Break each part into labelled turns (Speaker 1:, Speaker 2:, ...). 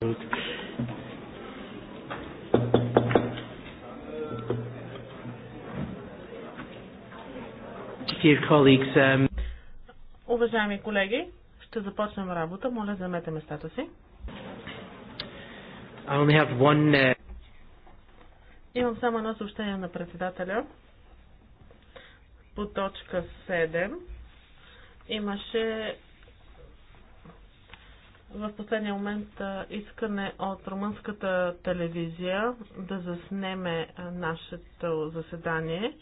Speaker 1: Um,
Speaker 2: Уважаеми колеги, ще започнем работа. Моля, замете местата си.
Speaker 1: One... Uh,
Speaker 2: Имам само едно съобщение на председателя. По точка 7 имаше в последния момент искане от румънската телевизия да заснеме нашето заседание.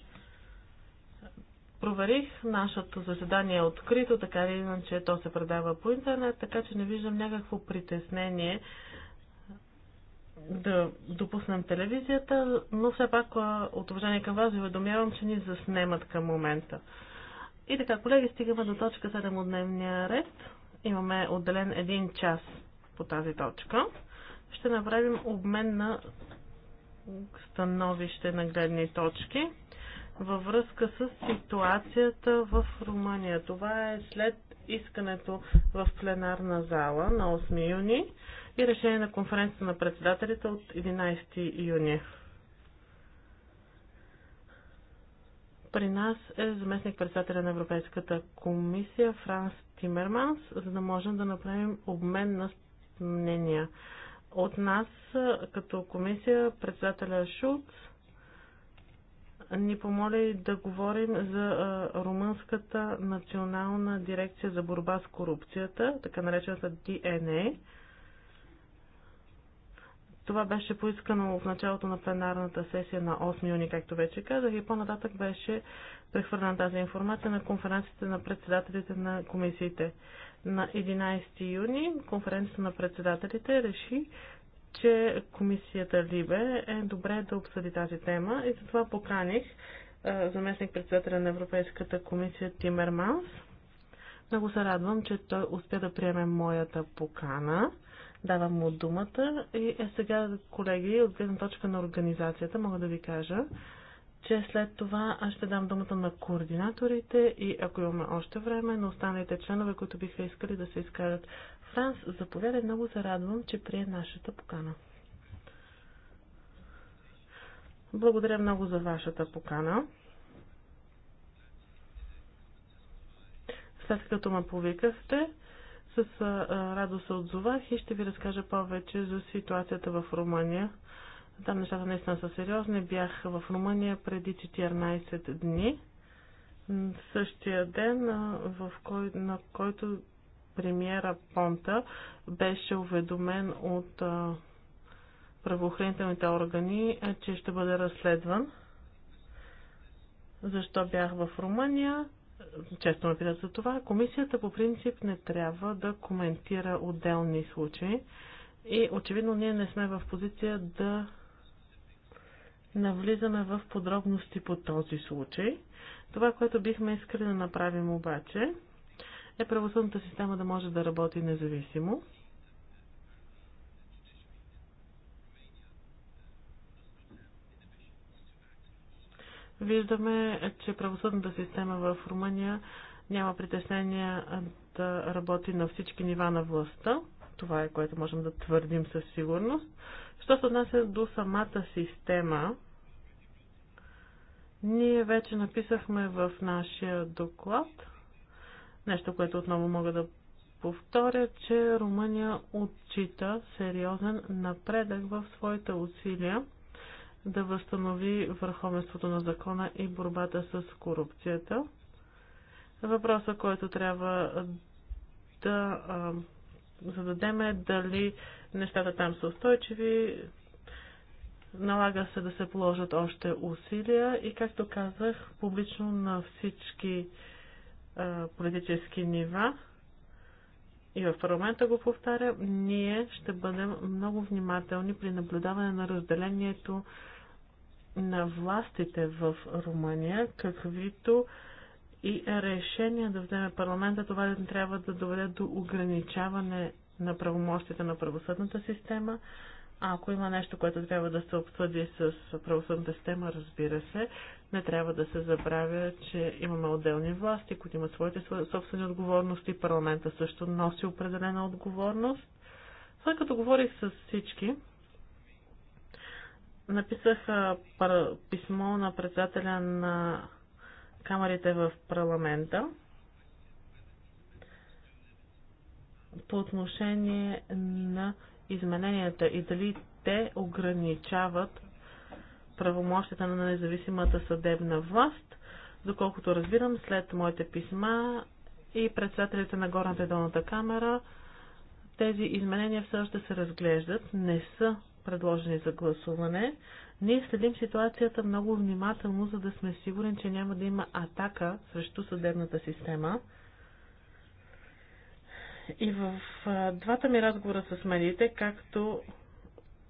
Speaker 2: Проверих, нашето заседание е открито, така или иначе то се предава по интернет, така че не виждам някакво притеснение да допуснем телевизията, но все пак от уважение към вас ви уведомявам, че ни заснемат към момента. И така, колеги, стигаме до точка 7 от дневния ред. Имаме отделен един час по тази точка. Ще направим обмен на становище на гледни точки във връзка с ситуацията в Румъния. Това е след искането в пленарна зала на 8 юни и решение на конференцията на председателите от 11 юни. При нас е заместник председателя на Европейската комисия Франс Тимерманс, за да можем да направим обмен на мнения. От нас е, като комисия председателя Шулц ни помоли да говорим за е, Румънската национална дирекция за борба с корупцията, така наречената DNA. Това беше поискано в началото на пленарната сесия на 8 юни, както вече казах, и по-нататък беше прехвърлена тази информация на конференцията на председателите на комисиите. На 11 юни конференцията на председателите реши, че комисията Либе е добре да обсъди тази тема и затова поканих заместник председателя на Европейската комисия Тимерманс. Много се радвам, че той успя да приеме моята покана. Давам му думата. И е, сега, колеги, от гледна точка на организацията, мога да ви кажа, че след това аз ще дам думата на координаторите и ако имаме още време, на останалите членове, които биха искали да се изкажат. Франс, заповядай, много се радвам, че прие нашата покана. Благодаря много за вашата покана. След като ме повикахте, с радост се отзовах и ще ви разкажа повече за ситуацията в Румъния. Там нещата наистина са сериозни. Бях в Румъния преди 14 дни. Същия ден, в кой, на който премиера Понта беше уведомен от правоохранителните органи, че ще бъде разследван. Защо бях в Румъния? често ме питат за това. Комисията по принцип не трябва да коментира отделни случаи и очевидно ние не сме в позиция да навлизаме в подробности по този случай. Това, което бихме искали да направим обаче, е правосъдната система да може да работи независимо Виждаме, че правосъдната система в Румъния няма притеснения да работи на всички нива на властта. Това е което можем да твърдим със сигурност. Що се отнася до самата система, ние вече написахме в нашия доклад нещо, което отново мога да повторя, че Румъния отчита сериозен напредък в своите усилия да възстанови върховенството на закона и борбата с корупцията. Въпроса, който трябва да зададем е дали нещата там са устойчиви, налага се да се положат още усилия и, както казах, публично на всички политически нива и в парламента го повтаря, ние ще бъдем много внимателни при наблюдаване на разделението на властите в Румъния, каквито и решения да вземе парламента, това не трябва да доведе до ограничаване на правомощите на правосъдната система. А ако има нещо, което трябва да се обсъди с правосъдната система, разбира се, не трябва да се забравя, че имаме отделни власти, които имат своите собствени отговорности. Парламента също носи определена отговорност. След като говорих с всички, Написах писмо на председателя на камерите в парламента по отношение на измененията и дали те ограничават правомощията на независимата съдебна власт. Доколкото разбирам, след моите писма и председателите на горната и долната камера, тези изменения все още се разглеждат, не са предложени за гласуване. Ние следим ситуацията много внимателно, за да сме сигурен, че няма да има атака срещу съдебната система. И в двата ми разговора с медиите, както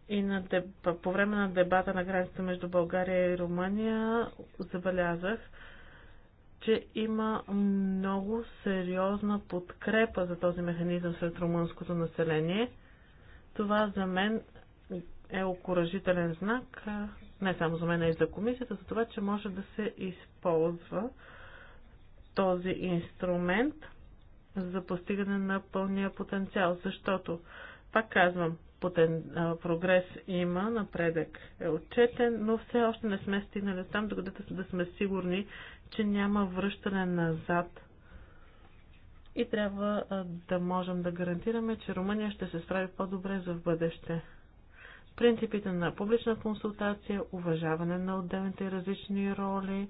Speaker 2: и на деб... по време на дебата на границата между България и Румъния, забелязах, че има много сериозна подкрепа за този механизъм сред румънското население. Това за мен е окоръжителен знак, не само за мен, а и за комисията, за това, че може да се използва този инструмент за постигане на пълния потенциал. Защото, пак казвам, потен, прогрес има, напредък е отчетен, но все още не сме стигнали там, докато да сме сигурни, че няма връщане назад. И трябва да можем да гарантираме, че Румъния ще се справи по-добре за в бъдеще принципите на публична консултация, уважаване на отделните различни роли.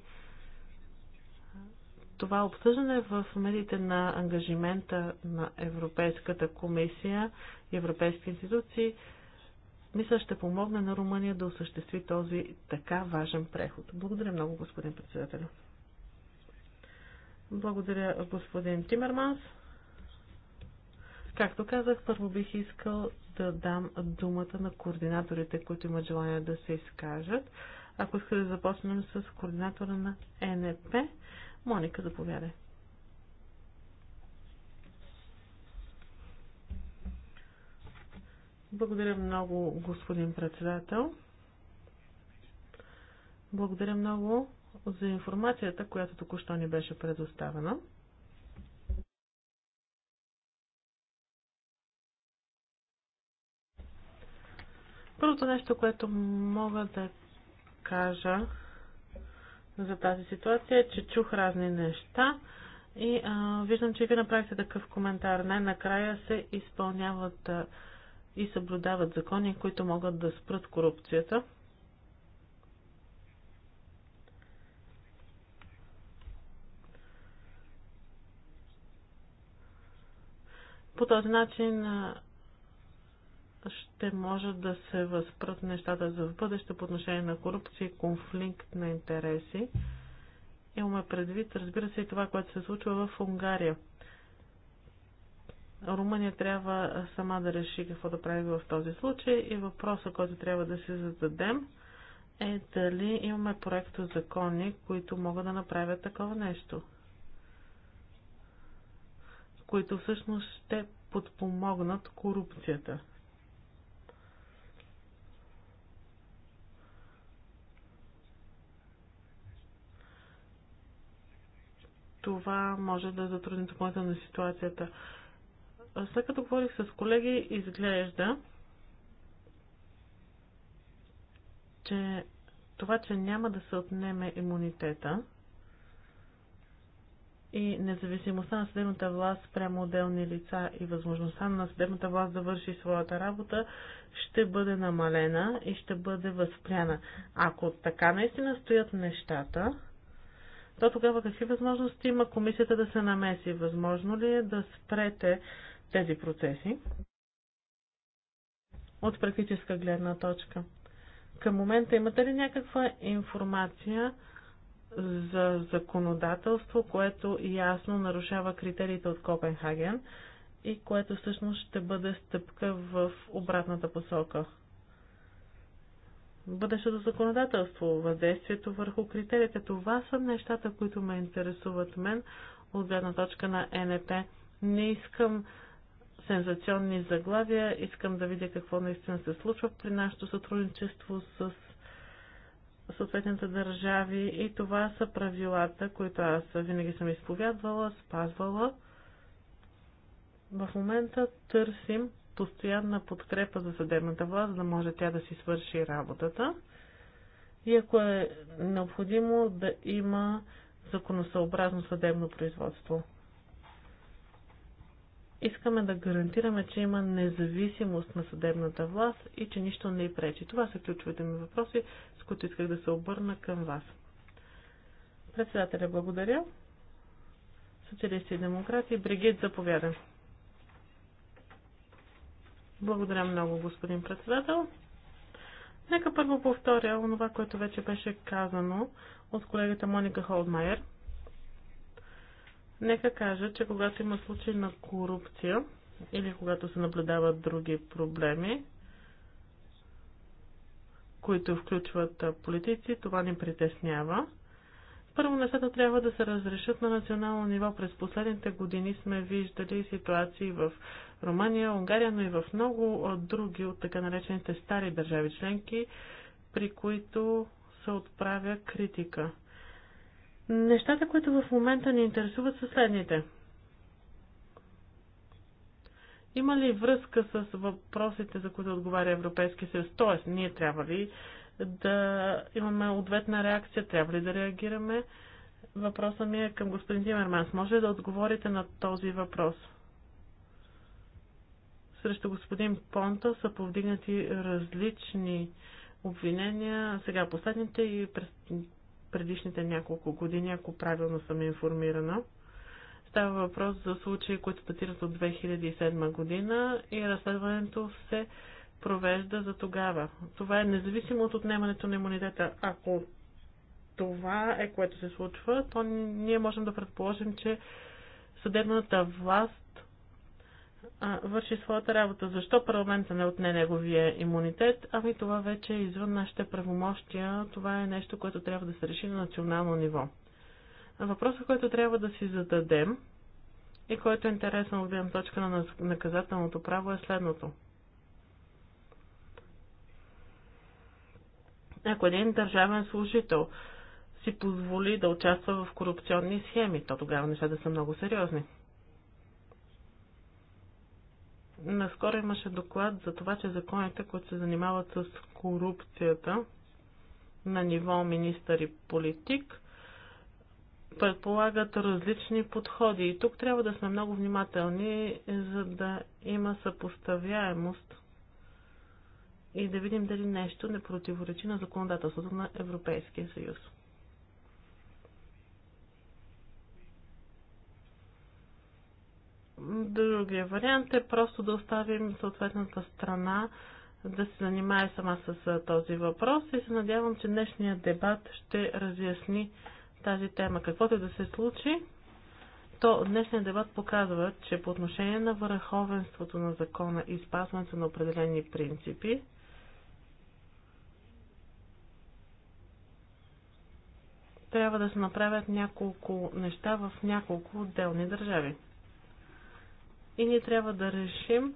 Speaker 2: Това обсъждане в медиите на ангажимента на Европейската комисия и европейски институции мисля ще помогне на Румъния да осъществи този така важен преход. Благодаря много, господин председател. Благодаря, господин Тимерманс. Както казах, първо бих искал да дам думата на координаторите, които имат желание да се изкажат. Ако искате да започнем с координатора на ЕНП, Моника, заповядай. Благодаря много, господин председател. Благодаря много за информацията, която току-що ни беше предоставена. Първото нещо, което мога да кажа за тази ситуация е, че чух разни неща и а, виждам, че ви направихте такъв коментар. Най-накрая се изпълняват а, и съблюдават закони, които могат да спрат корупцията. По този начин а, ще може да се възпрат нещата за в бъдеще по отношение на корупция и конфликт на интереси. Имаме предвид, разбира се, и това, което се случва в Унгария. Румъния трябва сама да реши какво да прави в този случай и въпроса, който трябва да си зададем е дали имаме проекто закони, които могат да направят такова нещо. Които всъщност ще подпомогнат корупцията. това може да затрудни допълнително ситуацията. След като говорих с колеги, изглежда, че това, че няма да се отнеме имунитета и независимостта на съдебната власт прямо отделни лица и възможността на съдебната власт да върши своята работа ще бъде намалена и ще бъде възпряна. Ако така наистина стоят нещата, то тогава какви възможности има комисията да се намеси? Възможно ли е да спрете тези процеси? От практическа гледна точка. Към момента имате ли някаква информация за законодателство, което ясно нарушава критериите от Копенхаген и което всъщност ще бъде стъпка в обратната посока? бъдещото законодателство, въздействието върху критериите. Това са нещата, които ме интересуват мен от гледна точка на НП. Не искам сензационни заглавия, искам да видя какво наистина се случва при нашето сътрудничество с съответните държави и това са правилата, които аз винаги съм изповядвала, спазвала. В момента търсим постоянна подкрепа за съдебната власт, за да може тя да си свърши работата. И ако е необходимо да има законосъобразно съдебно производство. Искаме да гарантираме, че има независимост на съдебната власт и че нищо не й пречи. Това са ключовите ми въпроси, с които исках да се обърна към вас. Председателя, благодаря. Социалисти и демократи. Бригит, заповядай. Благодаря много, господин председател. Нека първо повторя онова, което вече беше казано от колегата Моника Холдмайер. Нека кажа, че когато има случай на корупция или когато се наблюдават други проблеми, които включват политици, това ни притеснява. Първо, нещата трябва да се разрешат на национално ниво. През последните години сме виждали ситуации в Румъния, Унгария, но и в много други от така наречените стари държави членки, при които се отправя критика. Нещата, които в момента ни интересуват са следните. Има ли връзка с въпросите, за които отговаря Европейския съюз? Тоест, ние трябва ли да имаме ответна реакция, трябва ли да реагираме? Въпросът ми е към господин Тимерманс. Може ли да отговорите на този въпрос? Срещу господин Понта са повдигнати различни обвинения, сега последните и през предишните няколко години, ако правилно съм информирана. Става въпрос за случаи, които датират от 2007 година и разследването се провежда за тогава. Това е независимо от отнемането на имунитета. Ако това е което се случва, то ние можем да предположим, че съдебната власт а, върши своята работа. Защо парламента не отне неговия имунитет? Ами това вече е извън нашите правомощия. Това е нещо, което трябва да се реши на национално ниво. Въпросът, който трябва да си зададем и който е интересен от гледна точка на наказателното право е следното. Ако един държавен служител си позволи да участва в корупционни схеми, то тогава нещата да са много сериозни. Наскоро имаше доклад за това, че законите, които се занимават с корупцията на ниво министър и политик, предполагат различни подходи. И тук трябва да сме много внимателни, за да има съпоставяемост и да видим дали нещо не противоречи на законодателството на Европейския съюз. Другия вариант е просто да оставим съответната страна да се занимае сама с този въпрос и се надявам, че днешния дебат ще разясни тази тема. Каквото и да се случи, то днешният дебат показва, че по отношение на върховенството на закона и спазването на определени принципи, трябва да се направят няколко неща в няколко отделни държави и ние трябва да решим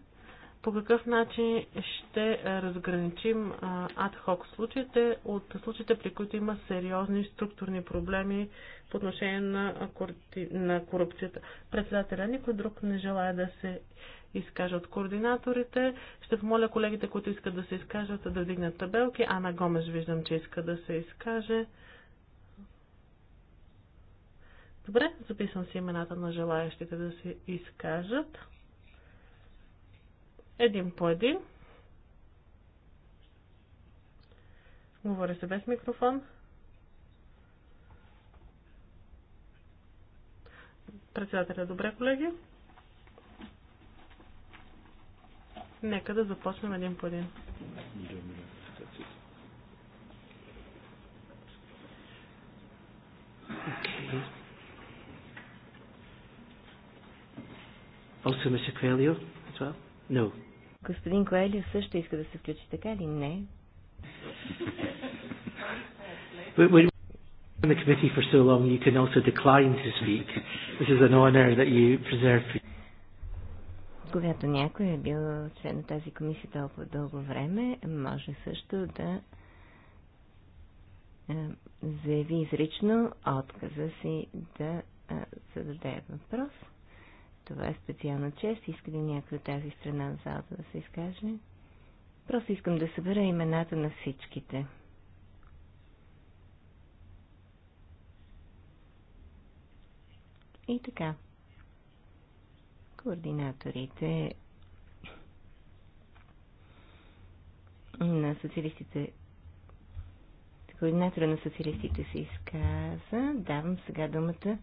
Speaker 2: по какъв начин ще разграничим адхок случаите от случаите, при които има сериозни структурни проблеми по отношение на, на корупцията. Председателя никой друг не желая да се изкаже от координаторите. Ще помоля колегите, които искат да се изкажат, да вдигнат табелки. Ана Гомеш виждам, че иска да се изкаже. Добре, записвам си имената на желаящите да се изкажат. Един по един. Говоря се без микрофон. Председателя, добре, колеги. Нека да започнем един по един. Okay.
Speaker 1: Also Mr. Coelho as well? No.
Speaker 3: Господин Коелио също иска да се включи, така ли? Не.
Speaker 1: the committee for so long, you can also decline to speak. This is an honor that you preserve
Speaker 3: когато някой е бил член на тази комисия толкова дълго време, може също да заяви изрично отказа си да зададе въпрос. Това е специална чест. Иска ли някой от тази страна на залата да се изкаже? Просто искам да събера имената на всичките. И така. Координаторите на социалистите координатора на социалистите се изказа. Давам сега думата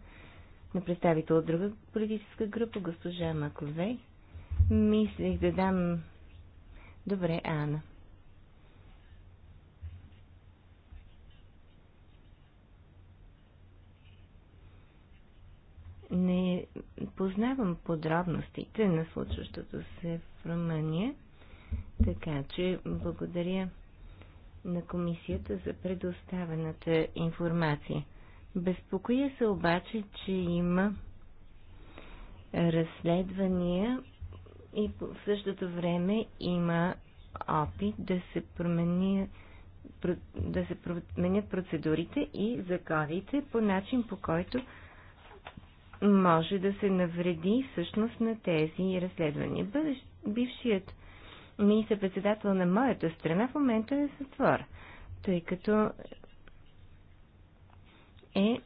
Speaker 3: на представител от друга политическа група, госпожа Маковей. Мислих да дам... Добре, Ана. Не познавам подробностите на случващото се в Румъния, така че благодаря на комисията за предоставената информация. Безпокоя се обаче, че има разследвания и в същото време има опит да се промени да се променят процедурите и законите по начин, по който може да се навреди всъщност на тези разследвания. Бившият министър-председател на моята страна в момента е затвор, тъй като е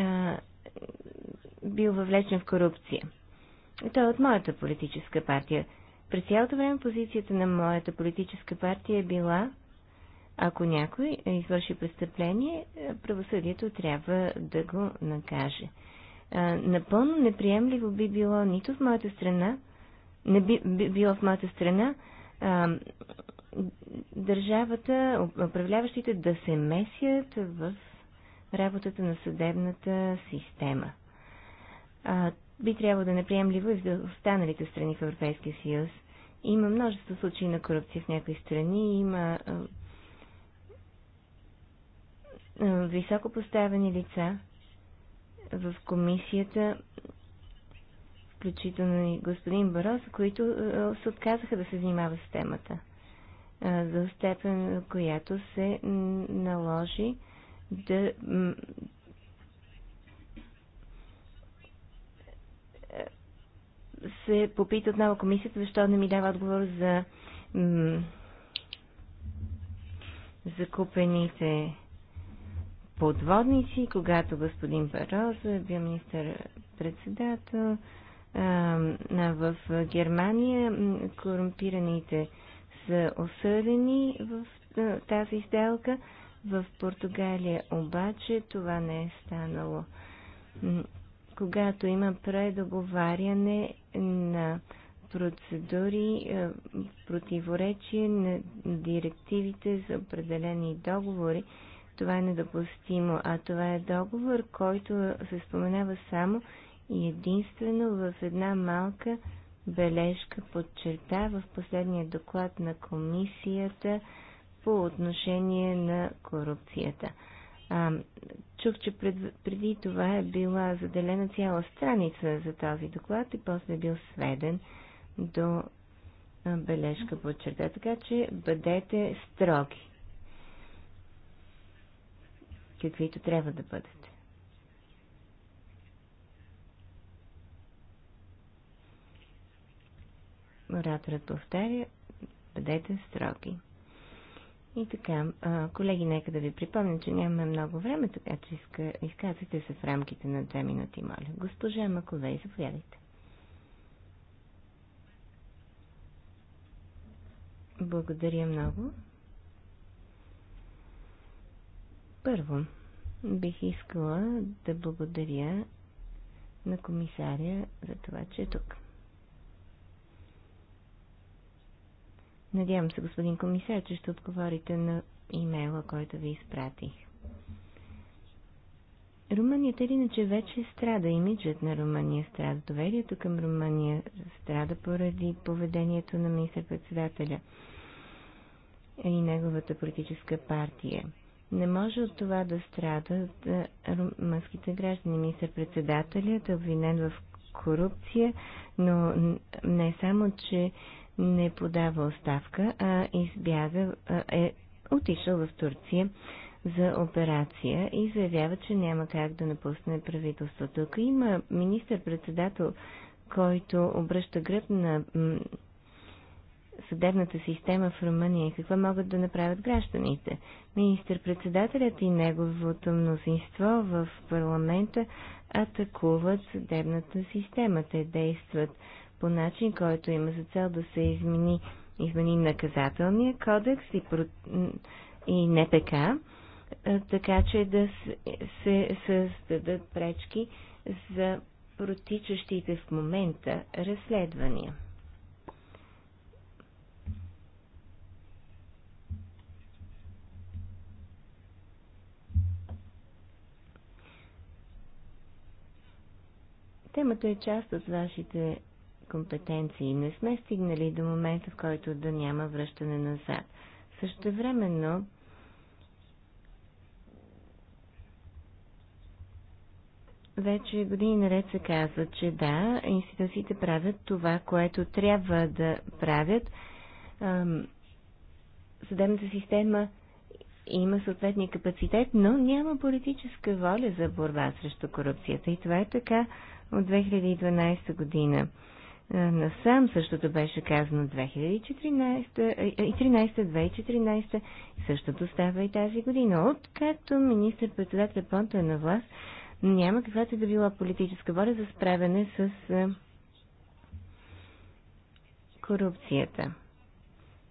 Speaker 3: а, бил въвлечен в корупция. Той е от моята политическа партия. През цялото време позицията на моята политическа партия е била, ако някой извърши престъпление, правосъдието трябва да го накаже. А, напълно неприемливо би било нито в моята страна, не би, би било в моята страна, а, държавата, управляващите да се месят в работата на съдебната система. А, би трябвало да е неприемливо и за останалите страни в Европейския съюз. Има множество случаи на корупция в някои страни, има а, а, високо поставени лица в комисията, включително и господин Барос, които а, се отказаха да се занимават с темата за степен, която се наложи да се попита отново комисията, защо не ми дава отговор за закупените подводници, когато господин Пароз е бил министър-председател в Германия. Корумпираните са осъдени в тази сделка. В Португалия обаче това не е станало. Когато има предоговаряне на процедури, е, противоречие на директивите за определени договори, това е недопустимо. А това е договор, който се споменава само и единствено в една малка бележка подчерта в последния доклад на комисията по отношение на корупцията. А, чух, че пред, преди това е била заделена цяла страница за този доклад и после е бил сведен до бележка по черта. Така че бъдете строги. Каквито трябва да бъдете. Ораторът повтаря, бъдете строги. И така, колеги, нека да ви припомня, че нямаме много време, така че изказвате изказвайте се в рамките на две минути, моля. Госпожа Маковей, заповядайте. Благодаря много. Първо, бих искала да благодаря на комисаря за това, че е тук. Надявам се, господин комисар, че ще отговорите на имейла, който ви изпратих. Румъния или иначе вече страда. Имиджът на Румъния страда. Доверието към Румъния страда поради поведението на министър-председателя и неговата политическа партия. Не може от това да страдат румънските граждани. Министър-председателят е обвинен в корупция, но не само, че не подава оставка, а избяга, е отишъл в Турция за операция и заявява, че няма как да напусне правителството. Ако има министър-председател, който обръща гръб на съдебната система в Румъния, какво могат да направят гражданите? Министър-председателят и неговото мнозинство в парламента атакуват съдебната система. Те действат по начин, който има за цел да се измени, измени наказателния кодекс и, про... и НПК, така че да се създадат пречки за протичащите в момента разследвания. Темата е част от вашите компетенции. Не сме стигнали до момента, в който да няма връщане назад. Също времено. вече години наред се казва, че да, институциите правят това, което трябва да правят. Съдебната система има съответния капацитет, но няма политическа воля за борба срещу корупцията. И това е така от 2012 година. Е, насам. Същото беше казано 2013-2014. Е, е, същото става и тази година. Откакто министър-председател Понто е на власт, няма каквато и да била политическа воля за справяне с корупцията.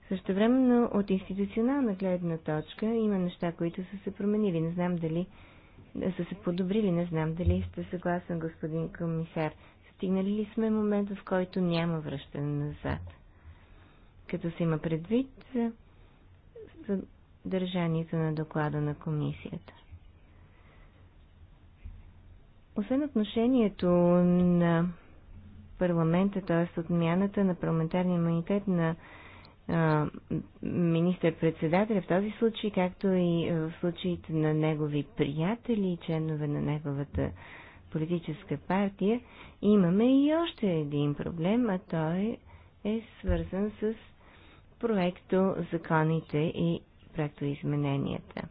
Speaker 3: Също времено от институционална гледна точка има неща, които са се променили. Не знам дали са се подобрили, не знам дали сте съгласен, господин комисар. Стигнали ли сме момент, в който няма връщане назад? Като се има предвид съдържанието на доклада на комисията. Освен отношението на парламента, т.е. отмяната на парламентарния имунитет на министър-председателя в този случай, както и в случаите на негови приятели и членове на неговата политическа партия, имаме и още един проблем, а той е свързан с проекто законите и проектоизмененията.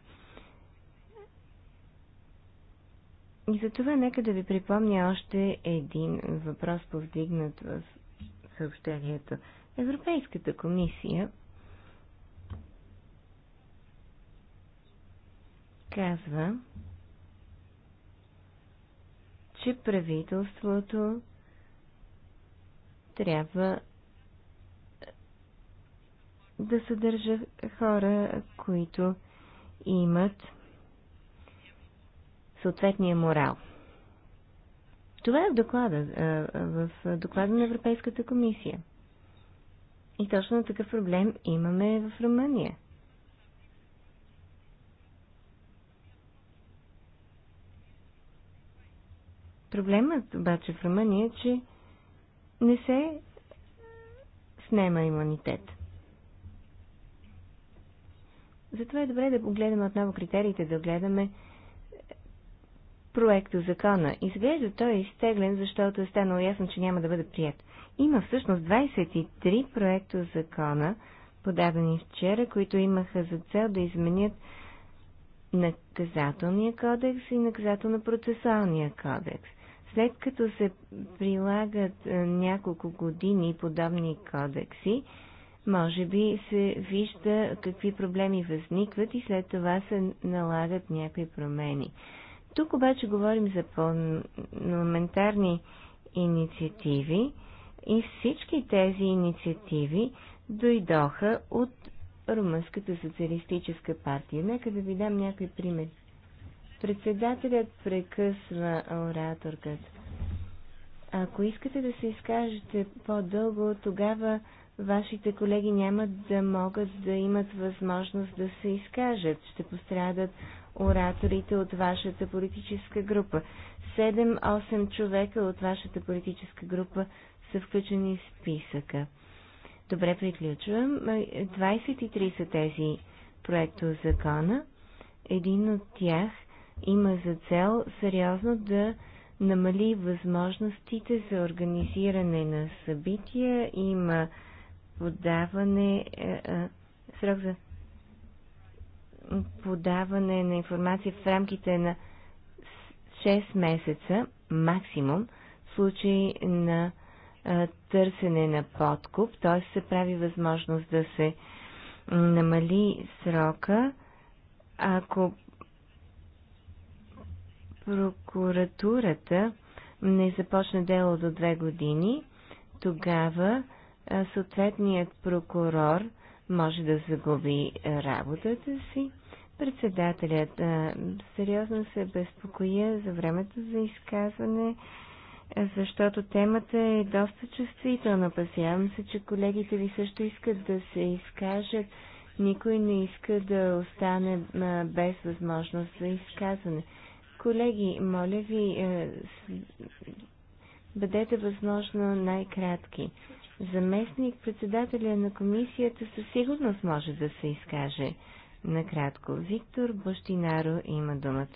Speaker 3: И за това нека да ви припомня още един въпрос, повдигнат в съобщението. Европейската комисия казва, че правителството трябва да съдържа хора, които имат съответния морал. Това е в доклада, в доклада на Европейската комисия. И точно такъв проблем имаме в Румъния. Проблемът обаче в Румъния е, че не се снема имунитет. Затова е добре да погледаме отново критериите, да огледаме проекта закона. Изглежда той е изтеглен, защото е станало ясно, че няма да бъде прият. Има всъщност 23 проекта закона, подадени вчера, които имаха за цел да изменят наказателния кодекс и наказателно-процесуалния кодекс. След като се прилагат е, няколко години подобни кодекси, може би се вижда какви проблеми възникват и след това се налагат някакви промени. Тук обаче говорим за парламентарни инициативи и всички тези инициативи дойдоха от Румънската социалистическа партия. Нека да ви дам някои примери. Председателят прекъсва ораторката. Ако искате да се изкажете по-дълго, тогава вашите колеги няма да могат да имат възможност да се изкажат. Ще пострадат ораторите от вашата политическа група. 7-8 човека от вашата политическа група са включени в списъка. Добре, приключвам. 23 са тези проекто закона. Един от тях има за цел сериозно да намали възможностите за организиране на събития, има подаване, е, е, срок за подаване на информация в рамките на 6 месеца максимум в случай на е, търсене на подкуп, т.е. се прави възможност да се намали срока, ако прокуратурата не започне дело до две години, тогава съответният прокурор може да загуби работата си. Председателят, сериозно се безпокоя за времето за изказване, защото темата е доста чувствителна. Пасявам се, че колегите ви също искат да се изкажат. Никой не иска да остане без възможност за изказване. Колеги, моля ви, е, бъдете възможно най-кратки. Заместник председателя на комисията със сигурност може да се изкаже. Накратко, Виктор Бащинаро има думата.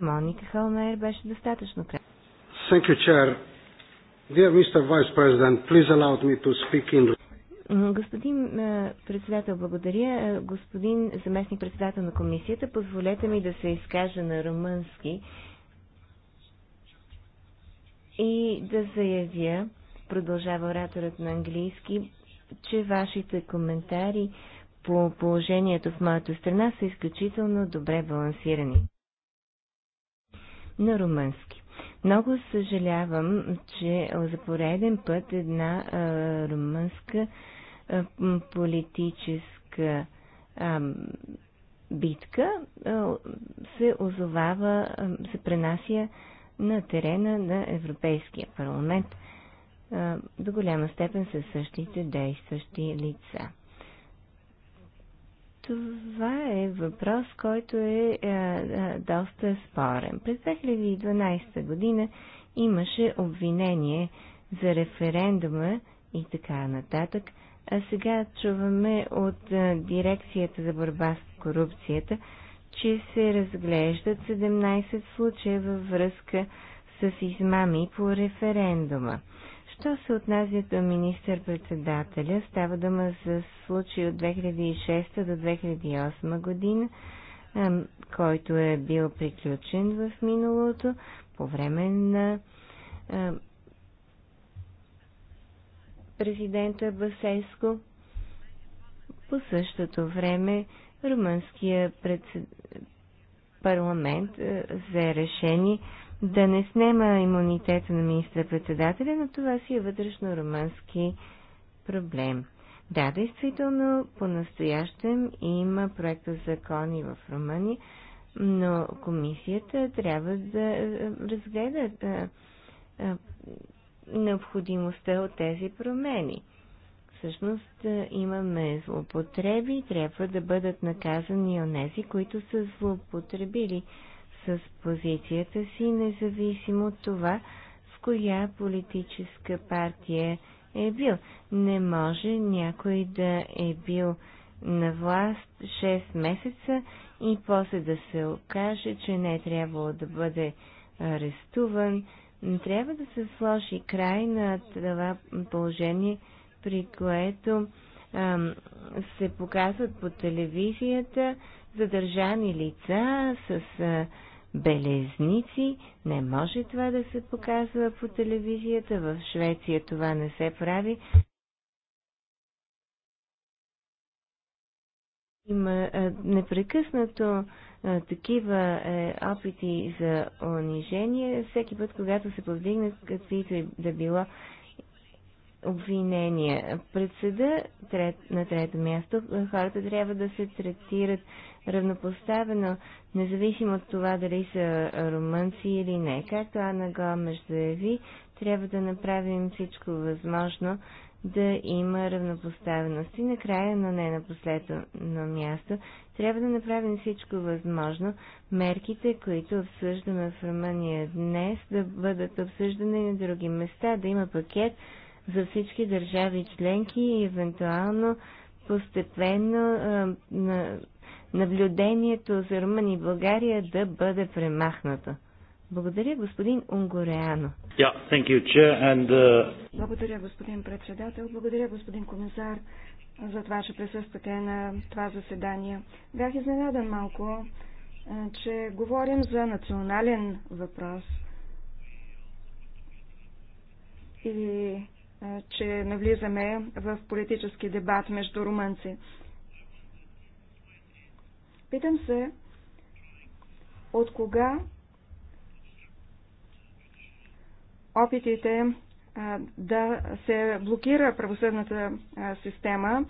Speaker 3: Моника Холмейер беше достатъчно кратко.
Speaker 1: Thank you, Chair. Dear Mr. Vice President, please allow me to speak in
Speaker 3: Господин председател, благодаря. Господин заместник председател на комисията, позволете ми да се изкажа на румънски и да заявя, продължава ораторът на английски, че вашите коментари по положението в моята страна са изключително добре балансирани. На румънски. Много съжалявам, че за пореден път една а, румънска е, политическа е, битка е, се озовава, се пренася на терена на Европейския парламент до голяма степен със същите действащи лица. Това е въпрос, който е а, а, доста спорен. През 2012 година имаше обвинение за референдума и така нататък а сега чуваме от Дирекцията за борба с корупцията, че се разглеждат 17 случая във връзка с измами по референдума. Що се отнася до министър-председателя, става дума за случай от 2006 до 2008 година, който е бил приключен в миналото по време на президента Басеско. По същото време румънския председ... парламент е, взе решение да не снема имунитета на министър-председателя, но това си е вътрешно румънски проблем. Да, действително, по-настоящем има проекта закони в Румъния, но комисията трябва да е, разгледа е, необходимостта от тези промени. Всъщност е, имаме злоупотреби и трябва да бъдат наказани тези, които са злоупотребили с позицията си, независимо от това, в коя политическа партия е бил. Не може някой да е бил на власт 6 месеца и после да се окаже, че не е трябвало да бъде арестуван, не Трябва да се сложи край на това положение, при което ам, се показват по телевизията задържани лица с а, белезници. Не може това да се показва по телевизията. В Швеция това не се прави. Има а, непрекъснато такива е, опити за унижение, всеки път, когато се повдигнат каквито и да било обвинения пред съда, трет, на трето място, хората трябва да се третират равнопоставено, независимо от това дали са румънци или не. Както Анна Гомеш заяви, трябва да направим всичко възможно да има равнопоставеност. И накрая, но не на последно място, трябва да направим всичко възможно мерките, които обсъждаме в Румъния днес, да бъдат обсъждани на други места, да има пакет за всички държави членки и евентуално постепенно на, наблюдението за Румъния и България да бъде премахнато. Благодаря, господин Унгореано.
Speaker 1: Yeah, you, and, uh...
Speaker 3: Благодаря,
Speaker 4: господин председател. Благодаря, господин комисар за това, че присъствате на това заседание. Бях изненадан малко, че говорим за национален въпрос и че навлизаме в политически дебат между румънци. Питам се, от кога опитите да се блокира правосъдната система,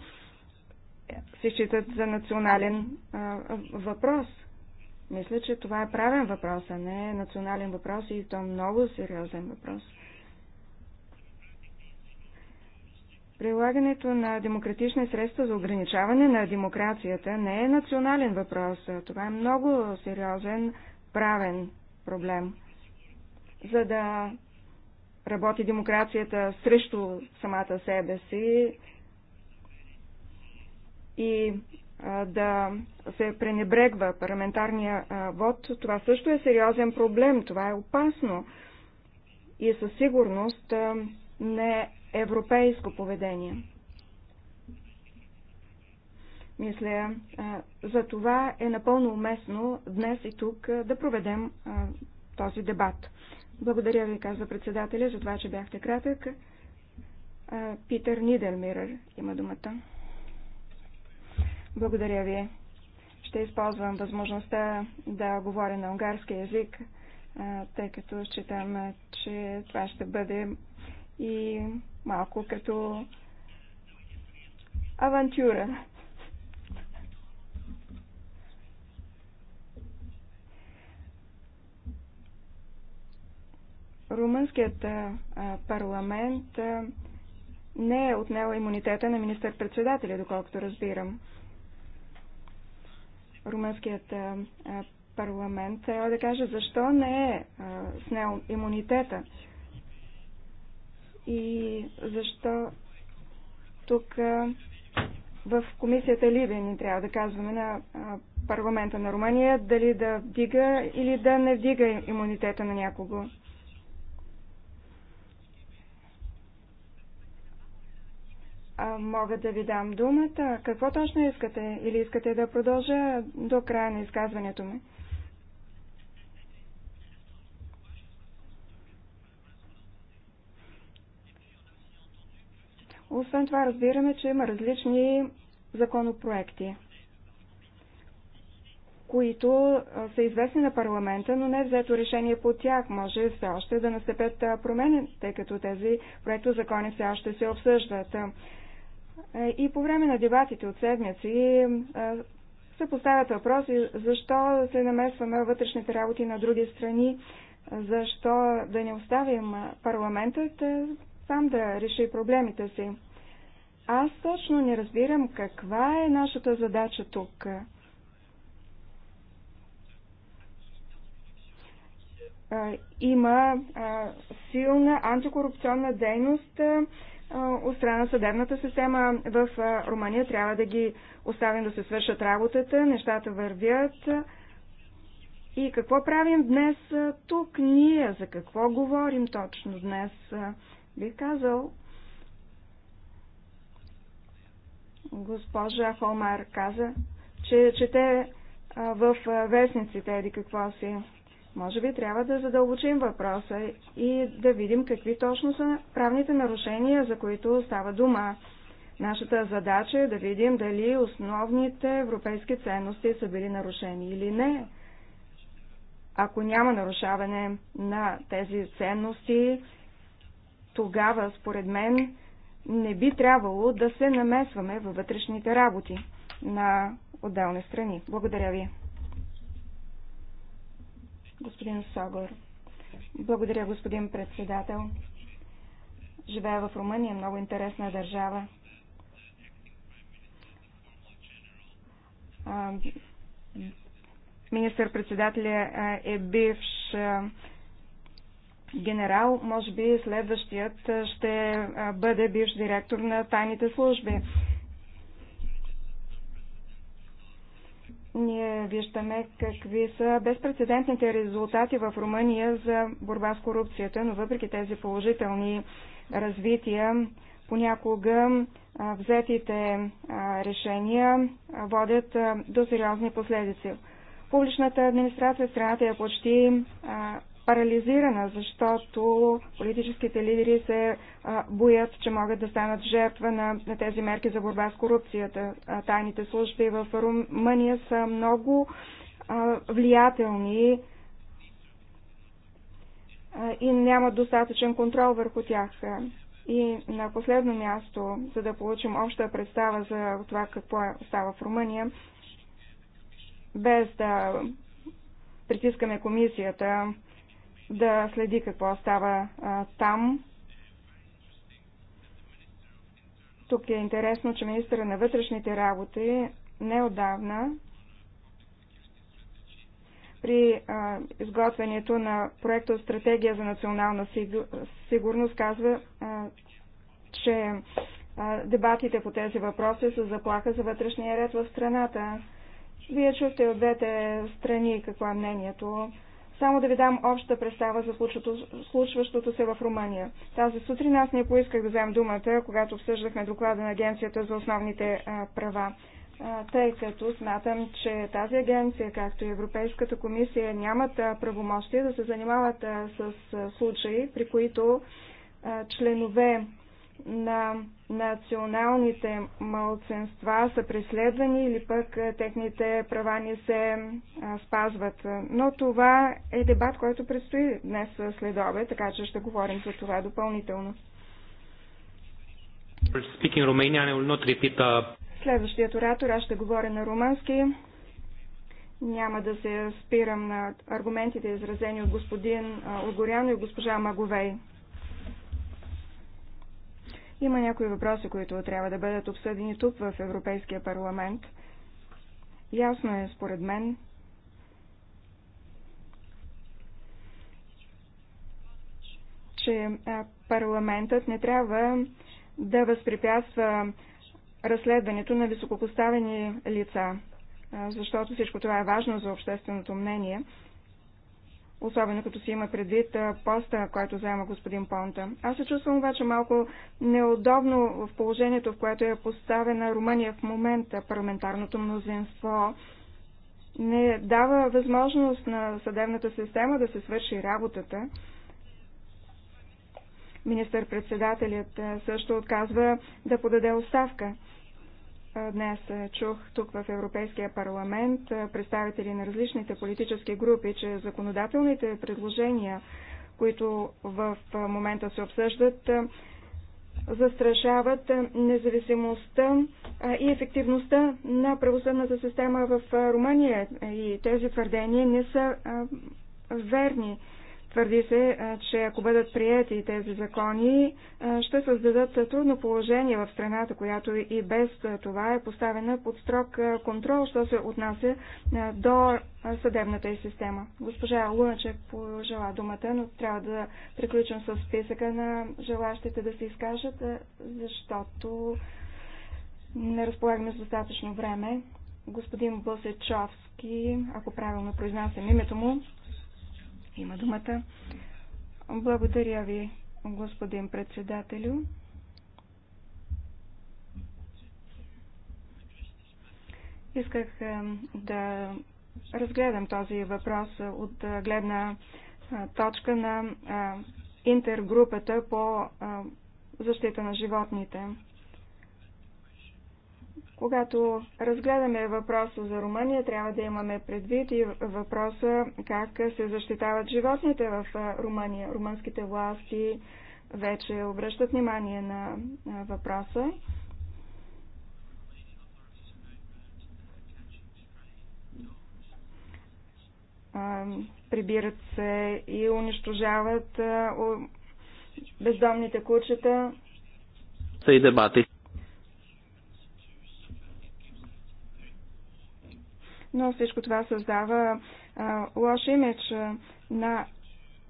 Speaker 4: се считат за национален въпрос. Мисля, че това е правен въпрос, а не е национален въпрос и то е много сериозен въпрос. Прилагането на демократични средства за ограничаване на демокрацията не е национален въпрос. Това е много сериозен правен проблем. За да работи демокрацията срещу самата себе си и да се пренебрегва парламентарния вод, това също е сериозен проблем, това е опасно и със сигурност не европейско поведение. Мисля, за това е напълно уместно днес и тук да проведем този дебат. Благодаря ви, казва председателя, за това, че бяхте кратък. Питър Нидермирър има думата. Благодаря ви. Ще използвам възможността да говоря на унгарски язик, тъй като считам, че това ще бъде и малко като авантюра. Румънският парламент не е отнела имунитета на министър-председателя, доколкото разбирам. Румънският парламент трябва да каже защо не е снял имунитета и защо тук в комисията Либия ни трябва да казваме на парламента на Румъния дали да вдига или да не вдига имунитета на някого. А, мога да ви дам думата. Какво точно искате? Или искате да продължа до края на изказването ми? Освен това разбираме, че има различни законопроекти, които са известни на парламента, но не е взето решение по тях. Може все още да настъпят промени, тъй като тези проекто закони все още се обсъждат. Е, и по време на дебатите от седмици е, се поставят въпроси защо се намесваме вътрешните работи на други страни, защо да не оставим парламентът сам да реши проблемите си. Аз точно не разбирам каква е нашата задача тук. Е, има силна антикорупционна дейност, от страна на съдебната система в Румъния. Трябва да ги оставим да се свършат работата, нещата вървят. И какво правим днес тук ние? За какво говорим точно днес? Бих казал, госпожа Холмар каза, че чете в вестниците еди какво си. Може би трябва да задълбочим въпроса и да видим какви точно са правните нарушения, за които става дума. Нашата задача е да видим дали основните европейски ценности са били нарушени или не. Ако няма нарушаване на тези ценности, тогава, според мен, не би трябвало да се намесваме във вътрешните работи на отделни страни. Благодаря ви. Господин Согор. Благодаря, господин председател. Живея в Румъния, много интересна държава. Министър-председателя е бивш генерал, може би следващият ще бъде бивш директор на тайните служби. Ние виждаме какви са безпредседентните резултати в Румъния за борба с корупцията, но въпреки тези положителни развития, понякога взетите решения водят до сериозни последици. Публичната администрация в страната е почти парализирана, защото политическите лидери се боят, че могат да станат жертва на, на тези мерки за борба с корупцията. Тайните служби в Румъния са много влиятелни и нямат достатъчен контрол върху тях. И на последно място, за да получим обща представа за това какво е, става в Румъния, без да притискаме комисията да следи какво става а, там. Тук е интересно, че министъра на вътрешните работи неодавна при а, изготвянето на проекта от стратегия за национална сигурност казва, а, че а, дебатите по тези въпроси са заплаха за вътрешния ред в страната. Вие чухте от двете страни какво е мнението само да ви дам обща представа за случващото се в Румъния. Тази сутрин аз не поисках да взем думата, когато обсъждахме доклада на Агенцията за основните права, тъй като смятам, че тази агенция, както и Европейската комисия, нямат правомощия да се занимават с случаи, при които членове на националните малцинства са преследвани или пък техните права не се спазват. Но това е дебат, който предстои днес след обед, така че ще говорим за това допълнително.
Speaker 1: Uh,
Speaker 4: Следващият оратор, аз ще говоря на румънски. Няма да се спирам на аргументите, изразени от господин Огорян и госпожа Маговей. Има някои въпроси, които трябва да бъдат обсъдени тук в Европейския парламент. Ясно е, според мен, че парламентът не трябва да възпрепятства разследването на високопоставени лица, защото всичко това е важно за общественото мнение особено като си има предвид поста, който заема господин Понта. Аз се чувствам обаче малко неудобно в положението, в което е поставена Румъния в момента. Парламентарното мнозинство не дава възможност на съдебната система да се свърши работата. Министър-председателят също отказва да подаде оставка. Днес е, чух тук в Европейския парламент е, представители на различните политически групи, че законодателните предложения, които в е, момента се обсъждат, застрашават независимостта и ефективността на правосъдната система в Румъния. И тези твърдения не са верни. Твърди се, че ако бъдат приети тези закони, ще създадат трудно положение в страната, която и без това е поставена под строг контрол, що се отнася до съдебната и система. Госпожа Луначек пожела думата, но трябва да приключим с списъка на желащите да се изкажат, защото не разполагаме с достатъчно време. Господин Босечовски, ако правилно произнасям името му, има думата. Благодаря ви, господин председателю. Исках да разгледам този въпрос от гледна е, точка на е, интергрупата по е, защита на животните. Когато разгледаме въпроса за Румъния, трябва да имаме предвид и въпроса как се защитават животните в Румъния. Румънските власти вече обръщат внимание на въпроса. прибират се и унищожават бездомните кучета. И дебати. но всичко това създава а, лош имидж на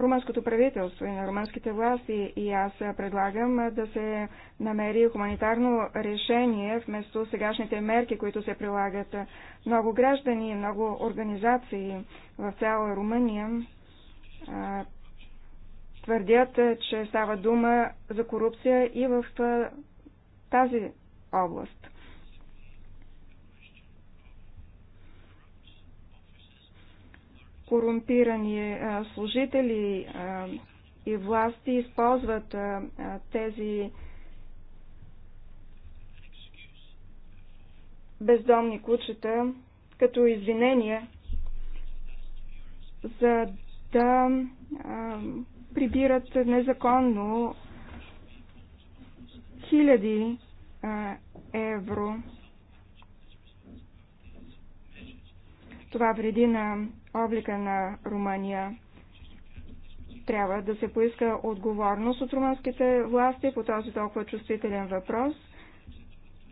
Speaker 4: румънското правителство и на румънските власти и аз предлагам да се намери хуманитарно решение вместо сегашните мерки, които се прилагат. Много граждани, много организации в цяла Румъния а, твърдят, че става дума за корупция и в тази област. корумпирани служители и власти използват тези бездомни кучета като извинение, за да прибират незаконно хиляди евро. Това вреди на облика на Румъния. Трябва да се поиска отговорност от румънските власти по този толкова чувствителен въпрос.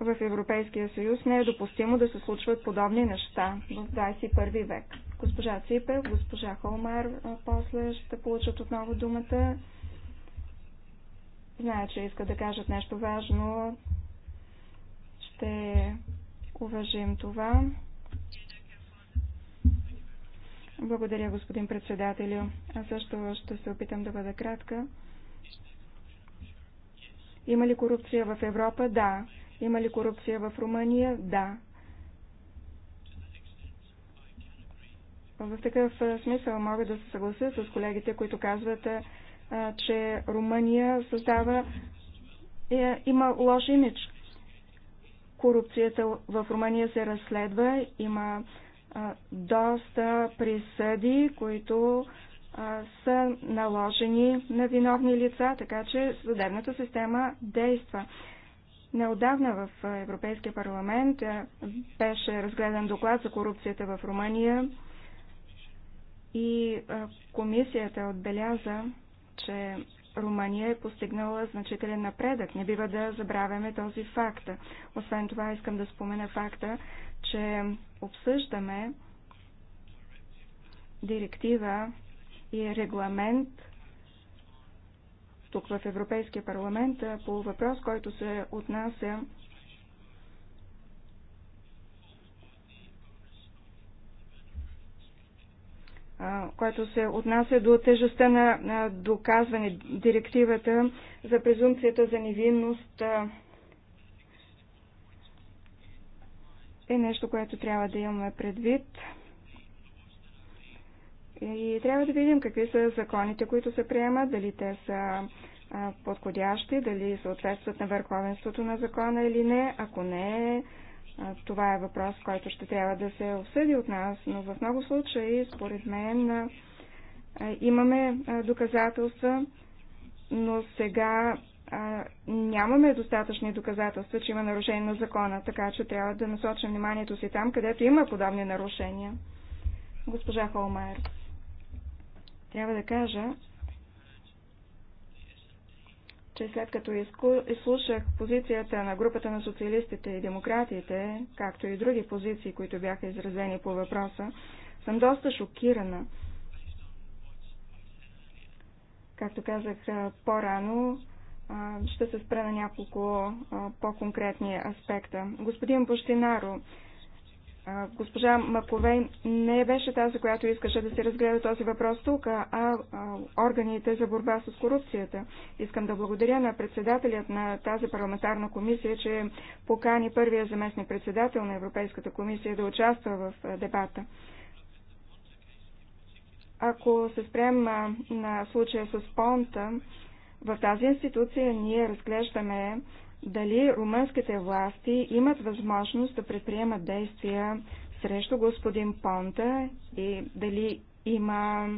Speaker 4: В Европейския съюз не е допустимо да се случват подобни неща в 21 век. Госпожа Ципев, госпожа Холмар после ще получат отново думата. Знаят, че искат да кажат нещо важно. Ще уважим това. Благодаря, господин председателю. Аз също ще се опитам да бъда кратка. Има ли корупция в Европа? Да. Има ли корупция в Румъния? Да. В такъв смисъл мога да се съглася с колегите, които казват, че Румъния създава, е, има лош имидж. Корупцията в Румъния се разследва, има доста присъди, които са наложени на виновни лица, така че съдебната система действа. Неодавна в Европейския парламент беше разгледан доклад за корупцията в Румъния и комисията отбеляза, че Румъния е постигнала значителен напредък. Не бива да забравяме този факт. Освен това искам да спомена факта, че обсъждаме директива и регламент тук в Европейския парламент по въпрос, който се отнася който се отнася до тежестта на доказване директивата за презумпцията за невинност е нещо, което трябва да имаме предвид. И трябва да видим какви са законите, които се приемат, дали те са подходящи, дали съответстват на върховенството на закона или не. Ако не, това е въпрос, който ще трябва да се обсъди от нас, но в много случаи, според мен, имаме доказателства, но сега а нямаме достатъчни доказателства, че има нарушение на закона, така че трябва да насочим вниманието си там, където има подобни нарушения. Госпожа Холмайер, трябва да кажа, че след като изслушах позицията на групата на социалистите и демократите, както и други позиции, които бяха изразени по въпроса, съм доста шокирана. Както казах по-рано, ще се спра на няколко по-конкретни аспекта. Господин Бощинаро, госпожа Маковей не беше тази, която искаше да се разгледа този въпрос тук, а органите за борба с корупцията. Искам да благодаря на председателят на тази парламентарна комисия, че покани първия заместник председател на Европейската комисия да участва в дебата. Ако се спрем на случая с Понта, в тази институция ние разглеждаме дали румънските власти имат възможност да предприемат действия срещу господин Понта и дали има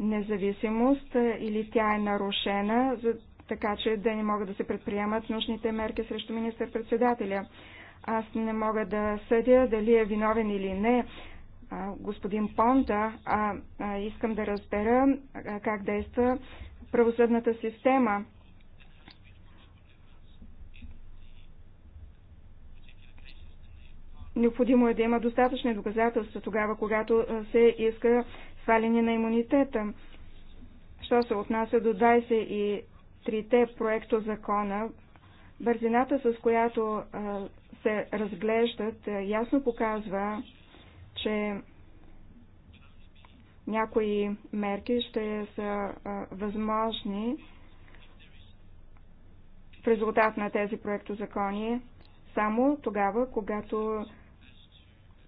Speaker 4: независимост или тя е нарушена, за, така че да не могат да се предприемат нужните мерки срещу министър-председателя. Аз не мога да съдя дали е виновен или не господин Понта, а, а искам да разбера как действа правосъдната система. Необходимо е да има достатъчни доказателства тогава, когато се иска сваляне на имунитета. Що се отнася до 23-те проекто закона, бързината с която се разглеждат ясно показва, че някои мерки ще са възможни в резултат на тези проектозакони само тогава, когато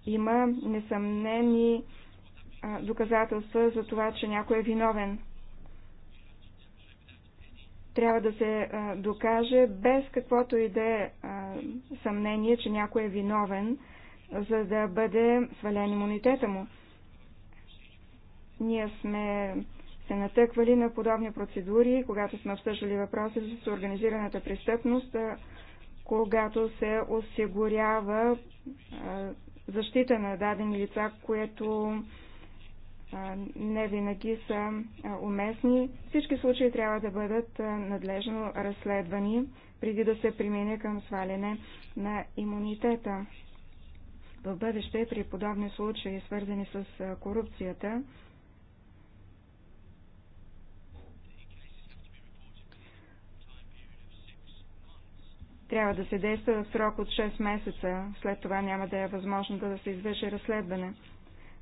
Speaker 4: има несъмнени доказателства за това, че някой е виновен. Трябва да се докаже без каквото и да е съмнение, че някой е виновен, за да бъде свален имунитета му. Ние сме се натъквали на подобни процедури, когато сме обсъждали въпроса с организираната престъпност, когато се осигурява защита на дадени лица, което не винаги са уместни. Всички случаи трябва да бъдат надлежно разследвани, преди да се премине към сваляне на имунитета. В бъдеще при подобни случаи, свързани с корупцията, трябва да се действа в срок от 6 месеца. След това няма да е възможно да се извърши разследване.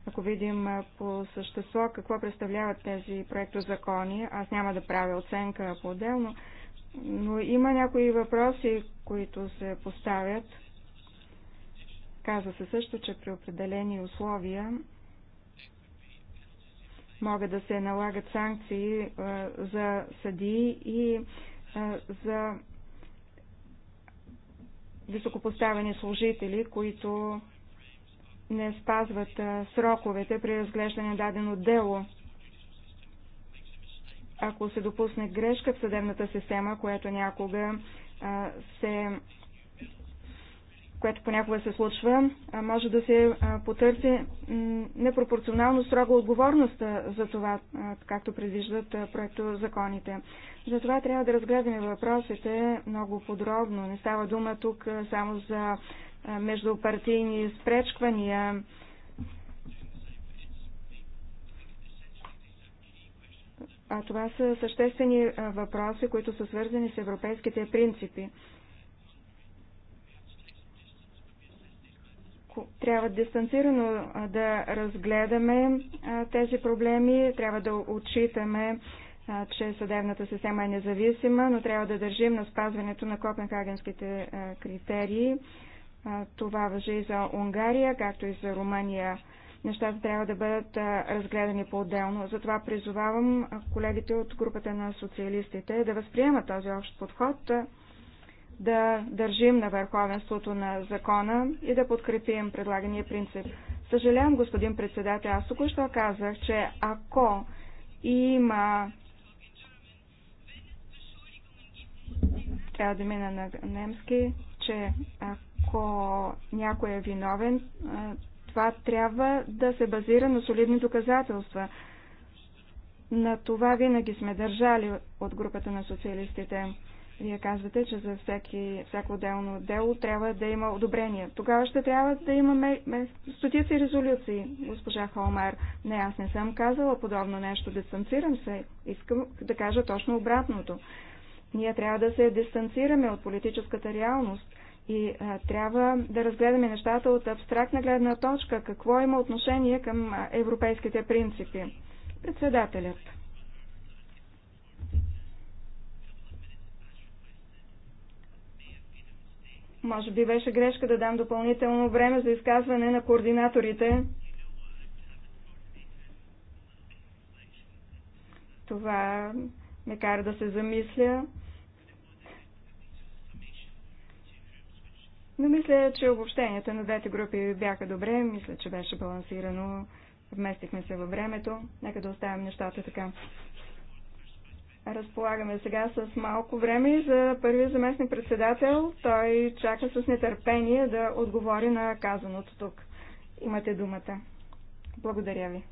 Speaker 4: Ако видим по същество какво представляват тези проектозакони, аз няма да правя оценка по-отделно, но има някои въпроси, които се поставят. Казва се също, че при определени условия могат да се налагат санкции за съдии и за високопоставени служители, които не спазват сроковете при разглеждане на дадено дело. Ако се допусне грешка в съдебната система, която някога се което понякога се случва, може да се потърси непропорционално строга отговорност за това, както предвиждат проекто законите. Затова трябва да разгледаме въпросите много подробно. Не става дума тук само за междупартийни спречквания. А това са съществени въпроси, които са свързани с европейските принципи. трябва дистанцирано да разгледаме тези проблеми, трябва да отчитаме, че съдебната система е независима, но трябва да държим на спазването на копенхагенските критерии. Това въжи и за Унгария, както и за Румъния. Нещата трябва да бъдат разгледани по-отделно. Затова призовавам колегите от групата на социалистите да възприемат този общ подход да държим на върховенството на закона и да подкрепим предлагания принцип. Съжалявам, господин председател, аз току-що казах, че ако има трябва да мина на немски, че ако някой е виновен, това трябва да се базира на солидни доказателства. На това винаги сме държали от групата на социалистите. Вие казвате, че за всеки, всяко отделно дело трябва да има одобрение. Тогава ще трябва да имаме стотици резолюции, госпожа Холмар. Не, аз не съм казала подобно нещо. Дистанцирам се. Искам да кажа точно обратното. Ние трябва да се дистанцираме от политическата реалност и а, трябва да разгледаме нещата от абстрактна гледна точка, какво има отношение към европейските принципи. Председателят. Може би беше грешка да дам допълнително време за изказване на координаторите. Това ме кара да се замисля. Но мисля, че обобщенията на двете групи бяха добре. Мисля, че беше балансирано. Вместихме се във времето. Нека да оставим нещата така. Разполагаме сега с малко време за първия заместник председател. Той чака с нетърпение да отговори на казаното тук. Имате думата. Благодаря ви.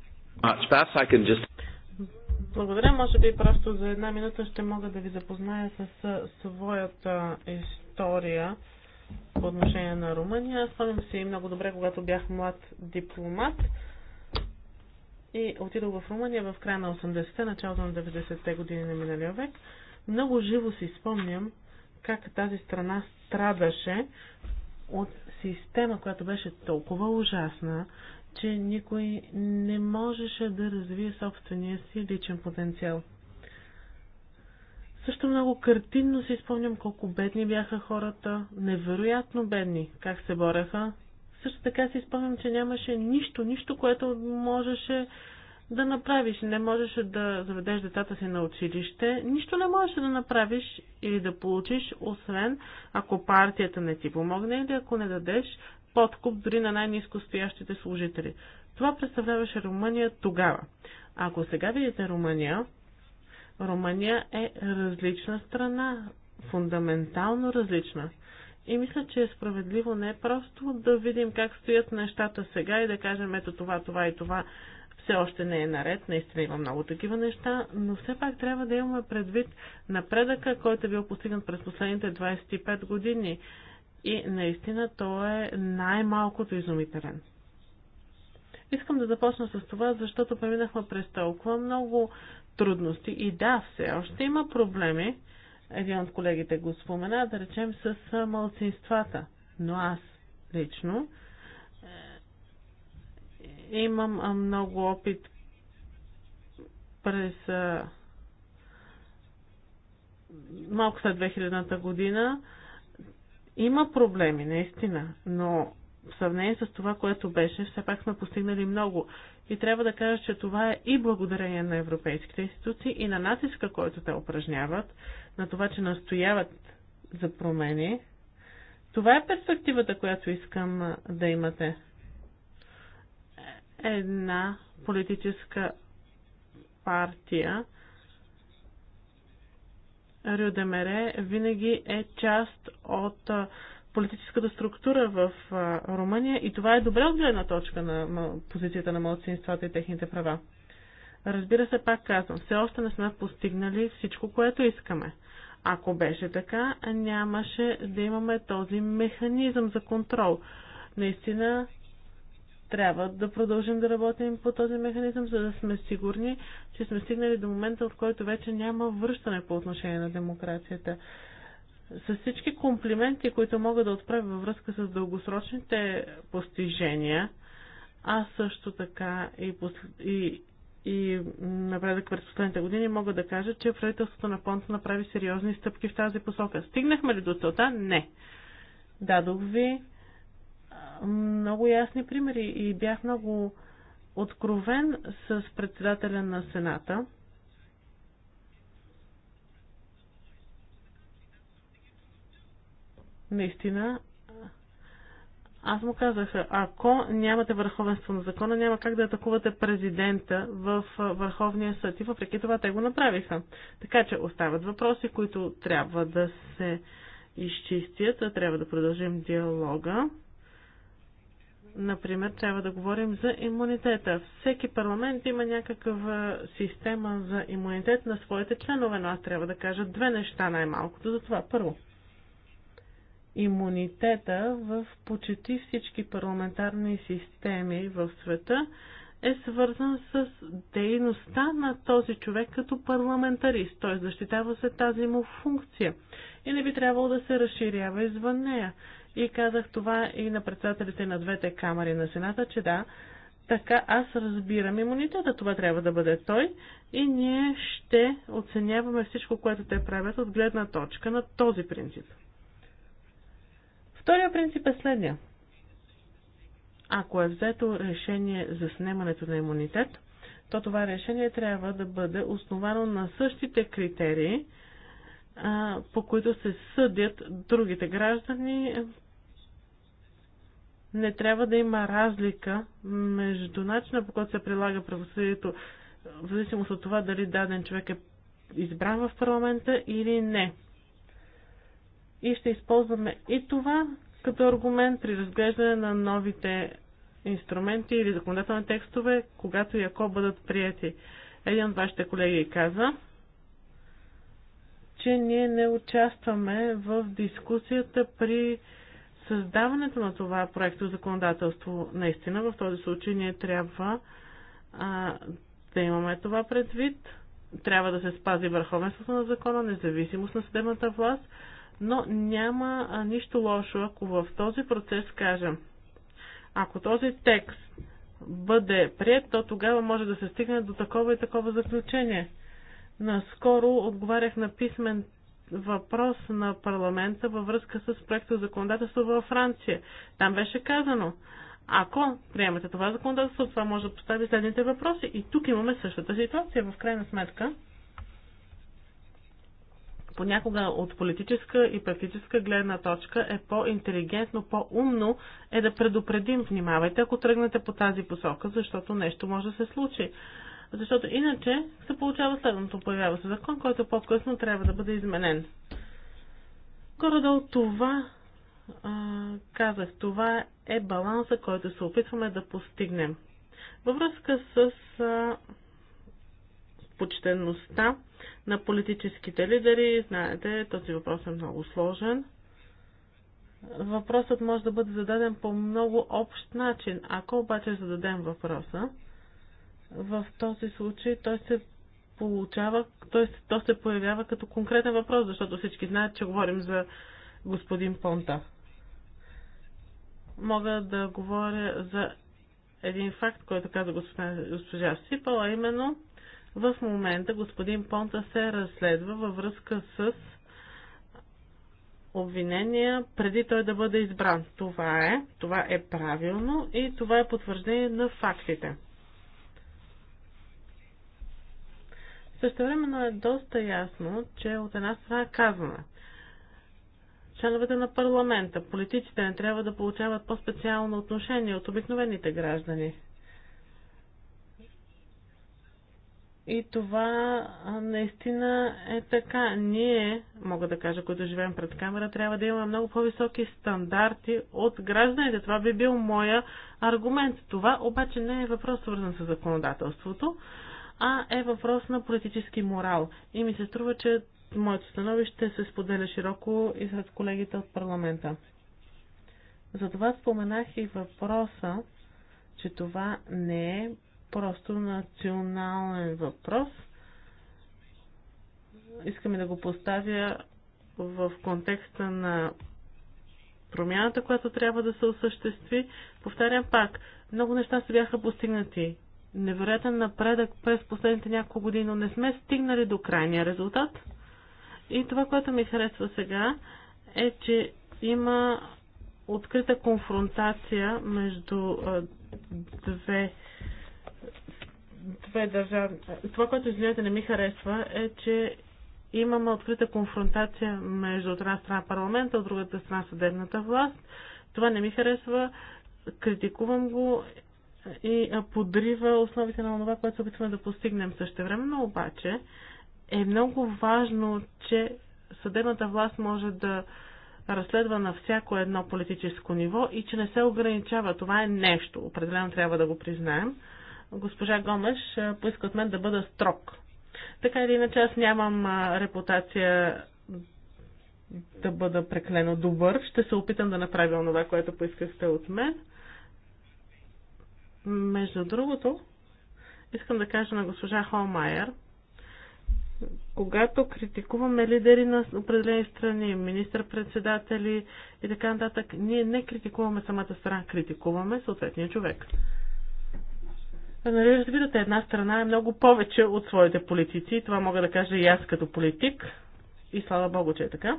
Speaker 2: Благодаря. Може би просто за една минута ще мога да ви запозная с своята история по отношение на Румъния. Спомням и много добре, когато бях млад дипломат и отидох в Румъния в края на 80-те, началото на 90-те години на миналия век. Много живо си спомням как тази страна страдаше от система, която беше толкова ужасна, че никой не можеше да развие собствения си личен потенциал. Също много картинно си спомням колко бедни бяха хората, невероятно бедни, как се бореха също така си спомням, че нямаше нищо, нищо, което можеше да направиш. Не можеше да заведеш децата си на училище. Нищо не можеше да направиш или да получиш, освен ако партията не ти помогне или ако не дадеш подкуп дори на най-низко стоящите служители. Това представляваше Румъния тогава. Ако сега видите Румъния, Румъния е различна страна, фундаментално различна. И мисля, че е справедливо не просто да видим как стоят нещата сега и да кажем ето това, това и това все още не е наред, наистина има много такива неща, но все пак трябва да имаме предвид напредъка, който е бил постигнат през последните 25 години. И наистина то е най-малкото изумителен. Искам да започна с това, защото преминахме през толкова много трудности и да, все още има проблеми, един от колегите го спомена, да речем с малцинствата. Но аз лично е, имам много опит през малко след 2000-та година. Има проблеми, наистина, но в сравнение с това, което беше, все пак сме постигнали много. И трябва да кажа, че това е и благодарение на европейските институции и на натиска, който те упражняват, на това, че настояват за промени. Това е перспективата, която искам да имате. Една политическа партия, Рюдемере винаги е част от политическата структура в Румъния и това е добре от гледна точка на позицията на младсинствата и техните права. Разбира се, пак казвам, все още не сме постигнали всичко, което искаме. Ако беше така, нямаше да имаме този механизъм за контрол. Наистина трябва да продължим да работим по този механизъм, за да сме сигурни, че сме стигнали до момента, в който вече няма връщане по отношение на демокрацията с всички комплименти, които мога да отправя във връзка с дългосрочните постижения, а също така и, посл... и, и напредък през последните години, мога да кажа, че правителството на Понт направи сериозни стъпки в тази посока. Стигнахме ли до целта? Не. Дадох ви много ясни примери и бях много откровен с председателя на Сената. Наистина, аз му казах, ако нямате върховенство на закона, няма как да атакувате президента в Върховния съд и въпреки това те го направиха. Така че остават въпроси, които трябва да се изчистят, трябва да продължим диалога. Например, трябва да говорим за имунитета. Всеки парламент има някаква система за имунитет на своите членове, но аз трябва да кажа две неща най-малкото за това. Първо, имунитета в почти всички парламентарни системи в света е свързан с дейността на този човек като парламентарист, Той защитава се тази му функция и не би трябвало да се разширява извън нея. И казах това и на председателите на двете камери на Сената, че да, така аз разбирам имунитета. Това трябва да бъде той и ние ще оценяваме всичко, което те правят от гледна точка на този принцип. Втория принцип е следния. Ако е взето решение за снемането на имунитет, то това решение трябва да бъде основано на същите критерии, по които се съдят другите граждани. Не трябва да има разлика между начина по който се прилага правосъдието, в зависимост от това дали даден човек е избран в парламента или не и ще използваме и това като аргумент при разглеждане на новите инструменти или законодателни текстове, когато и ако бъдат прияти. Един от вашите колеги каза, че ние не участваме в дискусията при създаването на това проекто законодателство. Наистина, в този случай ние трябва а, да имаме това предвид. Трябва да се спази върховенството на закона, независимост на съдебната власт – но няма нищо лошо, ако в този процес кажем, ако този текст бъде прият, то тогава може да се стигне до такова и такова заключение. Наскоро отговарях на писмен въпрос на парламента във връзка с проекта законодателство във Франция. Там беше казано, ако приемете това законодателство, това може да постави следните въпроси. И тук имаме същата ситуация, в крайна сметка понякога от политическа и практическа гледна точка е по-интелигентно, по-умно е да предупредим, внимавайте, ако тръгнете по тази посока, защото нещо може да се случи. Защото иначе се получава следното. Появява се закон, който по-късно трябва да бъде изменен. горе от това а, казах, това е баланса, който се опитваме да постигнем. Във връзка с а, почтенността, на политическите лидери. Знаете, този въпрос е много сложен. Въпросът може да бъде зададен по много общ начин. Ако обаче зададем въпроса, в този случай той се получава, т.е. то се появява като конкретен въпрос, защото всички знаят, че говорим за господин Понта. Мога да говоря за един факт, който каза госпожа Сипала, а именно в момента господин Понта се разследва във връзка с обвинения преди той да бъде избран. Това е, това е правилно и това е потвърждение на фактите. Също времено е доста ясно, че от една страна казваме, членовете на парламента, политиците не трябва да получават по-специално отношение от обикновените граждани. И това наистина е така. Ние, мога да кажа, които живеем пред камера, трябва да имаме много по-високи стандарти от гражданите. Това би бил моя аргумент. Това обаче не е въпрос свързан с законодателството, а е въпрос на политически морал. И ми се струва, че моето становище се споделя широко и сред колегите от парламента. Затова споменах и въпроса, че това не е просто национален въпрос. Искаме да го поставя в контекста на промяната, която трябва да се осъществи. Повтарям пак, много неща се бяха постигнати. Невероятен напредък през последните няколко години, но не сме стигнали до крайния резултат. И това, което ми харесва сега, е, че има открита конфронтация между две две държави. Това, което изглежда не ми харесва, е, че имаме открита конфронтация между от една страна парламента, от другата страна съдебната власт. Това не ми харесва, критикувам го и подрива основите на това, което се опитваме да постигнем същевременно, обаче е много важно, че съдебната власт може да разследва на всяко едно политическо ниво и че не се ограничава. Това е нещо, определено трябва да го признаем госпожа Гомеш поиска от мен да бъда строг. Така или иначе аз нямам репутация да бъда преклено добър. Ще се опитам да направя онова, което поискахте от мен. Между другото, искам да кажа на госпожа Холмайер, когато критикуваме лидери на определени страни, министър-председатели и така нататък, ние не критикуваме самата страна, критикуваме съответния човек. Нали, разбирате, една страна е много повече от своите политици. Това мога да кажа и аз като политик. И слава Богу, че е така.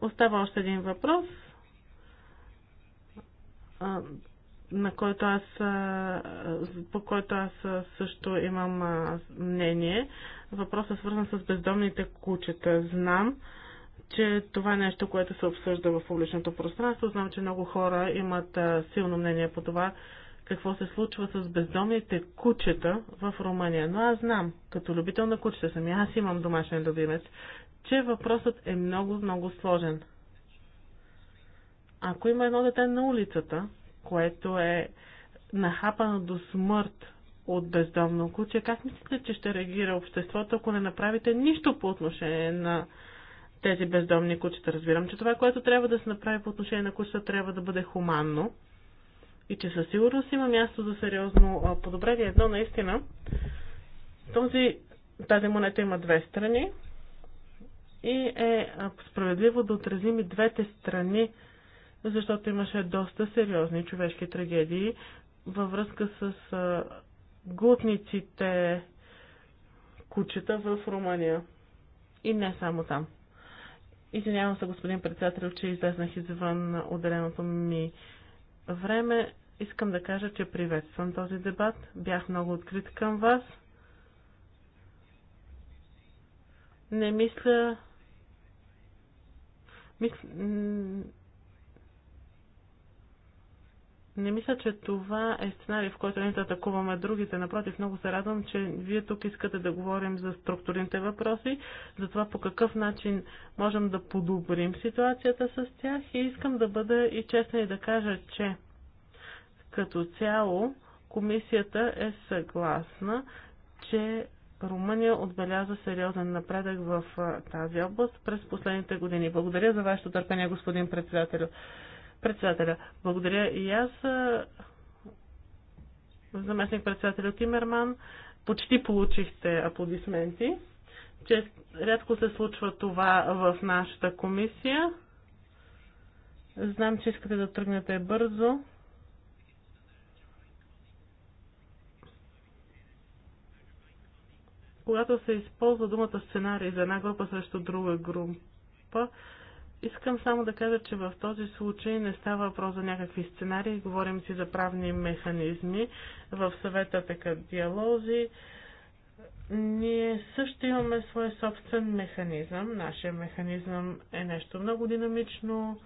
Speaker 2: Остава още един въпрос, на който аз, по който аз също имам мнение. Въпросът е свързан с бездомните кучета. Знам, че това е нещо, което се обсъжда в публичното пространство. Знам, че много хора имат силно мнение по това какво се случва с бездомните кучета в Румъния. Но аз знам, като любител на кучета съм и аз имам домашен любимец, че въпросът е много, много сложен. Ако има едно дете на улицата, което е нахапано до смърт от бездомно куче, как мислите, че ще реагира обществото, ако не направите нищо по отношение на тези бездомни кучета? Разбирам, че това, което трябва да се направи по отношение на кучета, трябва да бъде хуманно, и че със сигурност има място за сериозно подобрение. Едно наистина, този, тази монета има две страни и е справедливо да отразим и двете страни, защото имаше доста сериозни човешки трагедии във връзка с глутниците кучета в Румъния. И не само там. Извинявам се, господин председател, че излезнах извън отделеното ми време. Искам да кажа, че приветствам този дебат. Бях много открит към вас. Не мисля. мисля... Не мисля, че това е сценарий, в който ние да атакуваме другите. Напротив, много се радвам, че вие тук искате да говорим за структурните въпроси, за това по какъв начин можем да подобрим ситуацията с тях и искам да бъда и честна и да кажа, че като цяло, комисията е съгласна, че Румъния отбеляза сериозен напредък в тази област през последните години. Благодаря за вашето търпение, господин председател. Председателя, благодаря и аз, заместник председател Тимерман. Почти получихте аплодисменти. Че рядко се случва това в нашата комисия. Знам, че искате да тръгнете бързо. когато се използва думата сценарий за една група срещу друга група, искам само да кажа, че в този случай не става въпрос за някакви сценарии, говорим си за правни механизми. В съвета така диалози. Ние също имаме свой собствен механизъм. Нашия механизъм е нещо много динамично,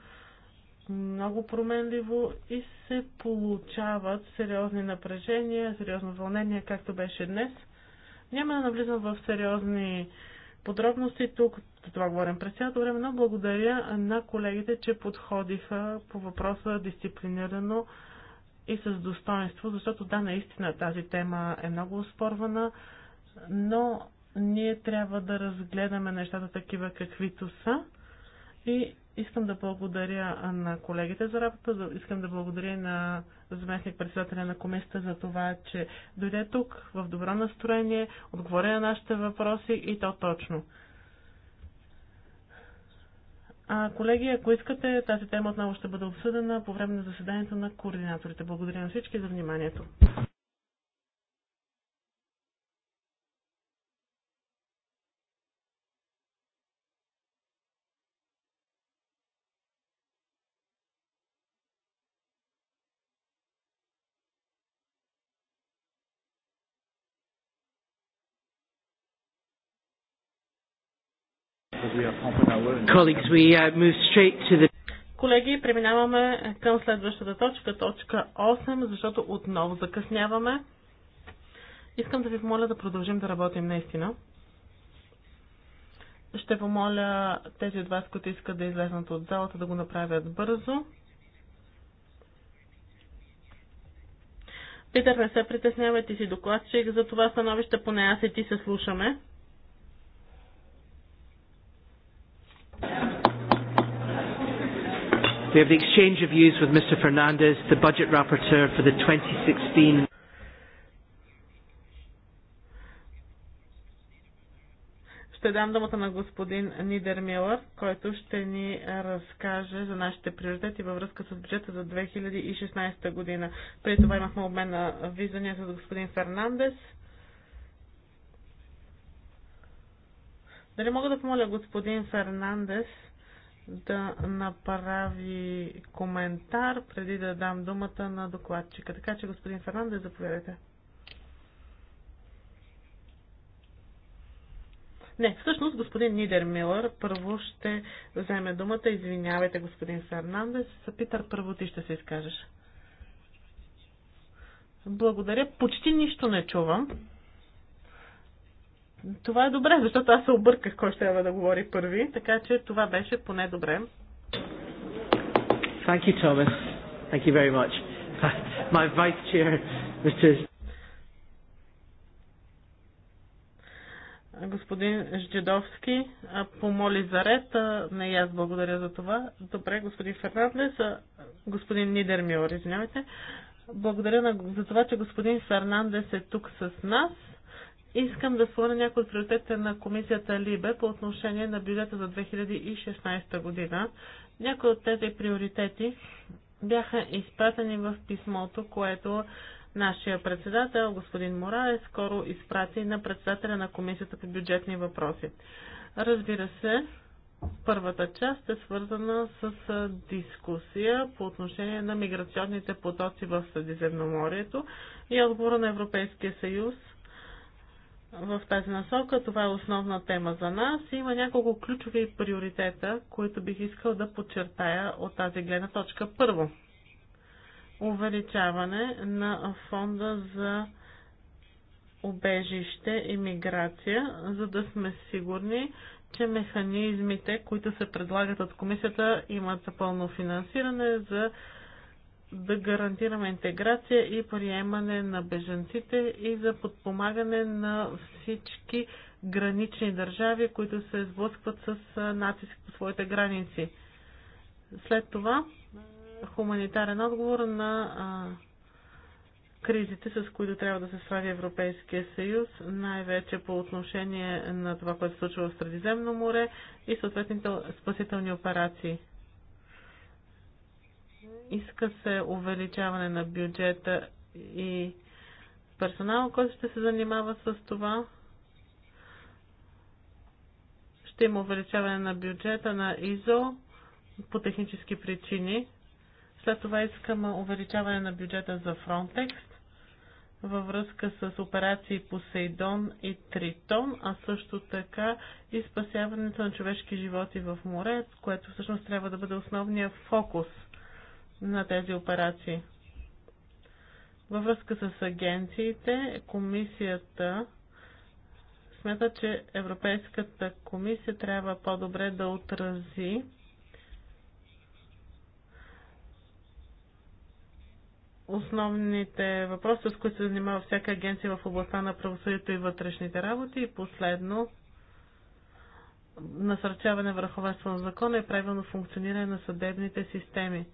Speaker 2: много променливо и се получават сериозни напрежения, сериозно вълнение, както беше днес – няма да навлизам в сериозни подробности тук, за това говорим през цялото време, но благодаря на колегите, че подходиха по въпроса дисциплинирано и с достоинство, защото да, наистина тази тема е много оспорвана, но ние трябва да разгледаме нещата такива каквито са и искам да благодаря на колегите за работа, искам да благодаря на заместник председателя на комисията за това, че дойде тук в добро настроение, отговори на нашите въпроси и то точно. А, колеги, ако искате, тази тема отново ще бъде обсъдена по време на заседанието на координаторите. Благодаря на всички за вниманието.
Speaker 1: Colleagues, we uh, move straight to the...
Speaker 2: Колеги, преминаваме към следващата точка, точка 8, защото отново закъсняваме. Искам да ви помоля да продължим да работим наистина. Ще помоля тези от вас, които искат да излезнат от залата, да го направят бързо. Питър, не се притеснявай, ти си докладчик, за това становище поне аз и ти се слушаме.
Speaker 1: We have the exchange of views with Mr. Fernandez, the budget rapporteur for the 2016.
Speaker 2: Ще дам думата на господин Нидер Милър, който ще ни разкаже за нашите приоритети във връзка с бюджета за 2016 година. Преди това имахме обмен на виждания с господин Фернандес. Дали мога да помоля господин Фернандес да направи коментар преди да дам думата на докладчика. Така че, господин Фернандес, заповядайте. Не, всъщност господин Нидер Милър първо ще вземе думата. Извинявайте, господин Фернандес. Питър, първо ти ще се изкажеш. Благодаря. Почти нищо не чувам. Това е добре, защото аз се обърках кой ще трябва да говори първи, така че това беше поне добре.
Speaker 1: Thank you, Thomas. Thank you very much. My vice chair, Mr.
Speaker 2: Господин Ждедовски помоли за ред. Не и аз благодаря за това. Добре, господин Фернандес, господин Нидермиор, извинявайте. Благодаря за това, че господин Фернандес е тук с нас. Искам да спомена някои от приоритетите на комисията Либе по отношение на бюджета за 2016 година. Някои от тези приоритети бяха изпратени в писмото, което нашия председател, господин Морале, скоро изпрати на председателя на комисията по бюджетни въпроси. Разбира се, първата част е свързана с дискусия по отношение на миграционните потоци в Средиземноморието и отбора на Европейския съюз – в тази насока. Това е основна тема за нас. Има няколко ключови приоритета, които бих искал да подчертая от тази гледна точка. Първо, увеличаване на фонда за обежище и миграция, за да сме сигурни, че механизмите, които се предлагат от комисията, имат пълно финансиране за да гарантираме интеграция и приемане на беженците и за подпомагане на всички гранични държави, които се сблъскват с натиск по своите граници. След това хуманитарен отговор на а, кризите, с които трябва да се справи Европейския съюз, най-вече по отношение на това, което се случва в Средиземно море и съответните спасителни операции. Иска се увеличаване на бюджета и персонал, който ще се занимава с това. Ще има увеличаване на бюджета на ИЗО по технически причини. След това искам увеличаване на бюджета за Frontex във връзка с операции Посейдон и Тритон, а също така и спасяването на човешки животи в море, което всъщност трябва да бъде основния фокус – на тези операции. Във връзка с агенциите, комисията смята, че Европейската комисия трябва по-добре да отрази основните въпроси, с които се занимава всяка агенция в областта на правосъдието и вътрешните работи. И последно, насърчаване върховенство на закона и правилно функциониране на съдебните системи.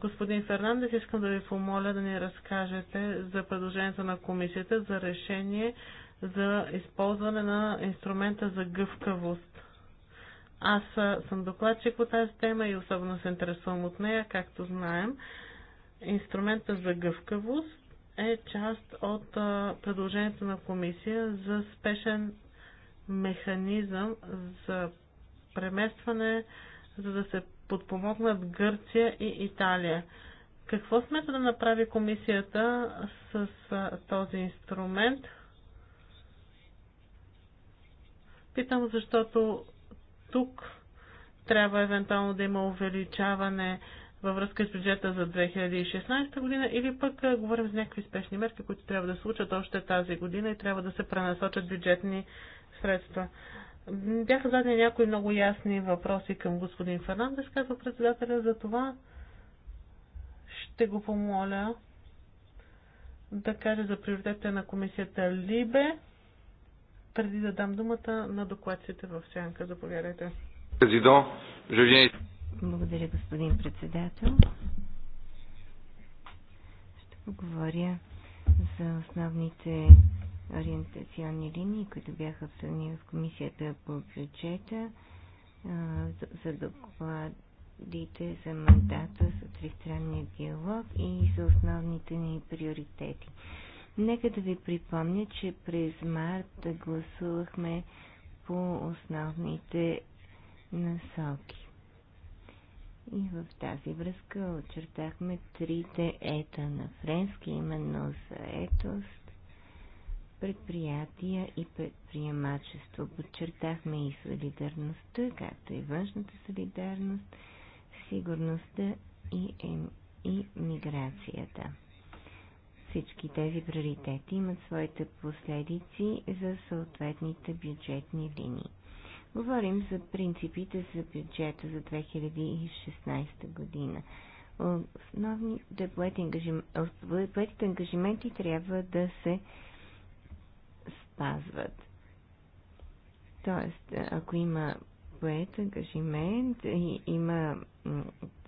Speaker 2: Господин Фернандес, искам да ви помоля да ни разкажете за предложението на комисията за решение за използване на инструмента за гъвкавост. Аз съм докладчик по тази тема и особено се интересувам от нея, както знаем. Инструмента за гъвкавост е част от предложението на комисия за спешен механизъм за преместване, за да се подпомогнат Гърция и Италия. Какво сме да направи комисията с този инструмент? Питам, защото тук трябва евентуално да има увеличаване във връзка с бюджета за 2016 година или пък а, говорим за някакви спешни мерки, които трябва да случат още тази година и трябва да се пренасочат бюджетни средства. Бяха зададени някои много ясни въпроси към господин Фернандес, казва председателя, за това ще го помоля да каже за приоритета на комисията Либе, преди да дам думата на докладците в сянка. Заповядайте. Благодаря,
Speaker 3: господин председател. Ще поговоря за основните ориентационни линии, които бяха обсъдени в комисията по бюджета за докладите за мандата за тристранния диалог и за основните ни приоритети. Нека да ви припомня, че през март гласувахме по основните насоки. И в тази връзка очертахме трите ета на френски, именно за етос, предприятия и предприемачество. Подчертахме и солидарността, както и външната солидарност, сигурността и, и миграцията. Всички тези приоритети имат своите последици за съответните бюджетни линии. Говорим за принципите за бюджета за 2016 година. Основните поети ангажименти трябва да се спазват. Тоест, е, ако има поет ангажимент и има...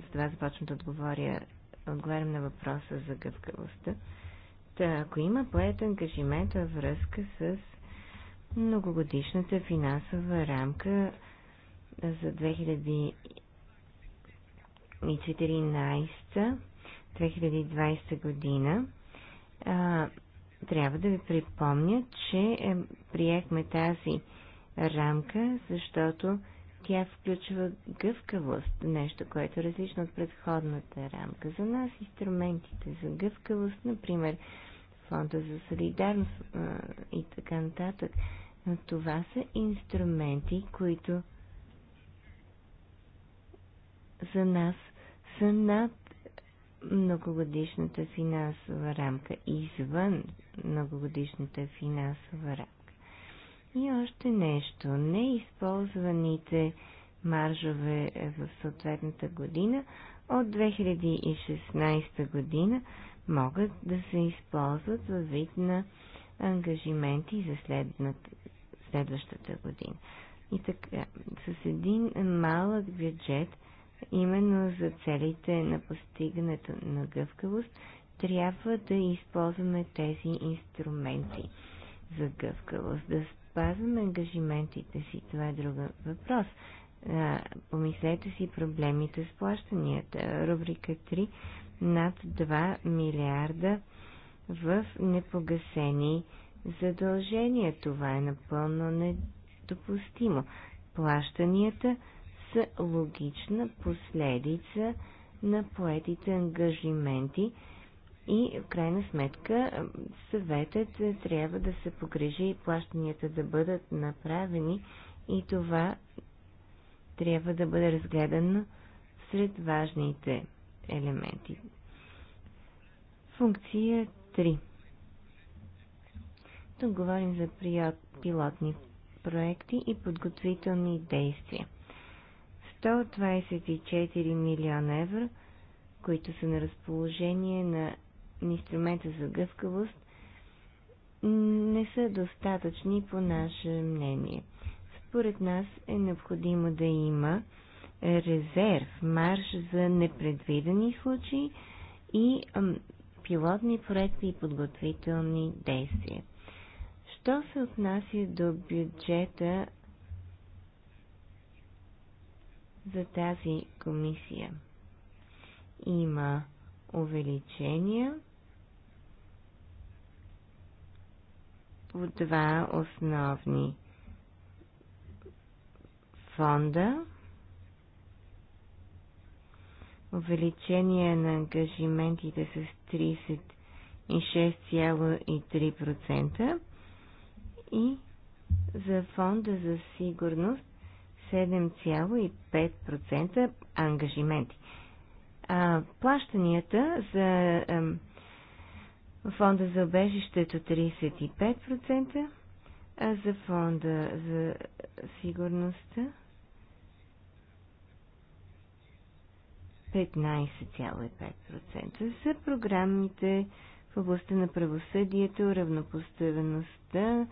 Speaker 3: С това започвам да отговоря, отговарям на въпроса за гъвкавостта. Та, ако има поет ангажимент във връзка с многогодишната финансова рамка за 2014-2020 година, трябва да ви припомня, че е, приехме тази рамка, защото тя включва гъвкавост, нещо, което е различно от предходната рамка. За нас инструментите за гъвкавост, например, фонда за солидарност и така нататък, това са инструменти, които за нас са над многогодишната финансова рамка, извън многогодишната финансова рамка. И още нещо. Неизползваните маржове в съответната година от 2016 година могат да се използват във вид на ангажименти за следващата година. И така, с един малък бюджет – именно за целите на постигането на гъвкавост, трябва да използваме тези инструменти за гъвкавост. Да спазваме ангажиментите си, това е друг въпрос. А, помислете си проблемите с плащанията. Рубрика 3 над 2 милиарда в непогасени задължения. Това е напълно недопустимо. Плащанията са логична последица на поетите ангажименти и в крайна сметка съветът трябва да се погрежи и плащанията да бъдат направени и това трябва да бъде разгледано сред важните елементи. Функция 3. Тук говорим за пилотни проекти и подготвителни действия – 124 милиона евро, които са на разположение на инструмента за гъвкавост, не са достатъчни по наше мнение. Според нас е необходимо да има резерв, марш за непредвидени случаи и пилотни проекти и подготвителни действия. Що се отнася до бюджета за тази комисия. Има увеличения по два основни фонда. Увеличение на ангажиментите с 36,3% и за фонда за сигурност 7,5% ангажименти. А плащанията за фонда за обежището 35%, а за фонда за сигурността 15,5%. За програмите в областта на правосъдието, равнопоставеността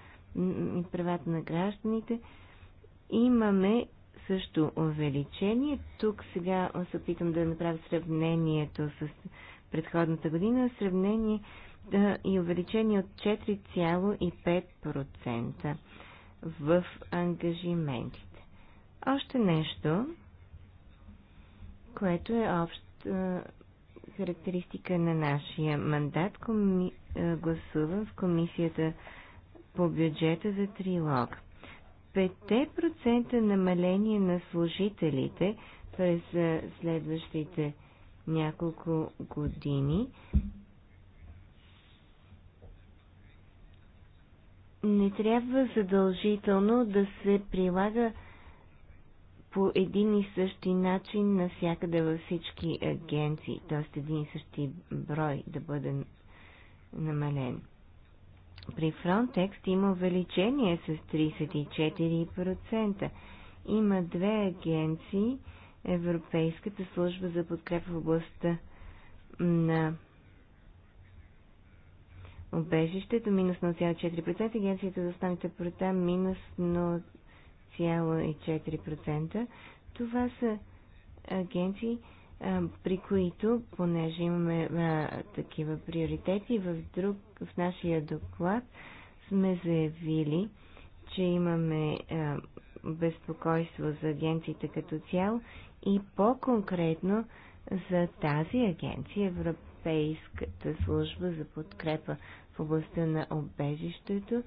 Speaker 3: и правата на гражданите – Имаме също увеличение. Тук сега се опитам да направя сравнението с предходната година. Сравнение да, и увеличение от 4,5% в ангажиментите. Още нещо, което е обща характеристика на нашия мандат, коми, гласуван в комисията по бюджета за трилог. 5% намаление на служителите през следващите няколко години не трябва задължително да се прилага по един и същи начин навсякъде във всички агенции, т.е. един и същи брой да бъде намален. При Frontex има увеличение с 34%. Има две агенции, Европейската служба за подкрепа в областта на обежището минус 0,4%, агенцията за останалите прота минус 0,4%. Това са агенции, при които, понеже имаме а, такива приоритети, в друг, в нашия доклад сме заявили, че имаме а, безпокойство за агенциите като цяло и по-конкретно за тази агенция, Европейската служба за подкрепа в областта на обежището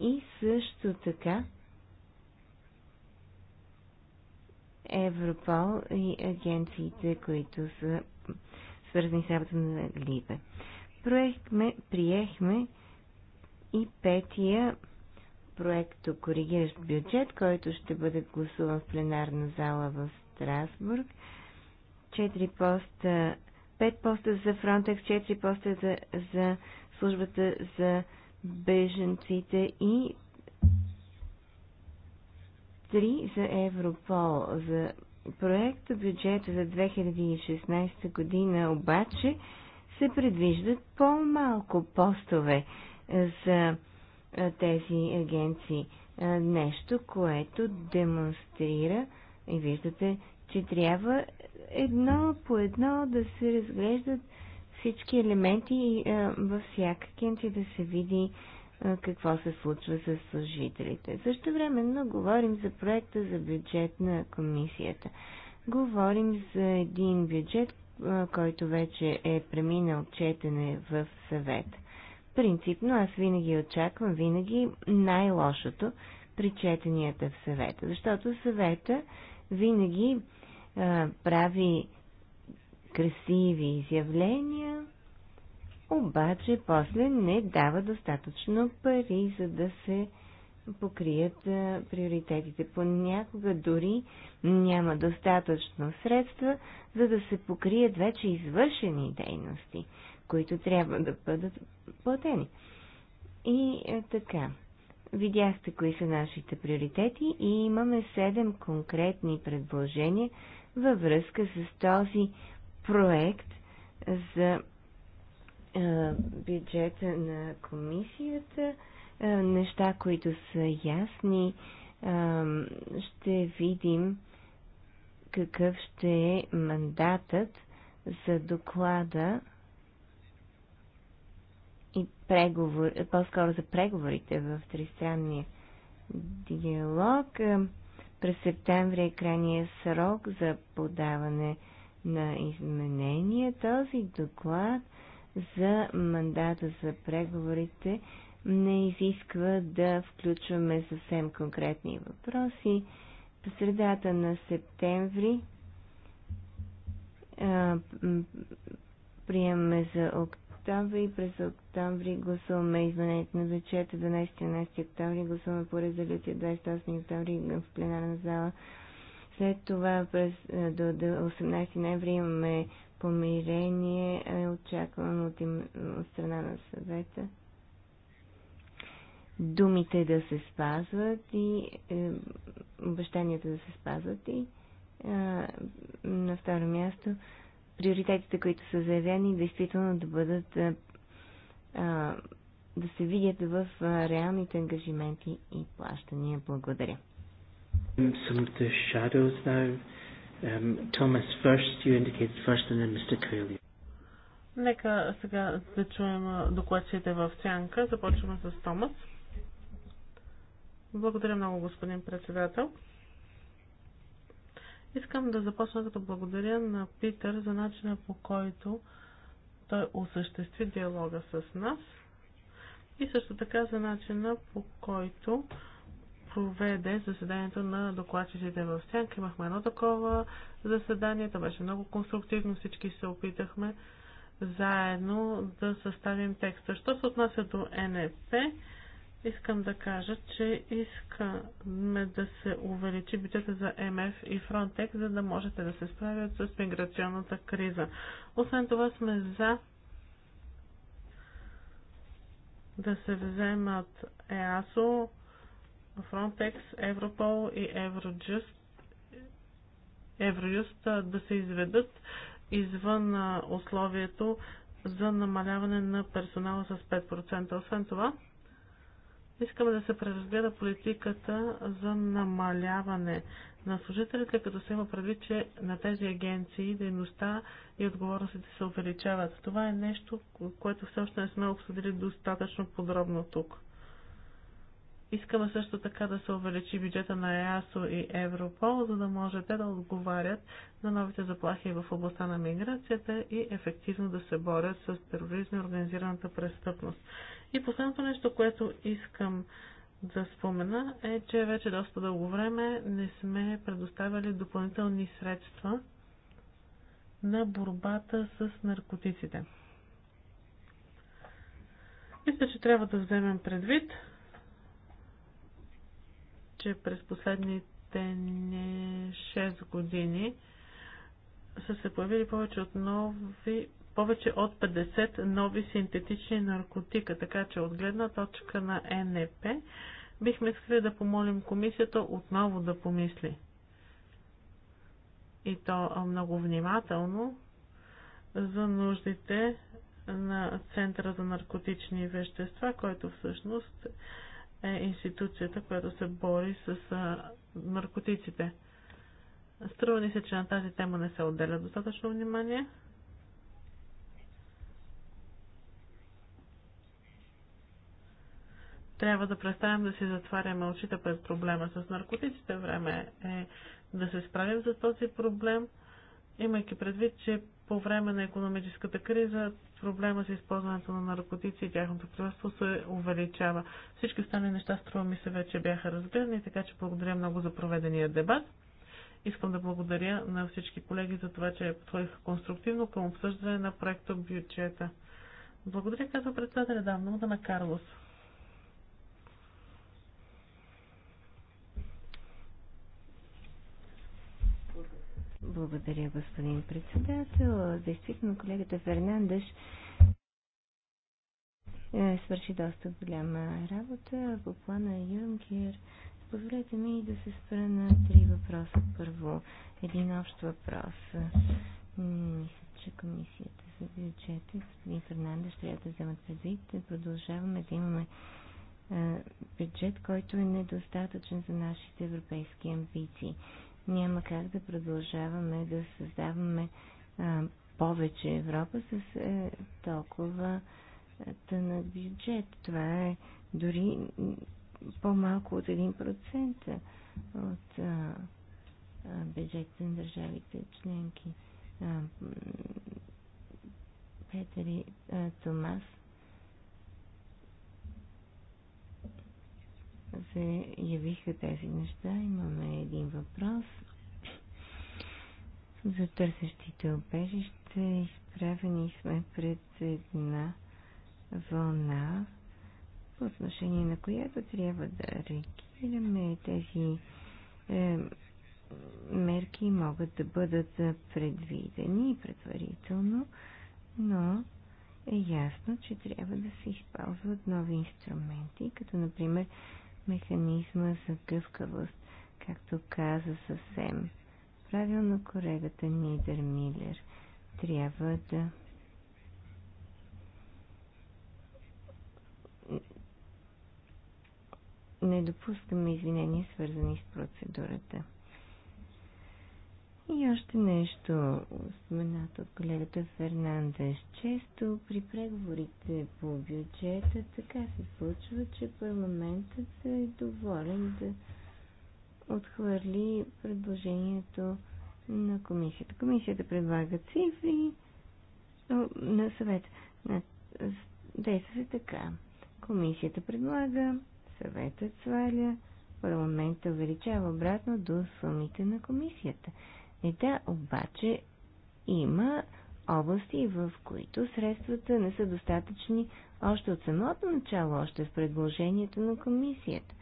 Speaker 3: и също така Европол и агенциите, които са свързани с работа на Либе. Проехме, приехме и петия проект коригиращ бюджет, който ще бъде гласуван в пленарна зала в Страсбург. 4 поста, 5 поста за Фронтекс, 4 поста за, за службата за беженците и 3 за Европол. За проекта бюджета за 2016 година обаче се предвиждат по-малко постове за тези агенции. Нещо, което демонстрира и виждате, че трябва едно по едно да се разглеждат всички елементи и във всяка агенция да се види какво се случва с служителите. Също времено говорим за проекта за бюджет на комисията. Говорим за един бюджет, който вече е преминал четене в съвет. Принципно аз винаги очаквам винаги най-лошото при четенията в съвета, защото съвета винаги а, прави красиви изявления, обаче после не дава достатъчно пари, за да се покрият а, приоритетите. Понякога дори няма достатъчно средства, за да се покрият вече извършени дейности, които трябва да бъдат платени. И а, така, видяхте кои са нашите приоритети и имаме седем конкретни предложения във връзка с този проект за е, бюджета на комисията, е, неща, които са ясни, е, ще видим какъв ще е мандатът за доклада и преговор, по-скоро за преговорите в тристранния диалог. През септември е крайния срок за подаване на изменения. Този доклад – за мандата за преговорите не изисква да включваме съвсем конкретни въпроси. По средата на септември приемаме за октомври. През октомври гласуваме изменението на бюджета. 12-13 октомври гласуваме по резолюция. 28 октомври в пленарна зала. След това през, до, до 18 ноември имаме помирение е очаквано от, им, от страна на съвета. Думите да се спазват и е, обещанията да се спазват и е, на второ място приоритетите, които са заявени, действително да бъдат е, е, да се видят в е, реалните ангажименти и плащания. Благодаря.
Speaker 1: Um, Thomas first, you indicate first, and then Mr. Curley.
Speaker 2: Нека сега да чуем докладчите в сянка. Започваме с Томас. Благодаря много, господин председател. Искам да започна като благодаря на Питър за начина по който той осъществи диалога с нас и също така за начина по който проведе заседанието на докладчиците в Сянка. Имахме едно такова заседание, то беше много конструктивно, всички се опитахме заедно да съставим текста. Що се отнася до НЕП, искам да кажа, че искаме да се увеличи бюджета за МФ и Фронтекс, за да можете да се справят с миграционната криза. Освен това сме за да се вземат ЕАСО, Frontex, Европол и Евроджуст, Евроюст да се изведат извън условието за намаляване на персонала с 5%. Освен това, искаме да се преразгледа политиката за намаляване на служителите, като се има предвид, че на тези агенции дейността и отговорностите се увеличават. Това е нещо, което все още не сме обсъдили достатъчно подробно тук. Искаме също така да се увеличи бюджета на ЕАСО и Европол, за да може те да отговарят на новите заплахи в областта на миграцията и ефективно да се борят с тероризма и организираната престъпност. И последното нещо, което искам да спомена е, че вече доста дълго време не сме предоставяли допълнителни средства на борбата с наркотиците. Мисля, че трябва да вземем предвид че през последните 6 години са се появили повече от нови повече от 50 нови синтетични наркотика, така че от гледна точка на НП бихме искали да помолим комисията отново да помисли. И то много внимателно за нуждите на Центъра за наркотични вещества, който всъщност е институцията, която се бори с наркотиците. Струва ни се, че на тази тема не се отделя достатъчно внимание. Трябва да престанем да си затваряме очите пред проблема с наркотиците. Време е да се справим за този проблем, имайки предвид, че по време на економическата криза проблема с използването на наркотици и тяхното производство се увеличава. Всички останали неща, струва ми се, вече бяха разгледани, така че благодаря много за проведения дебат. Искам да благодаря на всички колеги за това, че подходиха конструктивно към обсъждане на проекта бюджета. Благодаря, казва председателя, да, много да на Карлос.
Speaker 3: Благодаря, господин председател. Действително, колегата Фернандеш е, свърши доста голяма работа по плана Юнкер. Позволете ми да се спра на три въпроса. Първо, един общ въпрос. Мисля, че комисията за бюджета господин Фернандеш трябва да вземат предвид продължаваме да имаме е, бюджет, който е недостатъчен за нашите европейски амбиции няма как да продължаваме да създаваме а, повече Европа с е, толкова е, на бюджет. Това е дори по-малко от 1% от а, бюджетите на държавите членки. А, Петър и Томас се явиха тези неща. Имаме един въпрос за търсещите обежище. Изправени сме пред една вълна, по отношение на която трябва да реагираме. Тези е, мерки могат да бъдат предвидени предварително, но е ясно, че трябва да се използват нови инструменти, като например механизма за гъвкавост, както каза съвсем правилно колегата Нидер Милер. Трябва да не допускаме извинения, свързани с процедурата. И още нещо, споменато от колегата Фернандес. Често при преговорите по бюджета така се случва, че парламентът е доволен да отхвърли предложението на комисията. Комисията предлага цифри на съвет. Действа се така. Комисията предлага, съветът сваля, парламентът увеличава обратно до сумите на комисията. И да, обаче има области, в които средствата не са достатъчни още от самото начало, още в предложението на комисията.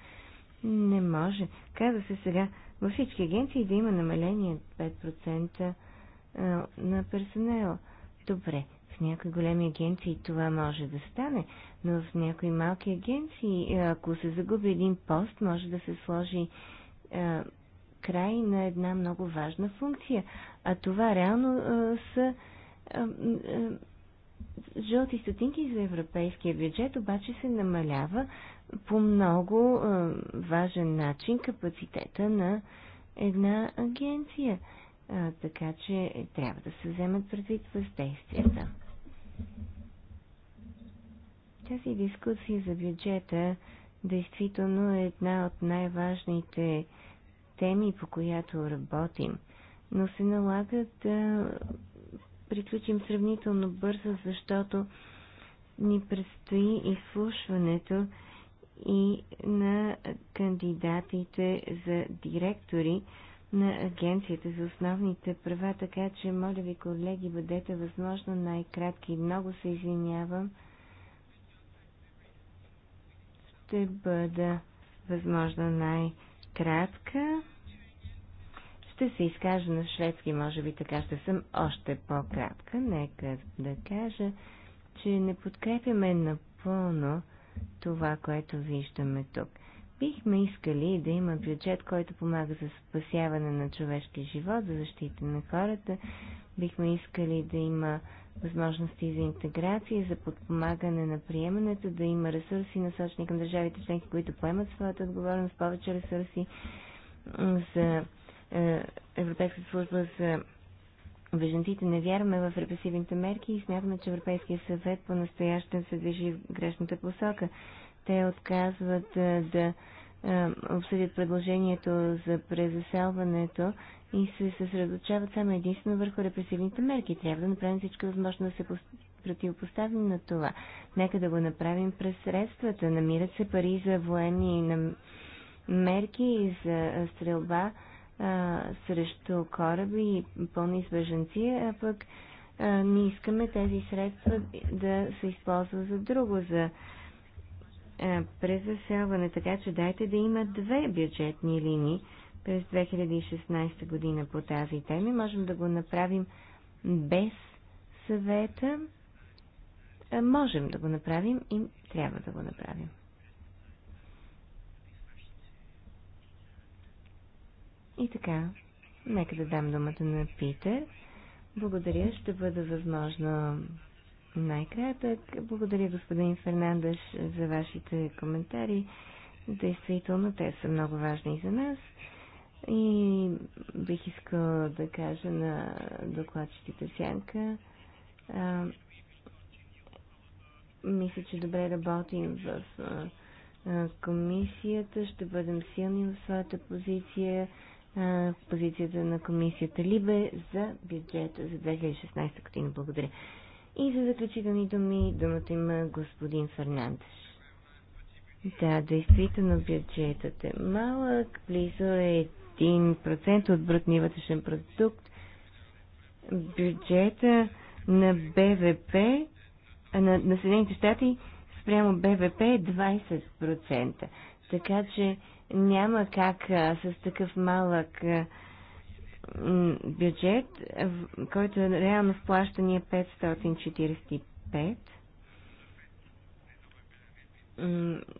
Speaker 3: Не може. Каза се сега, във всички агенции да има намаление 5% на персонала. Добре, в някои големи агенции това може да стане, но в някои малки агенции, ако се загуби един пост, може да се сложи край на една много важна функция. А това реално а, са а, а, жълти стотинки за европейския бюджет, обаче се намалява по много а, важен начин капацитета на една агенция. А, така че трябва да се вземат предвид въздействията. Тази дискусия за бюджета действително е една от най-важните теми, по която работим, но се налага да приключим сравнително бързо, защото ни предстои изслушването и на кандидатите за директори на Агенцията за основните права, така че, моля ви, колеги, бъдете възможно най-кратки. Много се извинявам. Ще бъда възможно най-кратки кратка. Ще се изкажа на шведски, може би така ще съм още по-кратка. Нека да кажа, че не подкрепяме напълно това, което виждаме тук. Бихме искали да има бюджет, който помага за спасяване на човешки живот, за защита на хората. Бихме искали да има възможности за интеграция, за подпомагане на приемането, да има ресурси насочени към държавите членки, които поемат своята отговорност, повече ресурси за е, Европейската служба за беженците. Не вярваме в репресивните мерки и смятаме, че Европейския съвет по-настоящен се движи в грешната посока. Те отказват е, да е, обсъдят предложението за презаселването и се съсредоточават само единствено върху репресивните мерки. Трябва да направим всичко възможно да се противопоставим на това. Нека да го направим през средствата. Намират се пари за военни мерки и за стрелба а, срещу кораби и пълни с бъженци, а пък а, не искаме тези средства да се използват за друго, за презаселване. Така че дайте да има две бюджетни линии през 2016 година по тази тема. Можем да го направим без съвета. Можем да го направим и трябва да го направим. И така, нека да дам думата на Питер. Благодаря, ще бъда възможно най-кратък. Благодаря, господин Фернандеш, за вашите коментари. Действително, те са много важни и за нас. И бих искала да кажа на докладчиците Сянка, а, мисля, че добре работим в а, комисията, ще бъдем силни в своята позиция, в позицията на комисията Либе за бюджета за 2016 година. Благодаря. И за заключителни думи, думата има господин Фернандеш. Да, действително бюджетът е малък, близо е 1% от брутния вътрешен продукт. Бюджета на БВП на, на Съединените щати спрямо БВП е 20%. Така че няма как а, с такъв малък а, бюджет, в, който е реално вплащане 545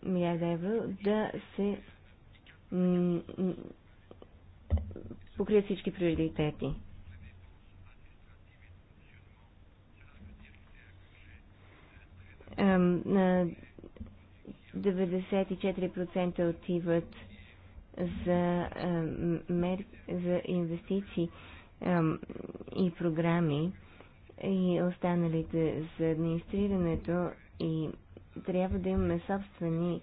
Speaker 3: милиарда евро, да се покрият всички приоритети. На 94% отиват за, мер... за инвестиции и програми и останалите за администрирането и трябва да имаме собствени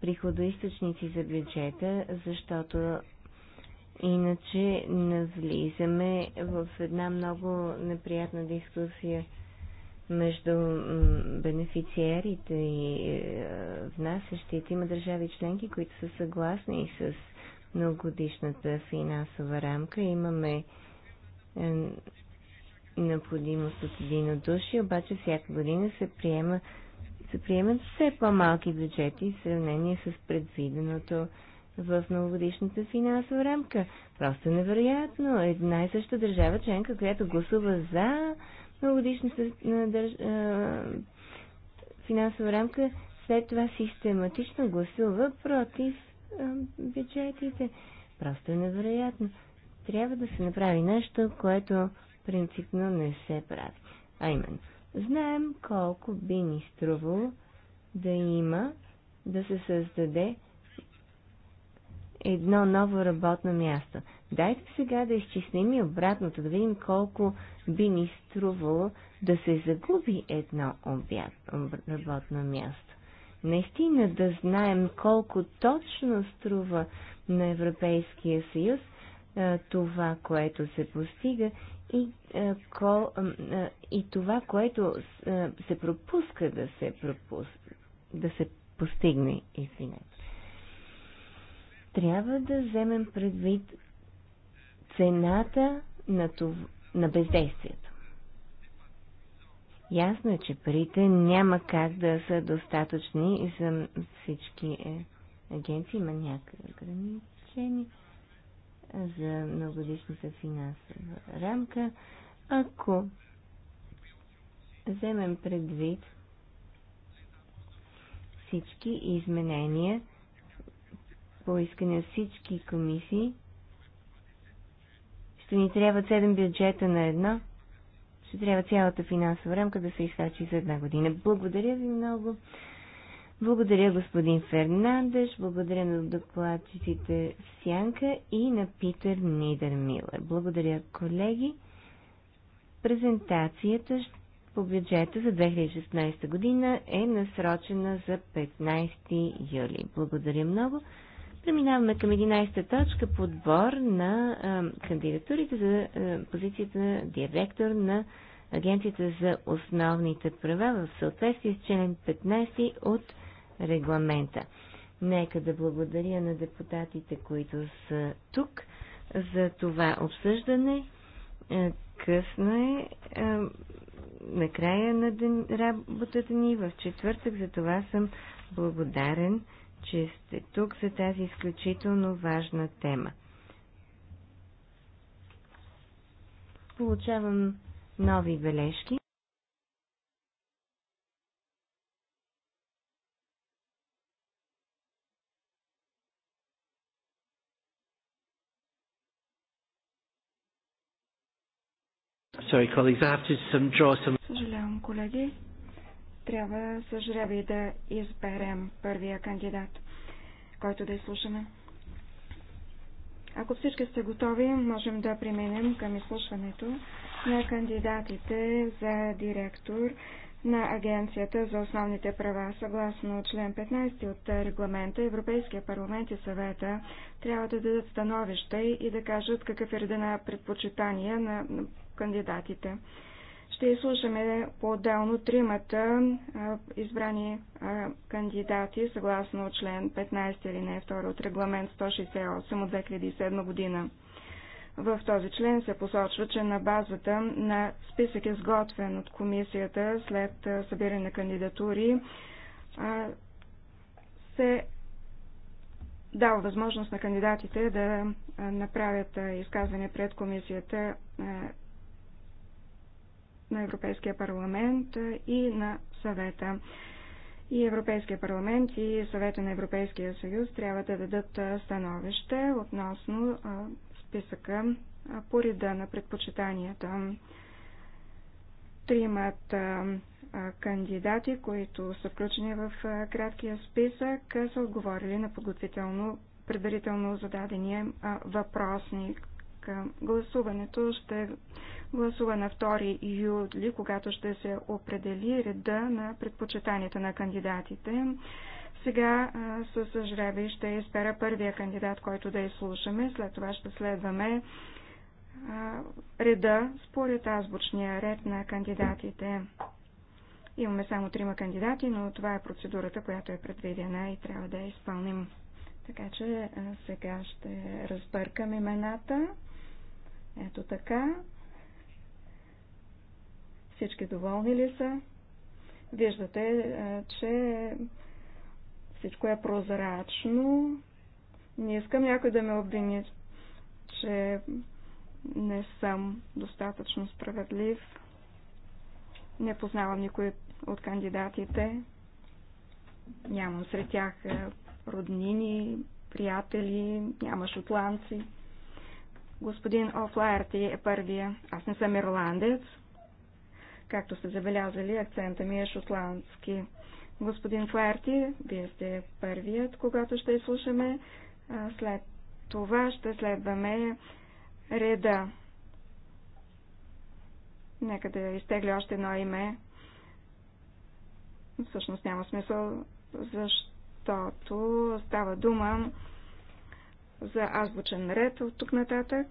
Speaker 3: приходоисточници за бюджета, защото Иначе навлизаме в една много неприятна дискусия между бенефициерите и е, внасящите. Има държави членки, които са съгласни и с многогодишната финансова рамка. Имаме е, необходимост от единодушие, обаче всяка година се приема се приемат все по-малки бюджети в сравнение с предвиденото в новогодишната финансова рамка. Просто невероятно. Една и съща държава членка, която гласува за новогодишната държ... финансова рамка, след това систематично гласува против бюджетите. Просто е невероятно. Трябва да се направи нещо, което принципно не се прави. А именно, знаем колко би ни струвало да има, да се създаде едно ново работно място. Дайте сега да изчислим и обратното, да видим колко би ни струвало да се загуби едно обяд, работно място. Наистина да знаем колко точно струва на Европейския съюз това, което се постига и, кол, и това, което се пропуска да се, пропус, да се постигне, извинете трябва да вземем предвид цената на, това, на бездействието. Ясно е, че парите няма как да са достатъчни и за всички е, агенции. Има някакви ограничения за многодишната финансова рамка. Ако вземем предвид всички изменения, по искане от всички комисии. Ще ни трябват 7 бюджета на едно. Ще трябва цялата финансова рамка да се изхачи за една година. Благодаря ви много. Благодаря господин Фернандеш, благодаря на докладчиците Сянка и на Питер Нидермилер. Благодаря, колеги. Презентацията по бюджета за 2016 година е насрочена за 15 юли. Благодаря много. Преминаваме към 11-та точка подбор на а, кандидатурите за а, позицията на директор на Агенцията за основните права в съответствие с член 15 от регламента. Нека да благодаря на депутатите, които са тук за това обсъждане. Късно е на края на работата ни в четвъртък, за това съм благодарен че сте тук за тази изключително важна тема. Получавам нови бележки.
Speaker 4: Съжалявам, колеги. Трябва с жреби да изберем първия кандидат, който да изслушаме. Ако всички сте готови, можем да преминем към изслушването на кандидатите за директор на Агенцията за основните права. Съгласно член 15 от регламента, Европейския парламент и съвета трябва да дадат становище и да кажат какъв е реда на предпочитания на кандидатите. Ще изслушаме по-отделно тримата избрани кандидати съгласно член 15 или не 2 от регламент 168 от 2007 година. В този член се посочва, че на базата на списък изготвен от комисията след събиране на кандидатури се дава възможност на кандидатите да направят изказване пред комисията на Европейския парламент и на съвета. И Европейския парламент и съвета на Европейския съюз трябва да дадат становище относно списъка по реда на предпочитанията. Тримат кандидати, които са включени в краткия списък, са отговорили на подготвително предварително зададения въпросник сметка. Гласуването ще гласува на 2 юли, когато ще се определи реда на предпочитанията на кандидатите. Сега с жреби ще изпера първия кандидат, който да изслушаме. След това ще следваме реда според азбучния ред на кандидатите. Имаме само трима кандидати, но това е процедурата, която е предвидена и трябва да я изпълним. Така че сега ще разбъркам имената. Ето така. Всички доволни ли са? Виждате, е, че всичко е прозрачно. Не искам някой да ме обвини, че не съм достатъчно справедлив. Не познавам никой от кандидатите. Нямам сред тях е, роднини, приятели, няма шотландци. Господин Офлаерти е първия. Аз не съм ирландец. Както сте забелязали, акцента ми е шотландски. Господин Флаерти, вие сте първият, когато ще изслушаме. След това ще следваме реда. Нека да изтегля още едно име. Всъщност няма смисъл, защото става дума за азбучен ред от тук нататък.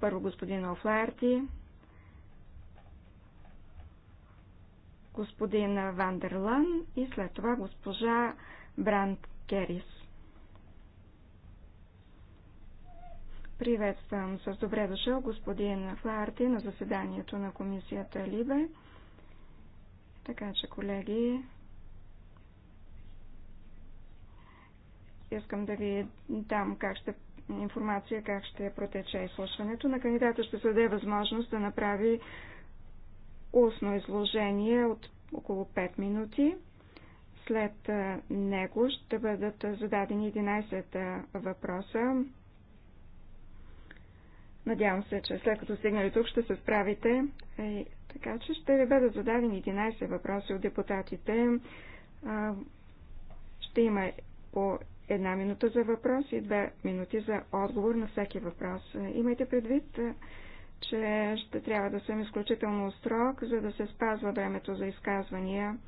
Speaker 4: Първо господин Офлаерти, господин Вандерлан и след това госпожа Бранд Керис. Приветствам с добре дошъл господин Фларти на заседанието на комисията Либе. Така че, колеги, искам да ви дам как ще, информация как ще протече изслушването. На кандидата ще се даде възможност да направи устно изложение от около 5 минути. След него ще бъдат зададени 11 въпроса Надявам се, че след като стигнали тук ще се справите. Е, така че ще ви бъдат зададени 11 въпроси от депутатите. А, ще има по една минута за въпрос и две минути за отговор на всеки въпрос. Е, имайте предвид, е, че ще трябва да съм изключително строг, за да се спазва времето за изказвания.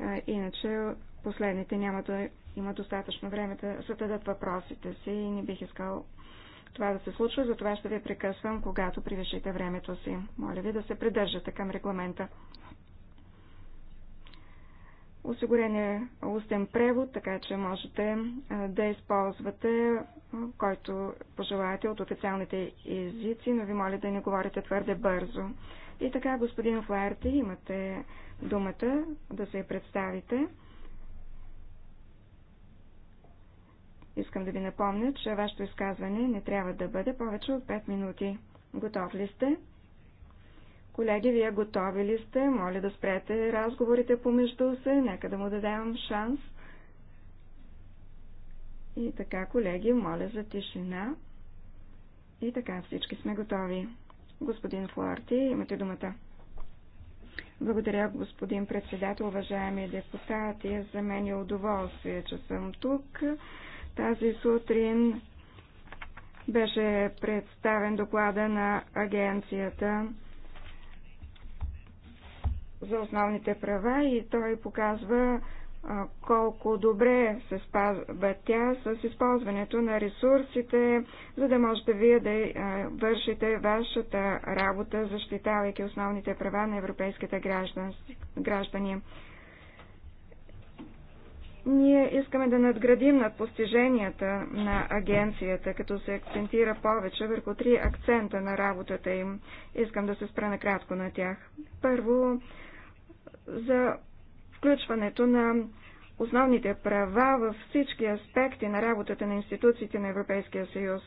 Speaker 4: Е, иначе последните няма да има достатъчно време да зададат въпросите си и не бих искал това да се случва, затова ще ви прекъсвам, когато превишите времето си. Моля ви да се придържате към регламента. Осигурен е устен превод, така че можете да използвате който пожелаете от официалните езици, но ви моля да не говорите твърде бързо. И така, господин Флаерти, имате думата да се представите. Искам да ви напомня, че вашето изказване не трябва да бъде повече от 5 минути. Готов ли сте? Колеги, вие готови ли сте? Моля да спрете разговорите помежду се. Нека да му дадем шанс. И така, колеги, моля за тишина. И така, всички сме готови. Господин Флорти, имате думата. Благодаря, господин председател, уважаеми депутати. За мен е удоволствие, че съм тук. Тази сутрин беше представен доклада на агенцията за основните права и той показва колко добре се спазва тя с използването на ресурсите, за да можете вие да вършите вашата работа, защитавайки основните права на европейските граждани. Ние искаме да надградим над постиженията на агенцията, като се акцентира повече върху три акцента на работата им. Искам да се спра накратко на тях. Първо, за включването на основните права във всички аспекти на работата на институциите на Европейския съюз.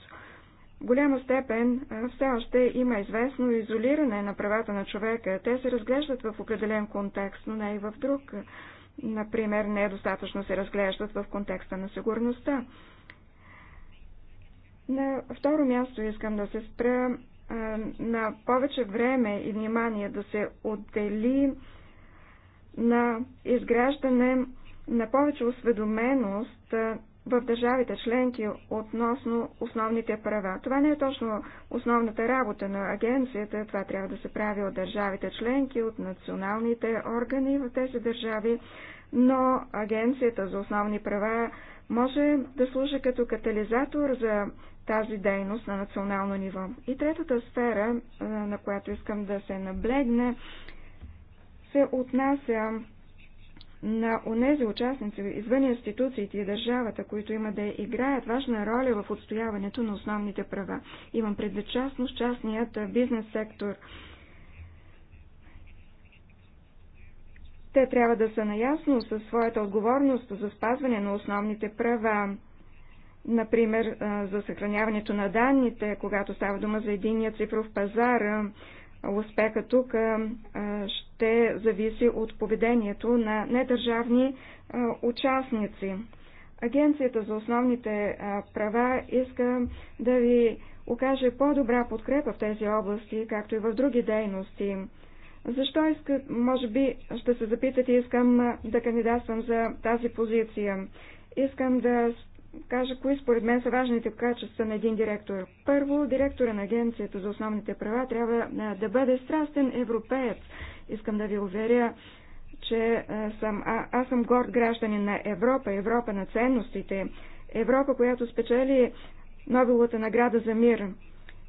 Speaker 4: В голяма степен все още има известно изолиране на правата на човека. Те се разглеждат в определен контекст, но не и в друг например, недостатъчно е се разглеждат в контекста на сигурността. На второ място искам да се спра на повече време и внимание да се отдели на изграждане на повече осведоменост в държавите членки относно основните права. Това не е точно основната работа на агенцията. Това трябва да се прави от държавите членки, от националните органи в тези държави. Но агенцията за основни права може да служи като катализатор за тази дейност на национално ниво. И третата сфера, на която искам да се наблегне, се отнася на онези участници извън институциите и държавата, които има да играят важна роля в отстояването на основните права. Имам предвид частно частният бизнес сектор. Те трябва да са наясно със своята отговорност за спазване на основните права. Например, за съхраняването на данните, когато става дума за единия цифров пазар, Успеха тук ще зависи от поведението на недържавни участници. Агенцията за основните права иска да ви окаже по-добра подкрепа в тези области, както и в други дейности. Защо иска, може би ще се запитате, искам да кандидатствам за тази позиция. Искам да кажа кои според мен са важните качества на един директор. Първо, директора на Агенцията за основните права трябва да бъде страстен европеец. Искам да ви уверя, че съм, а, аз съм горд гражданин на Европа, Европа на ценностите, Европа, която спечели Нобеловата награда за мир.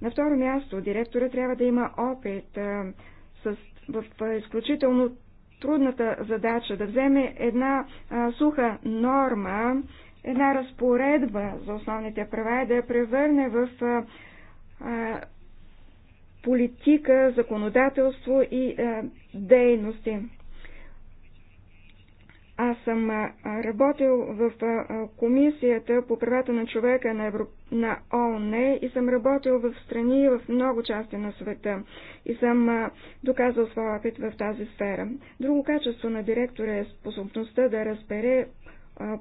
Speaker 4: На второ място, директора трябва да има опит а, с, в в изключително трудната задача да вземе една а, суха норма, една разпоредба за основните права и е да я превърне в а, а, политика, законодателство и а, дейности. Аз съм работил в Комисията по правата на човека на, Европ... на ООН и съм работил в страни в много части на света и съм доказал своя опит в тази сфера. Друго качество на директора е способността да разбере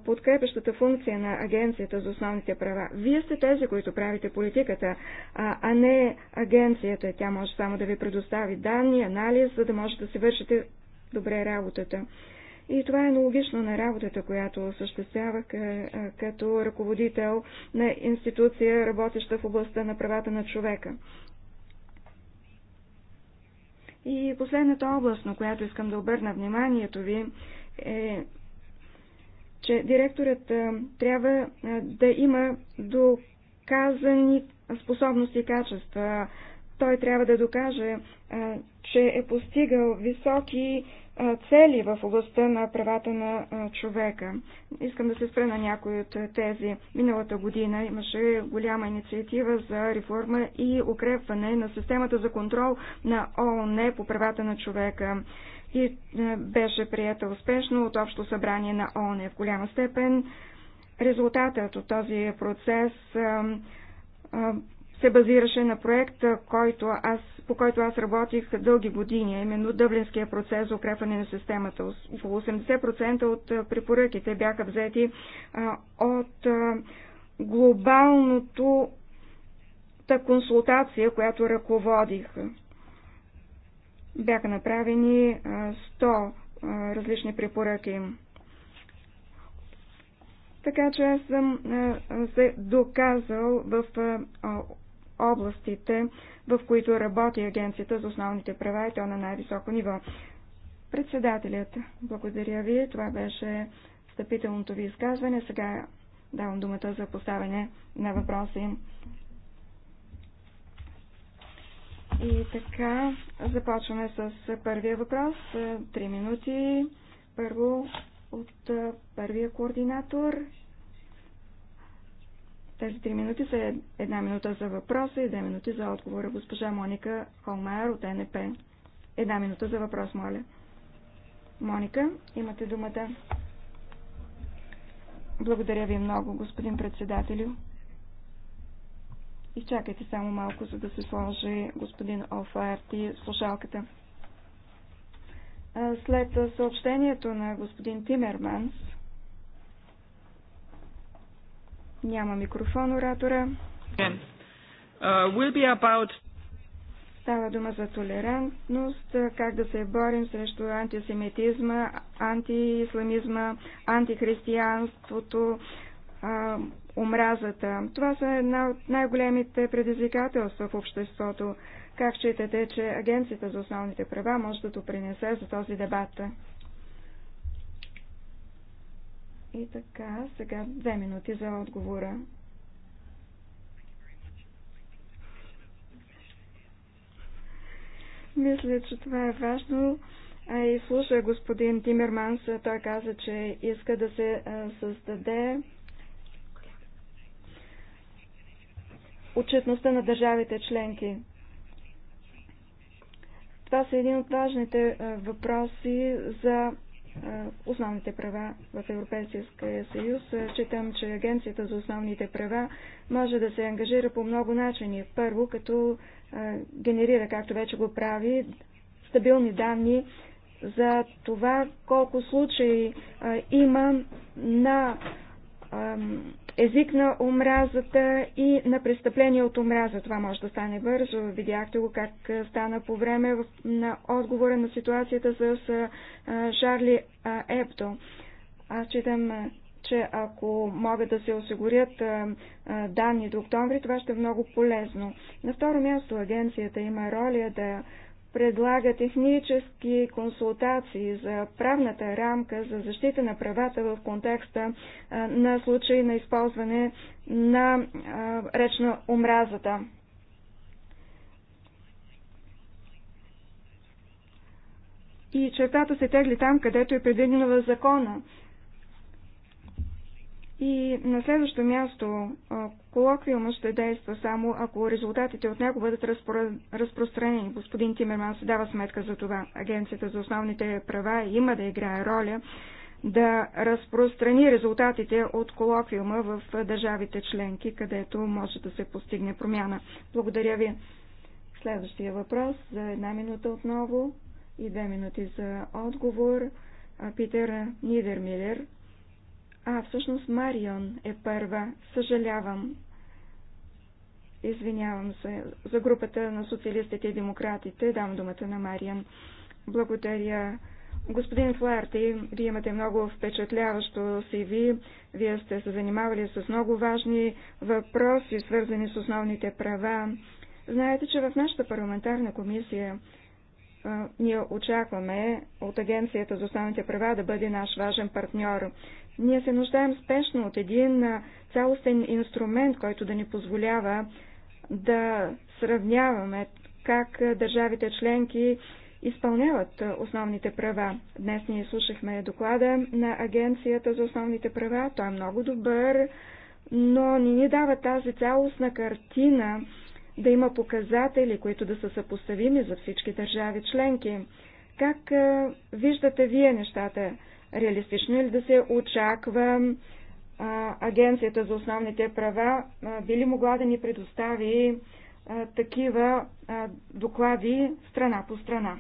Speaker 4: подкрепещата функция на Агенцията за основните права. Вие сте тези, които правите политиката, а не агенцията. Тя може само да ви предостави данни, анализ, за да може да си вършите добре работата. И това е аналогично на работата, която осъществявах е, е, като ръководител на институция, работеща в областта на правата на човека. И последната област, на която искам да обърна вниманието ви, е че директорът трябва да има доказани способности и качества. Той трябва да докаже, че е постигал високи цели в областта на правата на човека. Искам да се спра на някои от тези. Миналата година имаше голяма инициатива за реформа и укрепване на системата за контрол на ООН по правата на човека и е, беше прията успешно от Общо събрание на ООН. В голяма степен резултатът от този процес е, е, се базираше на проект, който аз, по който аз работих дълги години, именно Дъблинския процес за укрепване на системата. Около 80% от препоръките бяха взети от глобалното консултация, която ръководих бяха направени 100 различни препоръки. Така че аз съм се доказал в областите, в които работи Агенцията за основните права и то на най-високо ниво. Председателят, благодаря ви. Това беше встъпителното ви изказване. Сега давам думата за поставяне на въпроси. И така, започваме с първия въпрос. Три минути. Първо от първия координатор. Тези три минути са една минута за въпроса и две минути за отговора. Госпожа Моника Холмайер от НП. Една минута за въпрос, моля. Моника, имате думата. Благодаря ви много, господин председателю. Изчакайте само малко, за да се сложи господин Офарти слушалката. След съобщението на господин Тимерманс, няма микрофон оратора. Uh, about... Става дума за толерантност, как да се борим срещу антисемитизма, антиисламизма, антихристиянството, омразата. Това са една от най-големите предизвикателства в обществото. Как считате, че Агенцията за основните права може да допринесе за този дебат? И така, сега две минути за отговора. Мисля, че това е важно. А и слуша господин Тимерманс, той каза, че иска да се създаде отчетността на държавите членки. Това са един от важните е, въпроси за е, основните права в Европейския съюз. Е, Читам, че Агенцията за основните права може да се ангажира по много начини. Първо, като генерира, както вече го прави, стабилни данни за това колко случаи има на език на омразата и на престъпление от омраза. Това може да стане бързо. Видяхте го как е, стана по време на отговора на ситуацията с е, е, Шарли Епто. Аз читам, че ако могат да се осигурят данни до октомври, това ще е много полезно. На второ място агенцията има роля да предлага технически консултации за правната рамка за защита на правата в контекста на случаи на използване на реч на омразата. И чертата се тегли там, където е предвидено в закона. И на следващо място, колоквиума ще действа само ако резултатите от него бъдат разпро... разпространени. Господин Тимерман се дава сметка за това. Агенцията за основните права има да играе роля да разпространи резултатите от колоквиума в държавите членки, където може да се постигне промяна. Благодаря ви. Следващия въпрос за една минута отново и две минути за отговор. Питер Нидермилер а, всъщност Марион е първа. Съжалявам. Извинявам се. За групата на социалистите и демократите дам думата на Мариан. Благодаря. Господин Фларти, вие имате много впечатляващо си ви. Вие сте се занимавали с много важни въпроси, свързани с основните права. Знаете, че в нашата парламентарна комисия ние очакваме от Агенцията за основните права да бъде наш важен партньор. Ние се нуждаем спешно от един цялостен инструмент, който да ни позволява да сравняваме как държавите членки изпълняват основните права. Днес ние слушахме доклада на Агенцията за основните права. Той е много добър, но не ни дава тази цялостна картина да има показатели, които да са съпоставими за всички държави членки. Как виждате вие нещата? Реалистично е ли да се очаква Агенцията за основните права би ли могла да ни предостави такива доклади страна по страна?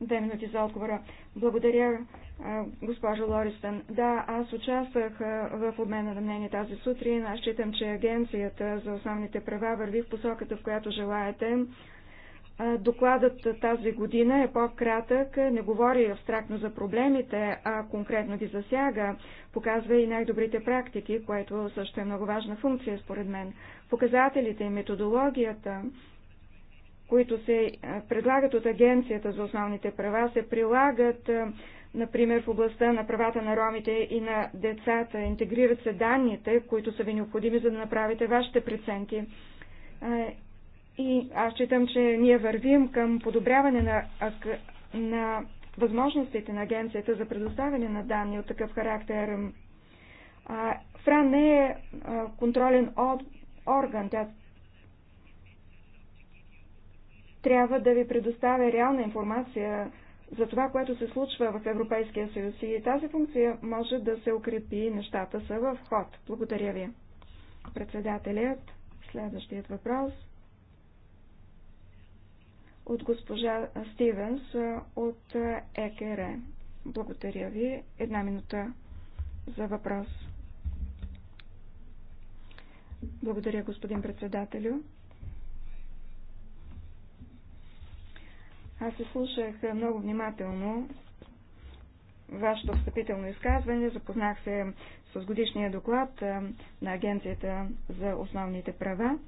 Speaker 4: Две минути за отговора. Благодаря, Госпожо Лористън, да, аз участвах в обмена на мнение тази сутрин. Аз считам, че Агенцията за основните права върви в посоката, в която желаете. Докладът тази година е по-кратък, не говори абстрактно за проблемите, а конкретно ги засяга. Показва и най-добрите практики, което също е много важна функция, според мен. Показателите и методологията които се предлагат от Агенцията за основните права, се прилагат Например, в областта на правата на ромите и на децата интегрират се данните, които са ви необходими, за да направите вашите преценки. И аз считам, че ние вървим към подобряване на, на възможностите на агенцията за предоставяне на данни от такъв характер. ФРАН не е контролен орган. Тя трябва да ви предоставя реална информация за това, което се случва в Европейския съюз и тази функция може да се укрепи, нещата са в ход. Благодаря ви. Председателят, следващият въпрос от госпожа Стивенс от ЕКР. Благодаря ви. Една минута за въпрос. Благодаря, господин председателю. Аз се слушах много внимателно вашето встъпително изказване, запознах се с годишния доклад на Агенцията за основните права.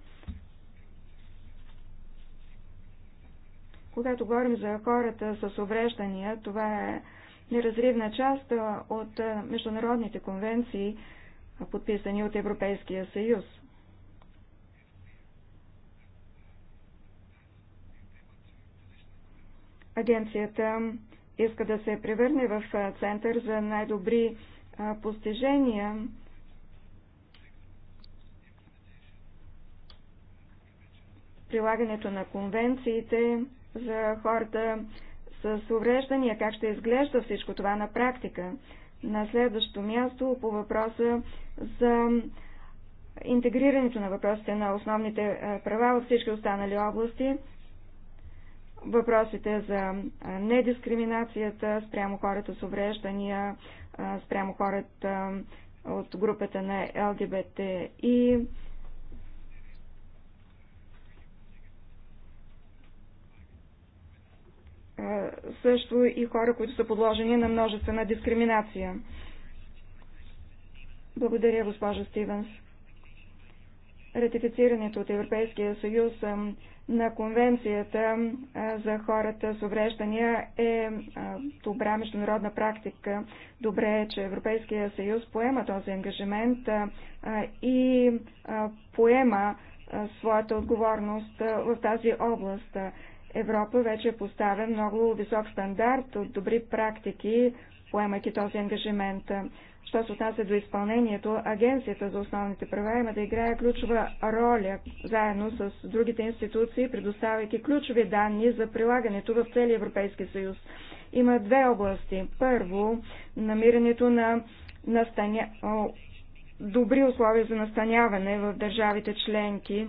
Speaker 4: Когато говорим за хората с увреждания, това е неразривна част от международните конвенции, подписани от Европейския съюз. Агенцията иска да се превърне в център за най-добри постижения. Прилагането на конвенциите за хората с увреждания, как ще изглежда всичко това на практика. На следващо място по въпроса за интегрирането на въпросите на основните права във всички останали области въпросите за недискриминацията спрямо хората с увреждания, спрямо хората от групата на ЛГБТ и също и хора, които са подложени на множествена дискриминация. Благодаря, госпожа Стивенс. Ратифицирането от Европейския съюз на Конвенцията за хората с увреждания е добра международна практика. Добре е, че Европейския съюз поема този ангажимент и поема своята отговорност в тази област. Европа вече поставя много висок стандарт от добри практики, поемайки този ангажимент. Що се отнася до изпълнението, Агенцията за основните права има да играе ключова роля заедно с другите институции, предоставяйки ключови данни за прилагането в целия Европейски съюз. Има две области. Първо, намирането на настаня... добри условия за настаняване в държавите членки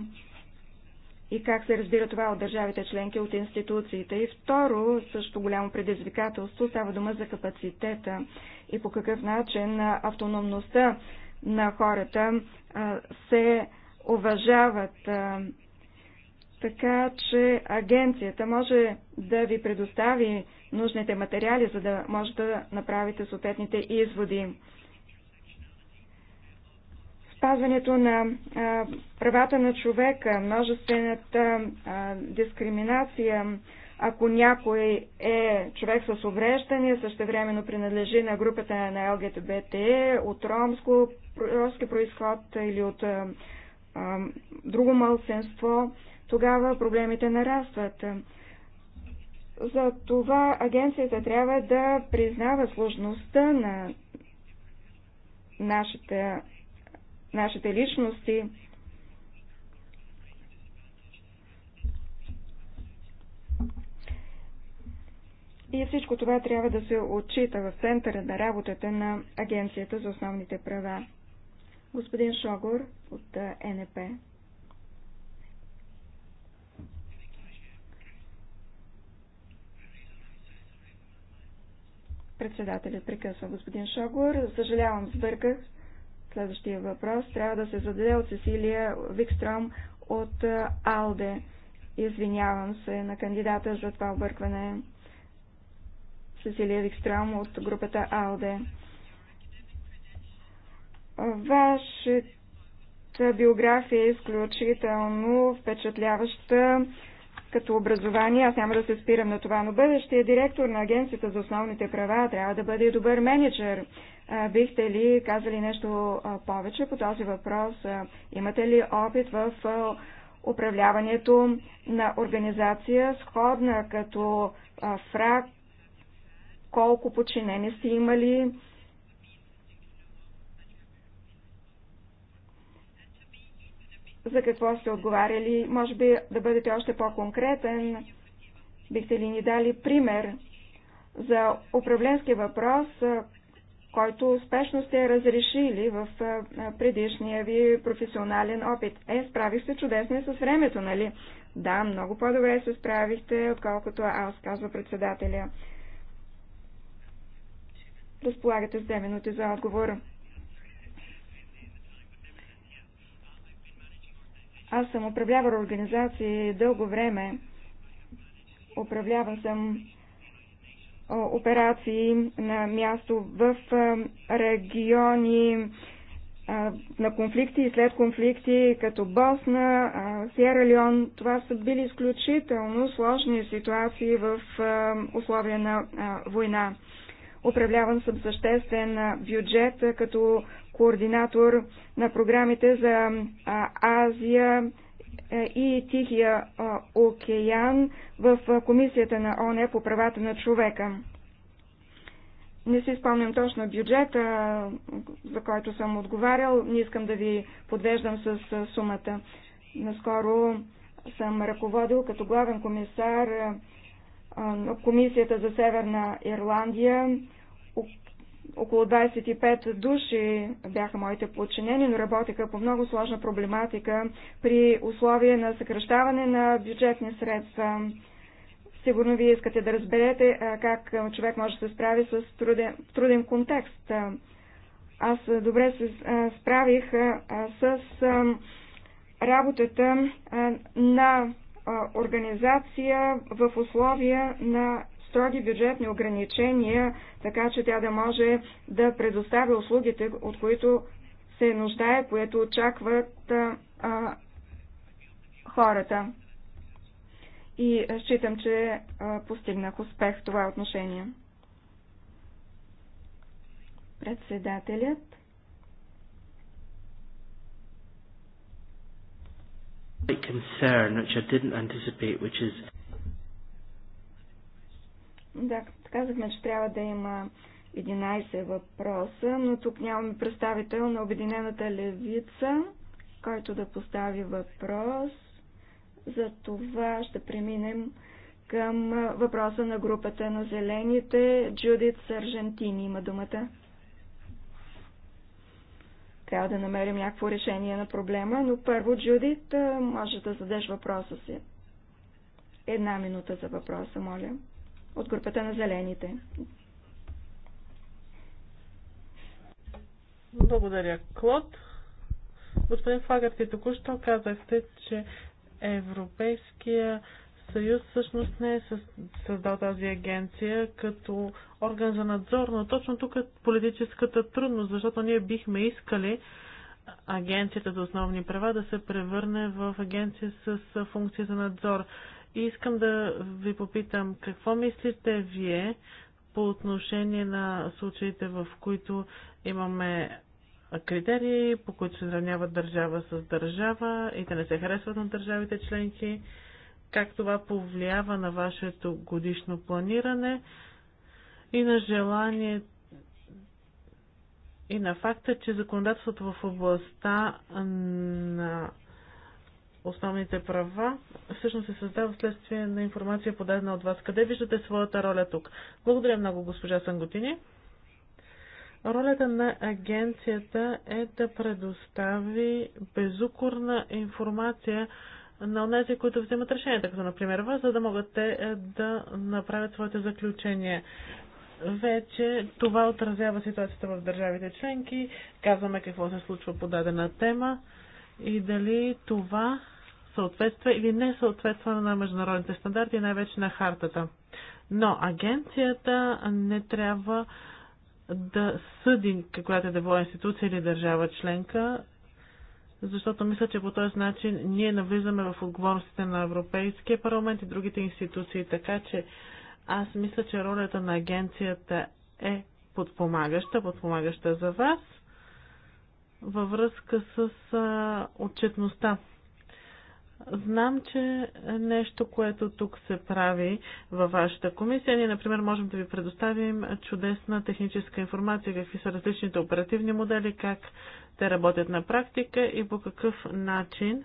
Speaker 4: и как се разбира това от държавите членки, от институциите. И второ, също голямо предизвикателство, става дума за капацитета и по какъв начин автономността на хората се уважават. Така че агенцията може да ви предостави нужните материали, за да може да направите съответните изводи спазването на правата на човека, множествената дискриминация, ако някой е човек с увреждане, същевременно принадлежи на групата на ЛГТБТ, от ромско, ромски происход или от а, а, друго малцинство, тогава проблемите нарастват. За това агенцията трябва да признава сложността на нашите нашите личности. И всичко това трябва да се отчита в центъра на работата на Агенцията за основните права. Господин Шогор от НП. Председателят прекъсва господин Шогор. Съжалявам, сбърках. Следващия въпрос трябва да се зададе от Сесилия Викстром от АЛДЕ. Извинявам се на кандидата за това объркване. Сесилия Викстром от групата АЛДЕ. Вашата биография е изключително впечатляваща като образование. Аз няма да се спирам на това, но бъдещия директор на Агенцията за основните права трябва да бъде добър менеджер. Бихте ли казали нещо повече по този въпрос? Имате ли опит в управляването на организация, сходна като ФРАК? Колко подчинени сте имали? За какво сте отговаряли? Може би да бъдете още по-конкретен. Бихте ли ни дали пример за управленски въпрос, който успешно сте разрешили в предишния ви професионален опит. Е, справих се чудесно с времето, нали? Да, много по-добре се справихте, отколкото аз, казва председателя. Разполагате с 2 минути за отговор. Аз съм управлявал организации дълго време. Управлявал съм операции на място в региони на конфликти и след конфликти, като Босна, Сиера Леон. Това са били изключително сложни ситуации в условия на война. Управляван съм съществен бюджет като координатор на програмите за Азия, е, и Тихия океан в Комисията на ОНЕ по правата на човека. Не си спомням точно бюджета, за който съм отговарял. Не искам да ви подвеждам с сумата. Наскоро съм ръководил като главен комисар Комисията за Северна Ирландия около 25 души бяха моите подчинени, но работеха по много сложна проблематика при условие на съкръщаване на бюджетни средства. Сигурно вие искате да разберете как човек може да се справи с труден, труден контекст. Аз добре се справих с работата на организация в условия на строги бюджетни ограничения, така че тя да може да предоставя услугите, от които се нуждае, което очакват а, хората. И считам, че а, постигнах успех в това отношение. Председателят.
Speaker 1: concern which I didn't anticipate, which is
Speaker 4: да, казахме, че трябва да има 11 въпроса, но тук нямаме представител на Обединената левица, който да постави въпрос. За това ще преминем към въпроса на групата на зелените. Джудит Саржантини има думата. Трябва да намерим някакво решение на проблема, но първо, Джудит, може да задеш въпроса си. Една минута за въпроса, моля от групата на
Speaker 2: зелените. Благодаря, Клод. Господин Флагът, ти току-що казахте, че Европейския съюз всъщност не е създал тази агенция като орган за надзор, но точно тук е политическата трудност, защото ние бихме искали агенцията за основни права да се превърне в агенция с функция за надзор. И искам да ви попитам, какво мислите вие по отношение на случаите, в които имаме критерии, по които се сравняват държава с държава и те не се харесват на държавите членки? Как това повлиява на вашето годишно планиране и на желание и на факта, че законодателството в областта на основните права всъщност се създава вследствие на информация подадена от вас. Къде виждате своята роля тук? Благодаря много, госпожа Сангутини. Ролята на агенцията е да предостави безукорна информация на тези, които вземат решенията, като например вас, за да могат те е, да направят своите заключения. Вече това отразява ситуацията в държавите членки, казваме какво се случва по дадена тема и дали това съответства или не съответства на международните стандарти, най-вече на хартата. Но агенцията не трябва да съди каквато е да било институция или държава членка, защото мисля, че по този начин ние навлизаме в отговорностите на Европейския парламент и другите институции. Така че аз мисля, че ролята на агенцията е подпомагаща, подпомагаща за вас във връзка с а, отчетността. Знам, че нещо, което тук се прави във вашата комисия, ние, например, можем да ви предоставим чудесна техническа информация, какви са различните оперативни модели, как те работят на практика и по какъв начин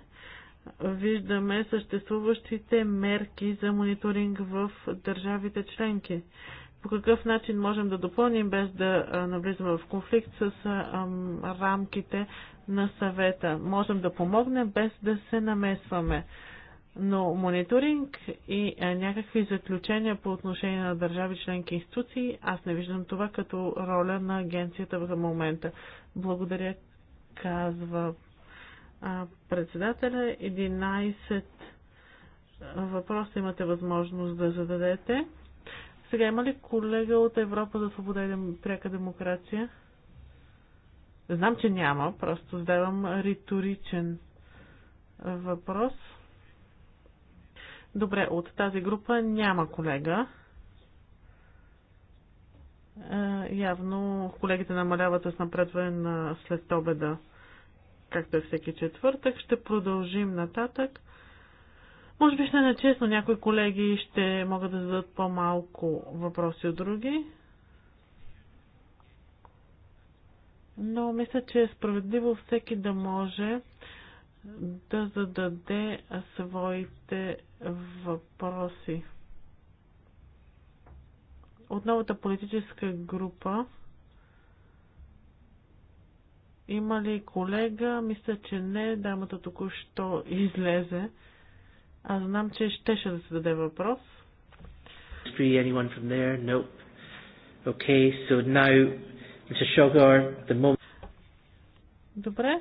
Speaker 2: виждаме съществуващите мерки за мониторинг в държавите членки. По какъв начин можем да допълним, без да навлизаме в конфликт с рамките на съвета. Можем да помогнем без да се намесваме. Но мониторинг и някакви заключения по отношение на държави членки институции, аз не виждам това като роля на агенцията за момента. Благодаря, казва председателя. 11 въпроса имате възможност да зададете. Сега има ли колега от Европа за свобода и пряка демокрация? Знам, че няма, просто задавам риторичен въпрос. Добре, от тази група няма колега. Е, явно колегите намаляват с напредване на след обеда, както е всеки четвъртък. Ще продължим нататък. Може би ще е нечестно, някои колеги ще могат да зададат по-малко въпроси от други. но мисля, че е справедливо всеки да може да зададе своите въпроси. От новата политическа група има ли колега? Мисля, че не. Дамата току-що излезе. Аз знам, че щеше да се даде въпрос.
Speaker 1: Free anyone from there? Nope. Okay, so now
Speaker 2: Добре.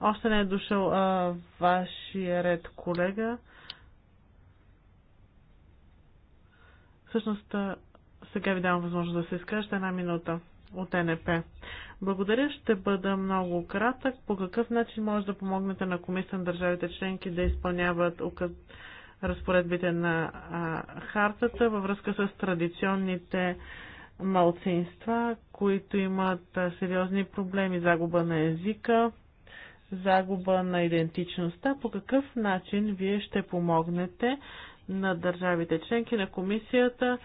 Speaker 2: Още не е дошъл а, вашия ред колега. Всъщност, сега ви давам възможност да се изкажете една минута от НП. Благодаря, ще бъда много кратък. По какъв начин може да помогнете на комисията на държавите членки да изпълняват указ... разпоредбите на а, хартата във връзка с традиционните а, малцинства, които имат сериозни проблеми, загуба на езика, загуба на идентичността. По какъв начин вие ще помогнете на държавите членки, на комисията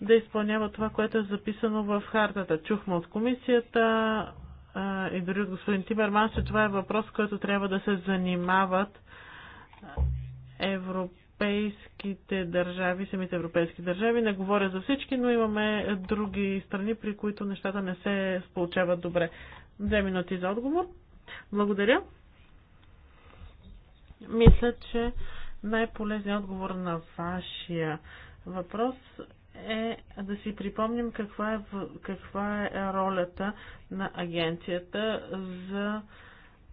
Speaker 2: да изпълнява това, което е записано в хартата? Чухме от комисията и дори от господин Тиберман, че това е въпрос, който трябва да се занимават европейските европейските държави, самите европейски държави. Не говоря за всички, но имаме други страни, при които нещата не се получават добре. Две минути за отговор. Благодаря. Мисля, че най-полезният отговор на вашия въпрос е да си припомним каква е, каква е ролята на агенцията за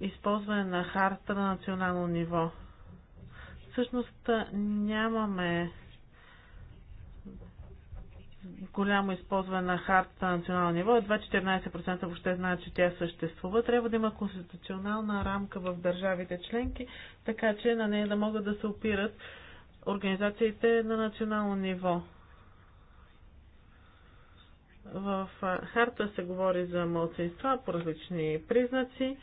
Speaker 2: използване на харта на национално ниво всъщност нямаме голямо използване на хартата на национално ниво. Едва 14% въобще знаят, че тя съществува. Трябва да има конституционална рамка в държавите членки, така че на нея да могат да се опират организациите на национално ниво. В харта се говори за мълцинства по различни признаци.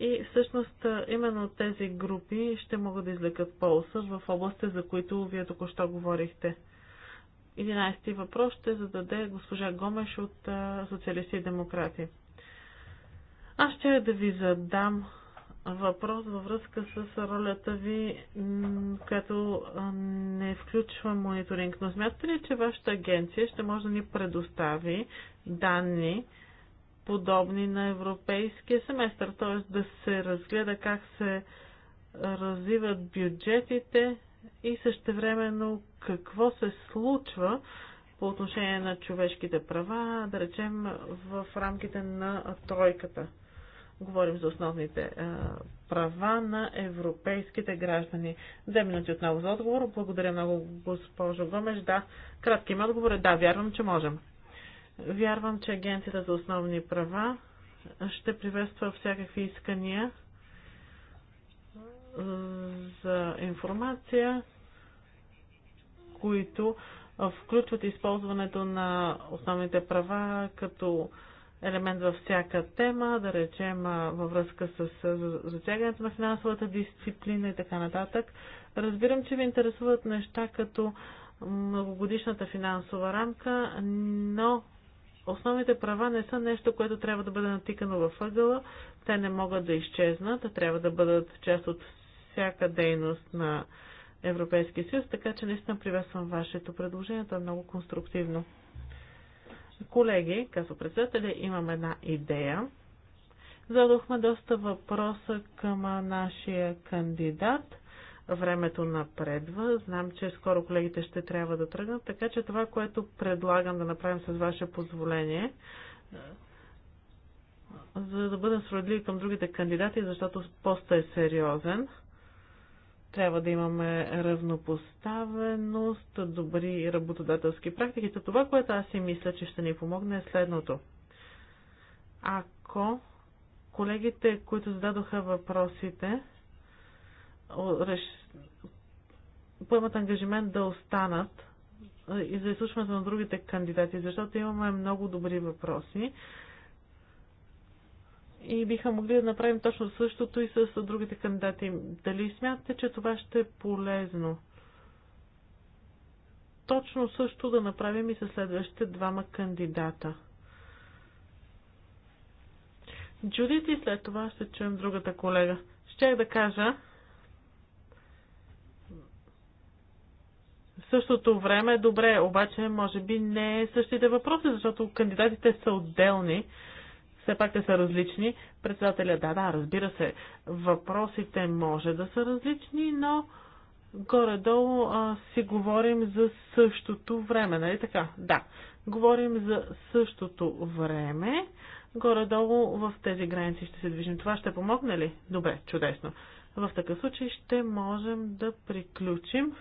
Speaker 2: И всъщност именно тези групи ще могат да излекат полза в областите, за които вие току-що говорихте. 11 въпрос ще зададе госпожа Гомеш от Социалисти и демократи. Аз ще да ви задам въпрос във връзка с ролята ви, като не включва мониторинг. Но смятате ли, че вашата агенция ще може да ни предостави данни, подобни на европейския семестър, т.е. да се разгледа как се развиват бюджетите и същевременно какво се случва по отношение на човешките права, да речем в рамките на тройката. Говорим за основните права на европейските граждани. Две минути отново за отговор. Благодаря много, госпожо Гомеш. Да, кратки ми отговор е да, вярвам, че можем. Вярвам, че Агенцията за основни права ще приветства всякакви искания е, за информация, които включват използването на основните права като елемент във всяка тема, да речем във връзка с затягането на финансовата дисциплина и така нататък. Разбирам, че ви интересуват неща като многогодишната финансова рамка, но Основните права не са нещо, което трябва да бъде натикано във ъгъла. Те не могат да изчезнат, а трябва да бъдат част от всяка дейност на Европейския съюз, така че наистина приветствам вашето предложение, то е много конструктивно. Колеги, казва председателя, имам една идея. Задохме доста въпроса към нашия кандидат времето напредва. Знам, че скоро колегите ще трябва да тръгнат, така че това, което предлагам да направим с ваше позволение, за да бъдем справедливи към другите кандидати, защото поста е сериозен, трябва да имаме равнопоставеност, добри работодателски практики. Това, което аз си мисля, че ще ни помогне е следното. Ако колегите, които зададоха въпросите, поемат ангажимент да останат и за изслушването на другите кандидати, защото имаме много добри въпроси. И биха могли да направим точно същото и с другите кандидати. Дали смятате, че това ще е полезно? Точно също да направим и с следващите двама кандидата. Джудит и след това ще чуем другата колега. Щях да кажа, същото време е добре, обаче може би не е същите въпроси, защото кандидатите са отделни, все пак те са различни. Председателя, да, да, разбира се, въпросите може да са различни, но горе-долу си говорим за същото време, нали така? Да, говорим за същото време, горе-долу в тези граници ще се движим. Това ще помогне ли? Добре, чудесно. В такъв случай ще можем да приключим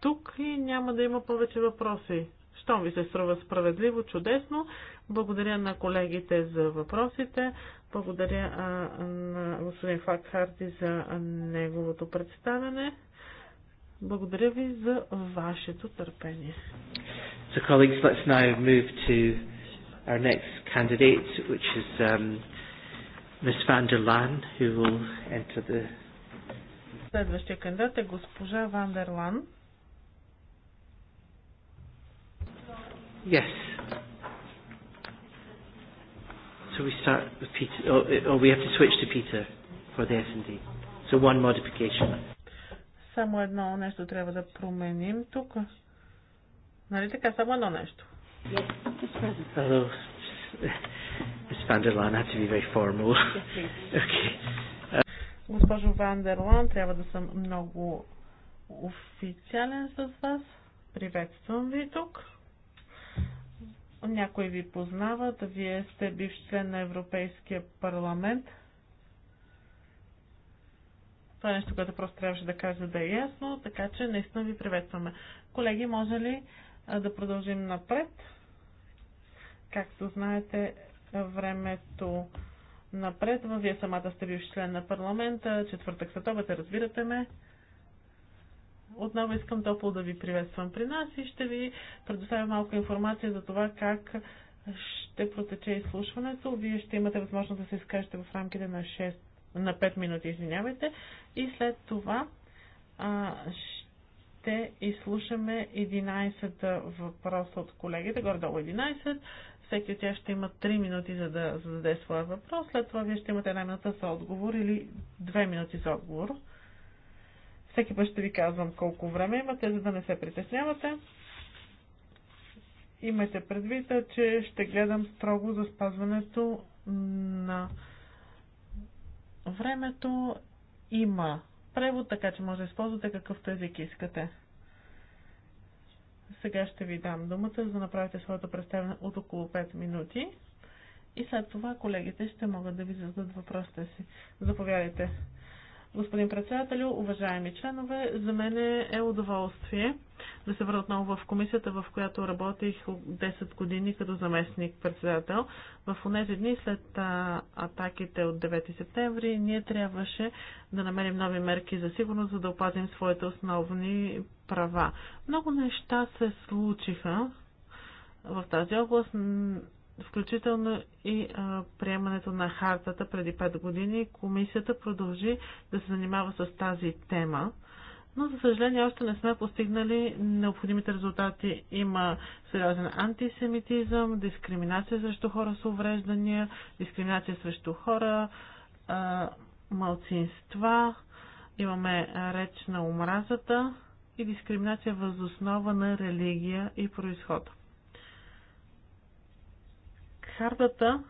Speaker 2: тук и няма да има повече въпроси. Щом ви се струва справедливо, чудесно. Благодаря на колегите за въпросите. Благодаря а, на господин Факхарди за неговото представяне. Благодаря ви за вашето търпение.
Speaker 1: So colleagues, let's now move to our next candidate, which is um, Ms. van der Laan, who will enter
Speaker 2: the... Следващия кандидат е госпожа Ван дер Лан.
Speaker 1: Yes. So we start with Peter, or, or we have to switch to Peter for the S and D. So one modification.
Speaker 2: Само едно нещо трябва да променим тук. Нали така? Само едно нещо.
Speaker 1: Hello. Miss van der Laan have to be very formal.
Speaker 2: okay. Госпожо Ван дер Лан, трябва да съм много официален с вас. Приветствам ви тук някой ви познават, вие сте бивш член на Европейския парламент. Това е нещо, което просто трябваше да кажа да е ясно, така че наистина ви приветстваме. Колеги, може ли да продължим напред? Както знаете, времето напредва. Вие самата сте бивш член на парламента. Четвъртък след обед, разбирате ме. Отново искам топло да ви приветствам при нас и ще ви предоставя малко информация за това как ще протече изслушването. Вие ще имате възможност да се изкажете в рамките на, 6, на 5 минути, извинявайте. И след това а, ще изслушаме 11 въпроса от колегите, горе-долу 11. Всеки от тях ще има 3 минути, за да зададе своя въпрос. След това вие ще имате една минута за отговор или 2 минути за отговор. Всеки път ще ви казвам колко време имате, за да не се притеснявате. Имайте предвид, че ще гледам строго за спазването на времето. Има превод, така че може да използвате какъвто език искате. Сега ще ви дам думата, за да направите своето представяне от около 5 минути. И след това колегите ще могат да ви зададат въпросите си. Заповядайте. Господин председател, уважаеми членове, за мен е удоволствие да се върна отново в комисията, в която работих 10 години като заместник председател. В тези дни след атаките от 9 септември ние трябваше да намерим нови мерки за сигурност, за да опазим своите основни права. Много неща се случиха в тази област включително и а, приемането на хартата преди 5 години, комисията продължи да се занимава с тази тема. Но, за съжаление, още не сме постигнали необходимите резултати. Има сериозен антисемитизъм, дискриминация срещу хора с увреждания, дискриминация срещу хора, а, малцинства, имаме реч на омразата и дискриминация възоснова на религия и происход. Хартата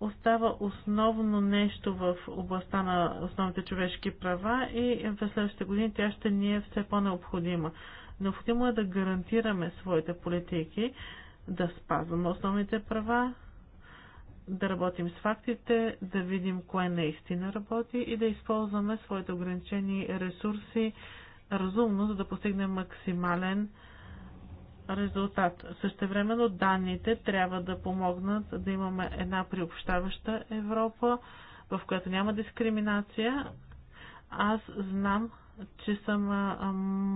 Speaker 2: остава основно нещо в областта на основните човешки права и в следващите години тя ще ни е все по-необходима. Необходимо е да гарантираме своите политики, да спазваме основните права, да работим с фактите, да видим кое наистина работи и да използваме своите ограничени ресурси разумно, за да постигнем максимален резултат. Същевременно данните трябва да помогнат да имаме една приобщаваща Европа, в която няма дискриминация. Аз знам, че съм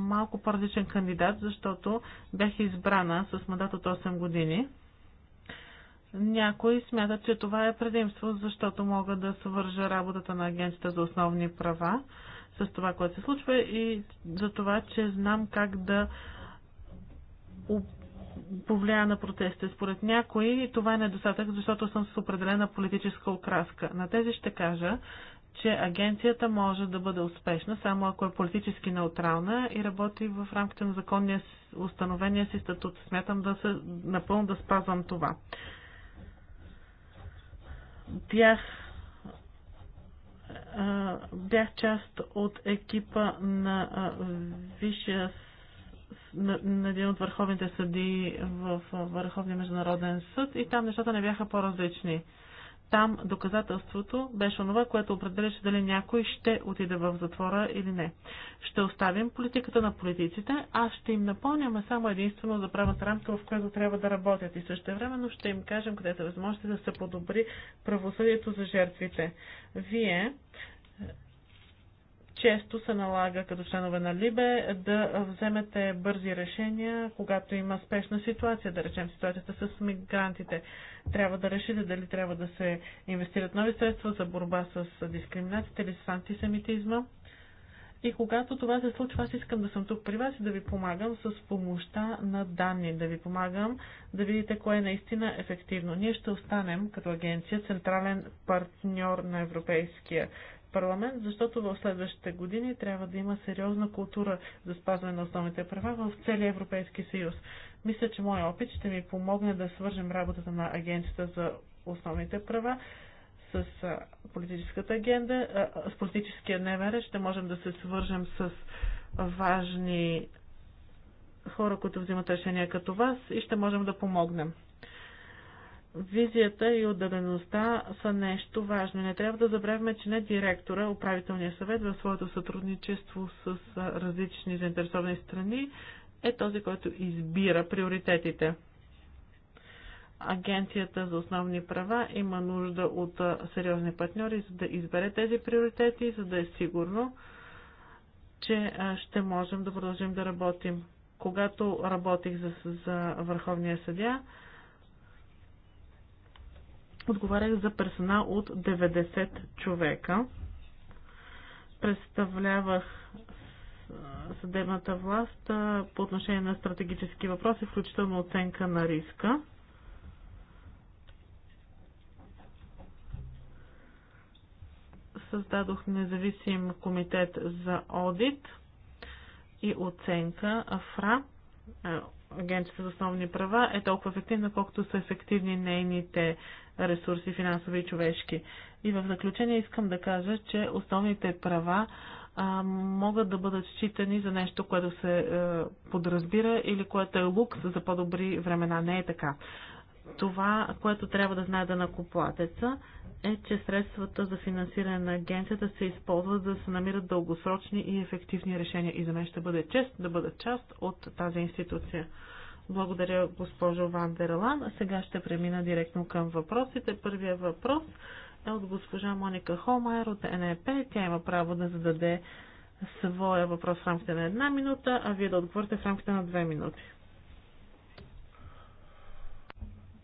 Speaker 2: малко по-различен кандидат, защото бях избрана с мандат от 8 години. Някои смятат, че това е предимство, защото мога да свържа работата на Агенцията за основни права с това, което се случва и за това, че знам как да повлия на протеста. Според някои това е недостатък, защото съм с определена политическа окраска. На тези ще кажа, че агенцията може да бъде успешна само ако е политически неутрална и работи в рамките на законния установения си статут. Смятам да се напълно да спазвам това. Бях бях част от екипа на Висшия на един от върховните съди в Върховния международен съд и там нещата не бяха по-различни. Там доказателството беше онова, което определяше дали някой ще отиде в затвора или не. Ще оставим политиката на политиците, а ще им напомняме само единствено за правата рамка, в която трябва да работят и също времено ще им кажем къде са възможности да се подобри правосъдието за жертвите. Вие често се налага като членове на Либе да вземете бързи решения, когато има спешна ситуация, да речем ситуацията с мигрантите. Трябва да решите дали трябва да се инвестират нови средства за борба с дискриминацията или с антисемитизма. И когато това се случва, аз искам да съм тук при вас и да ви помагам с помощта на данни, да ви помагам да видите кое е наистина ефективно. Ние ще останем като агенция централен партньор на Европейския парламент, защото в следващите години трябва да има сериозна култура за спазване на основните права в целия Европейски съюз. Мисля, че моят опит ще ми помогне да свържем работата на Агенцията за основните права с политическата агенда, с политическия дневен ред, ще можем да се свържем с важни хора, които взимат решения като вас и ще можем да помогнем визията и отдалеността са нещо важно. Не трябва да забравяме, че не директора, управителния съвет в своето сътрудничество с различни заинтересовани страни е този, който избира приоритетите. Агенцията за основни права има нужда от сериозни партньори, за да избере тези приоритети, за да е сигурно, че ще можем да продължим да работим. Когато работих за, за Върховния съдя, отговарях за персонал от 90 човека. Представлявах съдебната власт по отношение на стратегически въпроси, включително оценка на риска. Създадох независим комитет за одит и оценка АФРА, Агенцията за основни права е толкова ефективна, колкото са ефективни нейните ресурси, финансови и човешки. И в заключение искам да кажа, че основните права а, могат да бъдат считани за нещо, което се а, е, подразбира или което е лукс за по-добри времена. Не е така. Това, което трябва да знае данакоплатеца, е, че средствата за финансиране на агенцията се използват за да се намират дългосрочни и ефективни решения. И за мен ще бъде чест да бъда част от тази институция. Благодаря, госпожо Ван Дерлан. Сега ще премина директно към въпросите. Първия въпрос е от госпожа Моника Холмайер от НЕП. Тя има право да зададе своя въпрос в рамките на една минута, а вие да отговорите в рамките на две минути.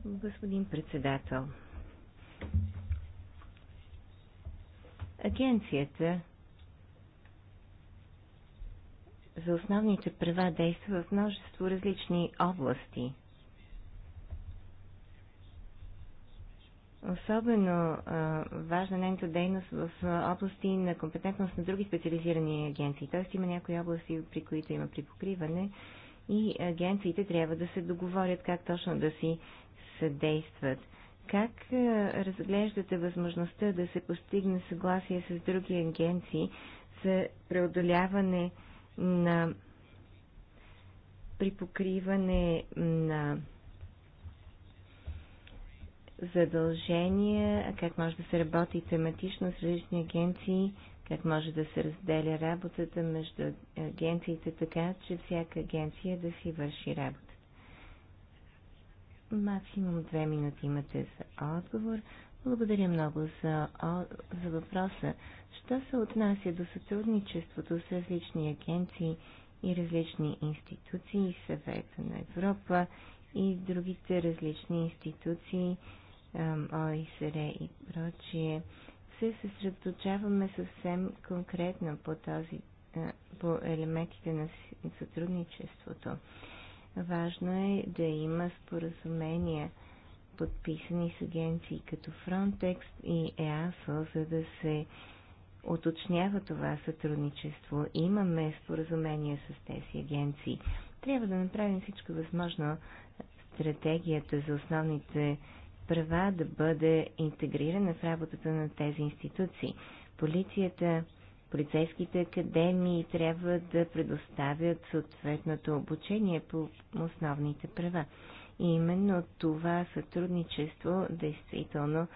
Speaker 2: господин
Speaker 3: председател. Агенцията за основните права действа в множество различни области. Особено а, важна е нейната дейност в области на компетентност на други специализирани агенции. Т.е. има някои области, при които има припокриване и агенциите трябва да се договорят как точно да си съдействат. Как разглеждате възможността да се постигне съгласие с други агенции за преодоляване на припокриване на задължения, как може да се работи тематично с различни агенции, как може да се разделя работата между агенциите така, че всяка агенция да си върши работа. Максимум две минути имате за отговор. Благодаря много за, за въпроса. Що се отнася до сътрудничеството с различни агенции и различни институции, съвета на Европа и другите различни институции, ОИСР и прочие, се съсредоточаваме съвсем конкретно по, този, по елементите на сътрудничеството. Важно е да има споразумения, подписани с агенции като Frontex и EASO, за да се уточнява това сътрудничество. Имаме споразумения с тези агенции. Трябва да направим всичко възможно стратегията за основните права да бъде интегрирана в работата на тези институции. Полицията, полицейските академии трябва да предоставят съответното обучение по основните права. И именно това сътрудничество действително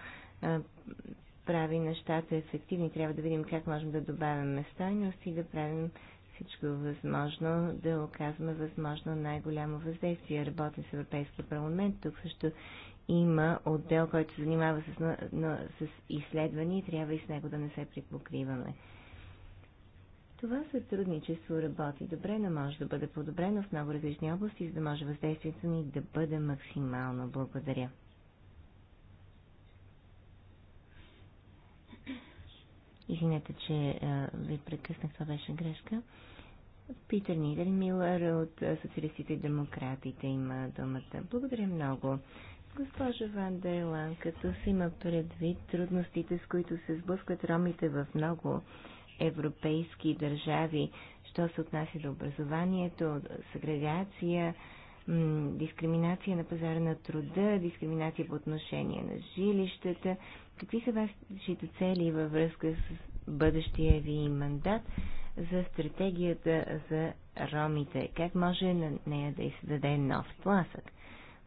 Speaker 3: прави нещата ефективни. Трябва да видим как можем да добавяме стойност и да правим всичко възможно, да оказваме възможно най-голямо въздействие. Работим с Европейския парламент. Тук също има отдел, който се занимава с, с изследвания и трябва и с него да не се припокриваме. Това сътрудничество работи добре, но може да бъде подобрено в много различни области, за да може въздействието ни да бъде максимално. Благодаря. Извинете, че а, ви прекъснах, това беше грешка. Питър Милър от Социалистите и демократите има думата. Благодаря много. Госпожа Ван Дейлан, като си има предвид трудностите, с които се сблъскват ромите в много европейски държави, що се отнася до образованието, сегрегация, дискриминация на пазара на труда, дискриминация по отношение на жилищата. Какви са вашите цели във връзка с бъдещия ви мандат за стратегията за ромите? Как може на нея да издаде нов тласък?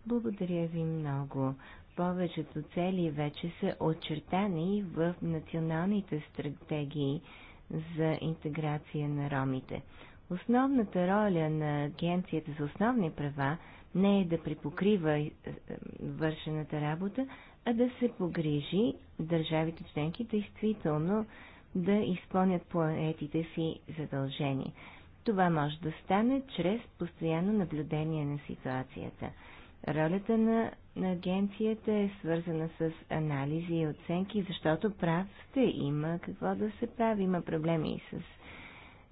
Speaker 3: Благодаря ви много. Повечето цели вече са очертани в националните стратегии за интеграция на ромите. Основната роля на Агенцията за основни права не е да припокрива е, е, вършената работа, а да се погрижи държавите членки действително да изпълнят планетите си задължения. Това може да стане чрез постоянно наблюдение на ситуацията. Ролята на, на агенцията е свързана с анализи и оценки, защото прав сте, има какво да се прави. Има проблеми и с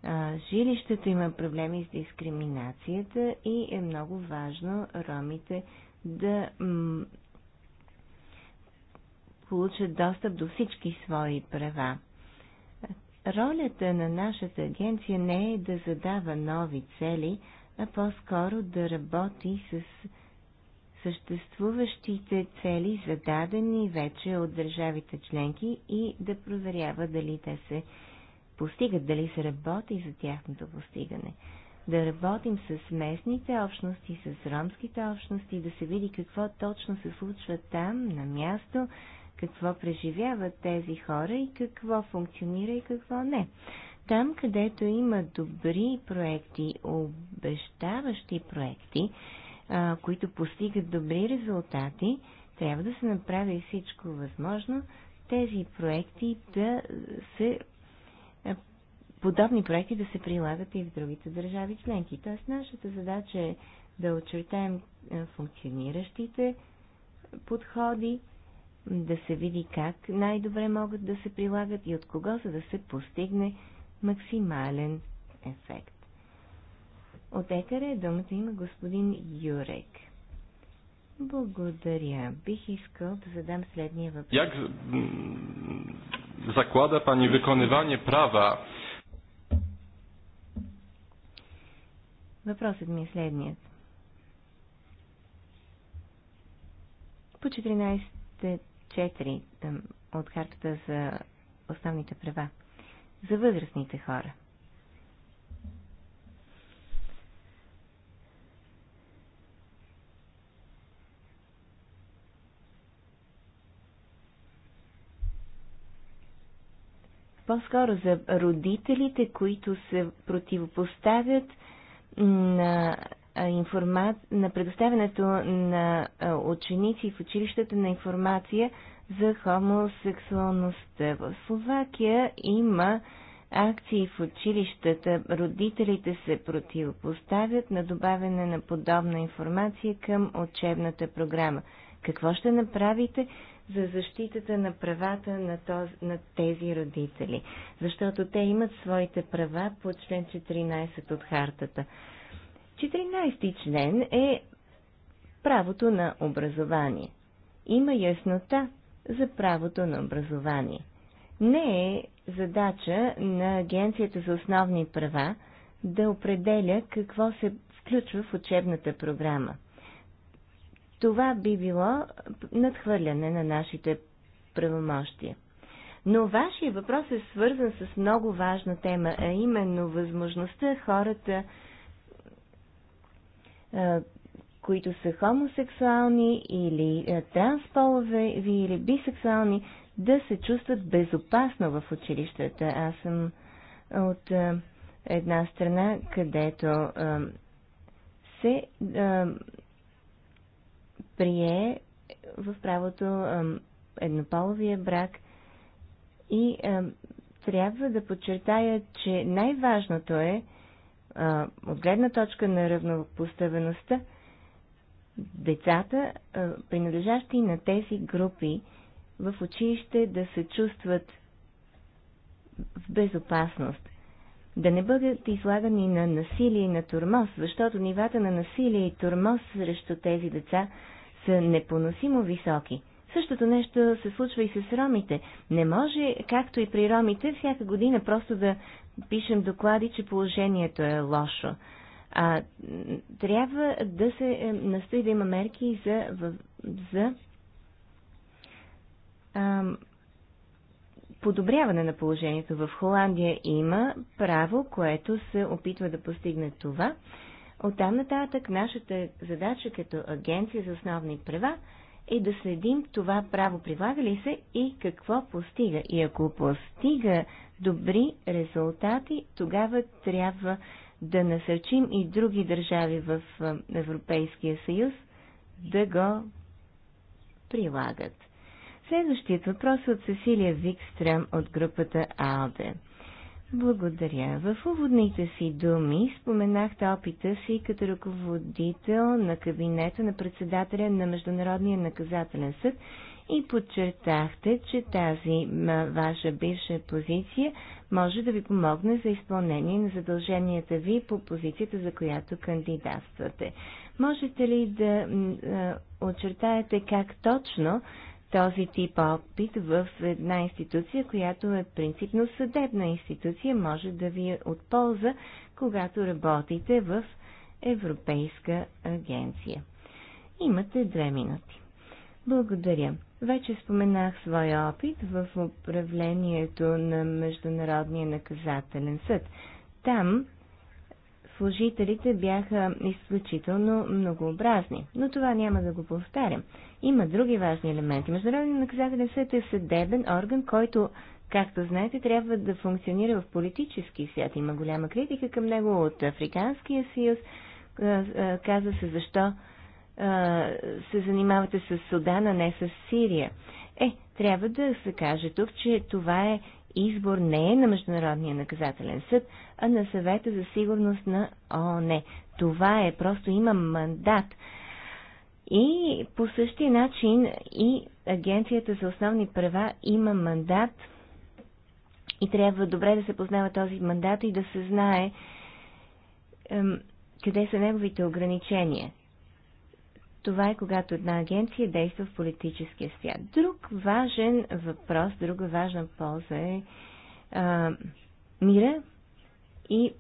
Speaker 3: а, жилището, има проблеми с дискриминацията и е много важно ромите да получат достъп до всички свои права. Ролята на нашата агенция не е да задава нови цели, а по-скоро да работи с съществуващите цели, зададени вече от държавите членки и да проверява дали те се постигат, дали се работи за тяхното постигане. Да работим с местните общности, с ромските общности, да се види какво точно се случва там, на място, какво преживяват тези хора и какво функционира и какво не. Там, където има добри проекти, обещаващи проекти, а, които постигат добри резултати, трябва да се направи всичко възможно тези проекти да се подобни проекти да се прилагат и в другите държави членки. Тоест нашата задача е да очертаем функциониращите подходи, да се види как най-добре могат да се прилагат и от кого, за да се постигне максимален ефект. От Екаре думата има господин Юрек. Благодаря. Бих искал да задам следния въпрос. Як
Speaker 1: Заклада пани wykonywanie права?
Speaker 3: Въпросът ми е следният. По 14.4 от картата за основните права за възрастните хора – по-скоро за родителите, които се противопоставят на, информа... на предоставянето на ученици в училищата на информация за хомосексуалността. В Словакия има акции в училищата. Родителите се противопоставят на добавяне на подобна информация към учебната програма. Какво ще направите за защитата на правата на, този, на тези родители? Защото те имат своите права по член 14 от хартата. 14 член е правото на образование. Има яснота за правото на образование. Не е задача на Агенцията за основни права да определя какво се включва в учебната програма. Това би било надхвърляне на нашите правомощия. Но вашия въпрос е свързан с много важна тема, а именно възможността хората, които са хомосексуални или трансполове, или бисексуални, да се чувстват безопасно в училищата. Аз съм от една страна, където се прие в правото еднополовия брак и трябва да подчертая, че най-важното е, от гледна точка на равнопоставеността, децата, принадлежащи на тези групи в училище, да се чувстват в безопасност, да не бъдат излагани на насилие и на тормоз, защото нивата на насилие и тормоз срещу тези деца са непоносимо високи. Същото нещо се случва и с ромите. Не може, както и при ромите, всяка година просто да пишем доклади, че положението е лошо. А, трябва да се е, настои да има мерки за, за а, подобряване на положението. В Холандия има право, което се опитва да постигне това. Оттам нататък нашата задача като агенция за основни права е да следим това право прилага ли се и какво постига. И ако постига добри резултати, тогава трябва да насърчим и други държави в Европейския съюз да го прилагат. Следващият въпрос е от Сесилия Викстрем от групата АЛДЕ. Благодаря. В уводните си думи споменахте опита си като ръководител на кабинета на председателя на Международния наказателен съд и подчертахте, че тази ваша бивша позиция може да ви помогне за изпълнение на задълженията ви по позицията, за която кандидатствате. Можете ли да очертаете как точно този тип опит в една институция, която е принципно съдебна институция, може да ви е от полза, когато работите в Европейска агенция. Имате две минути. Благодаря. Вече споменах своя опит в управлението на Международния наказателен съд. Там служителите бяха изключително многообразни. Но това няма да го повтарям. Има други важни елементи. Международният наказателен съд е съдебен орган, който, както знаете, трябва да функционира в политически свят. Има голяма критика към него от Африканския съюз. Е, е, Каза се защо е, се занимавате с Судана, не с Сирия. Е, трябва да се каже тук, че това е избор не е на Международния наказателен съд, а на съвета за сигурност на ООН. Това е, просто има мандат. И по същия начин и Агенцията за основни права има мандат и трябва добре да се познава този мандат и да се знае къде са неговите ограничения. Това е когато една агенция действа в политическия свят. Друг важен въпрос, друга важна полза е а, мира и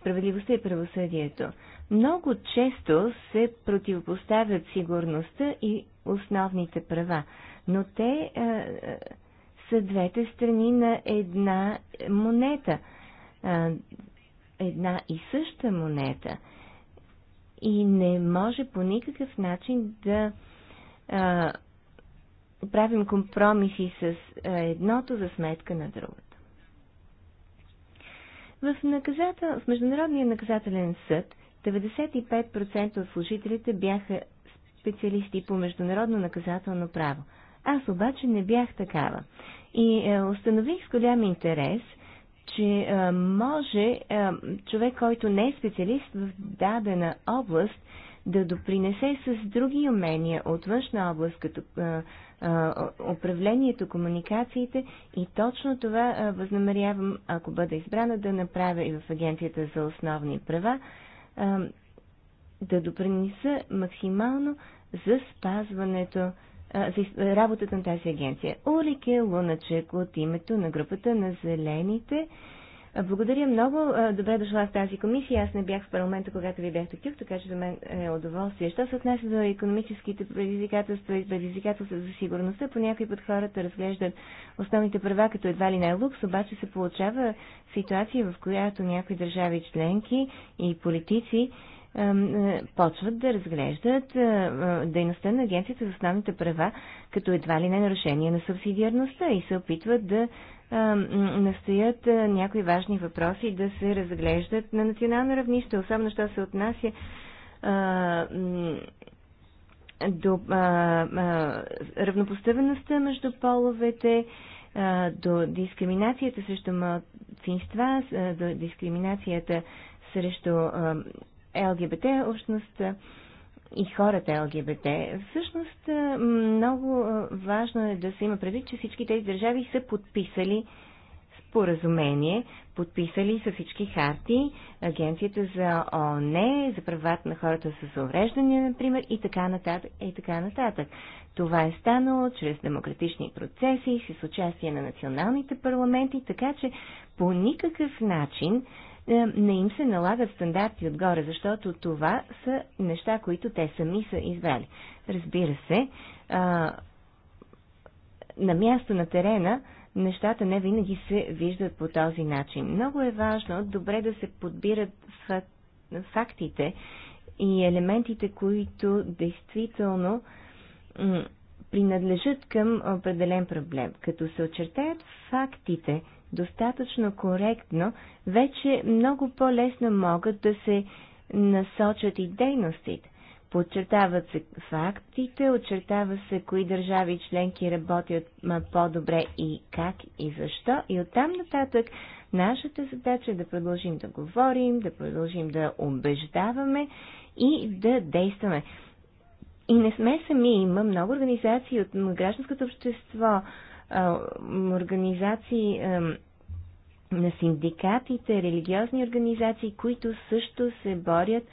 Speaker 3: справедливостта и правосъдието. Много често се противопоставят сигурността и основните права, но те а, а, са двете страни на една монета. А, една и съща монета – и не може по никакъв начин да а, правим компромиси с едното за сметка на другото. В, наказател, в Международния наказателен съд 95% от служителите бяха специалисти по международно наказателно право. Аз обаче не бях такава. И е, установих с голям интерес – че а, може а, човек, който не е специалист в дадена област, да допринесе с други умения от външна област, като а, а, управлението, комуникациите и точно това а, възнамерявам, ако бъда избрана, да направя и в Агенцията за основни права, а, да допринеса максимално за спазването за работата на тази агенция. Улике Луначек от името на групата на зелените. Благодаря много. Добре дошла в тази комисия. Аз не бях в парламента, когато ви бяхте тук, така че за мен е удоволствие. Що се отнася до економическите предизвикателства и предизвикателства за сигурността, по някой път хората разглеждат основните права като едва ли най лукс, обаче се получава ситуация, в която някои държави членки и политици е, почват да разглеждат е, е, дейността на Агенцията за основните права като едва ли не нарушение на субсидиарността и се опитват да настоят някои важни въпроси да се разглеждат на национално равнище, особено що се отнася до равнопоставеността между половете, до дискриминацията срещу малцинства, до дискриминацията срещу ЛГБТ общността и хората ЛГБТ. Всъщност много важно е да се има предвид, че всички тези държави са подписали споразумение, подписали са всички харти, Агенцията за ООН, за правата на хората с увреждания, например, и така нататък, и така нататък. Това е станало чрез демократични процеси, с участие на националните парламенти, така че по никакъв начин е, не им се налагат стандарти отгоре, защото това са неща, които те сами са избрали. Разбира се, а, на място на терена нещата не винаги се виждат по този начин. Много е важно добре да се подбират фактите и елементите, които действително принадлежат към определен проблем. Като се очертаят фактите, достатъчно коректно, вече много по-лесно могат да се насочат и дейностите. Подчертават се фактите, очертава се кои държави и членки работят по-добре и как и защо. И оттам нататък нашата задача е да продължим да говорим, да продължим да убеждаваме и да действаме. И не сме сами. Има много организации от гражданското общество, организации на синдикатите, религиозни организации, които също се борят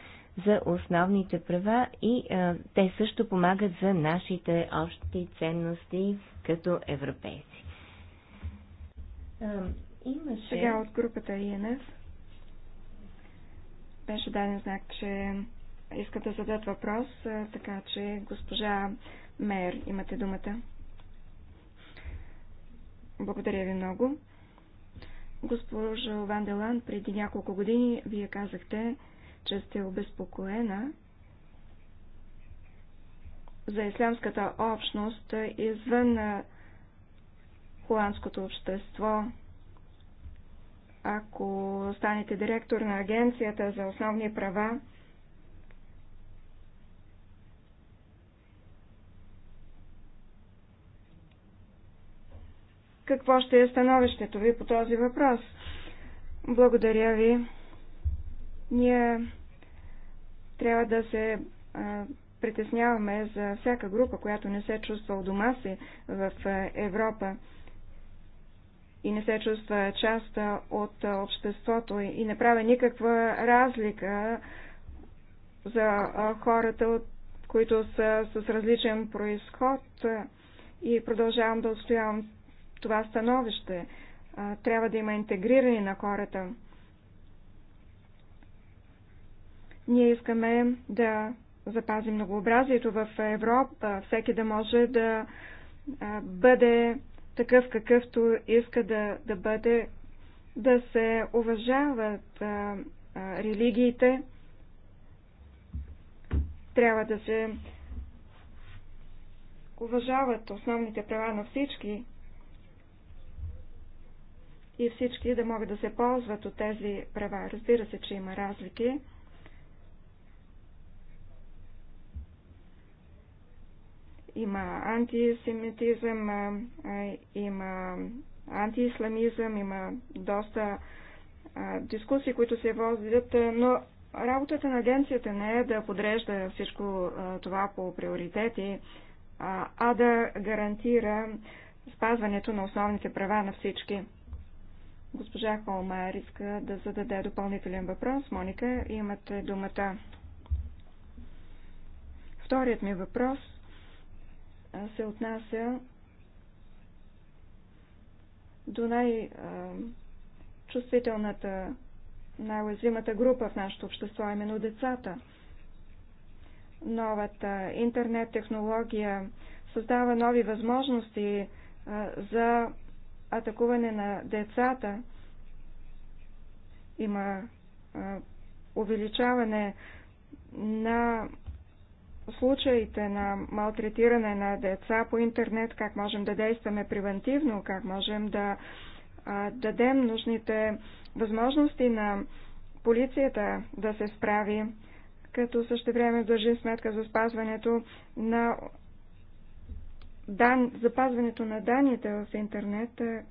Speaker 3: за основните права и а, те също помагат за нашите общи ценности като европейци. А, имаше... Сега от
Speaker 4: групата ИНФ беше даден знак, че искат да зададат въпрос, така че госпожа Мер, имате думата. Благодаря ви много. Госпожо Ванделан, преди няколко години вие казахте, че сте обезпокоена за ислямската общност извън холандското общество. Ако станете директор на Агенцията за основни права, какво ще е становището ви по този въпрос. Благодаря ви. Ние трябва да се притесняваме за всяка група, която не се чувства у дома си в Европа и не се чувства част от обществото и не прави никаква разлика за хората, които са с различен происход и продължавам да отстоявам това становище. Трябва да има интегриране на хората. Ние искаме да запазим многообразието в Европа, всеки да може да бъде такъв какъвто иска да, да бъде, да се уважават а, а, религиите, трябва да се уважават основните права на всички и всички да могат да се ползват от тези права. Разбира се, че има разлики. Има антисемитизъм, има антиисламизъм, има доста дискусии, които се водят, но работата на агенцията не е да подрежда всичко това по приоритети, а да гарантира спазването на основните права на всички. Госпожа Холмайер иска да зададе допълнителен въпрос. Моника, имате думата. Вторият ми въпрос се отнася до най-чувствителната, най-уязвимата група в нашето общество, именно децата. Новата интернет-технология създава нови възможности за атакуване на децата. Има увеличаване на случаите на малтретиране на деца по интернет, как можем да действаме превентивно, как можем да дадем нужните възможности на полицията да се справи, като време държим сметка за спазването на дан, запазването на данните в интернет е,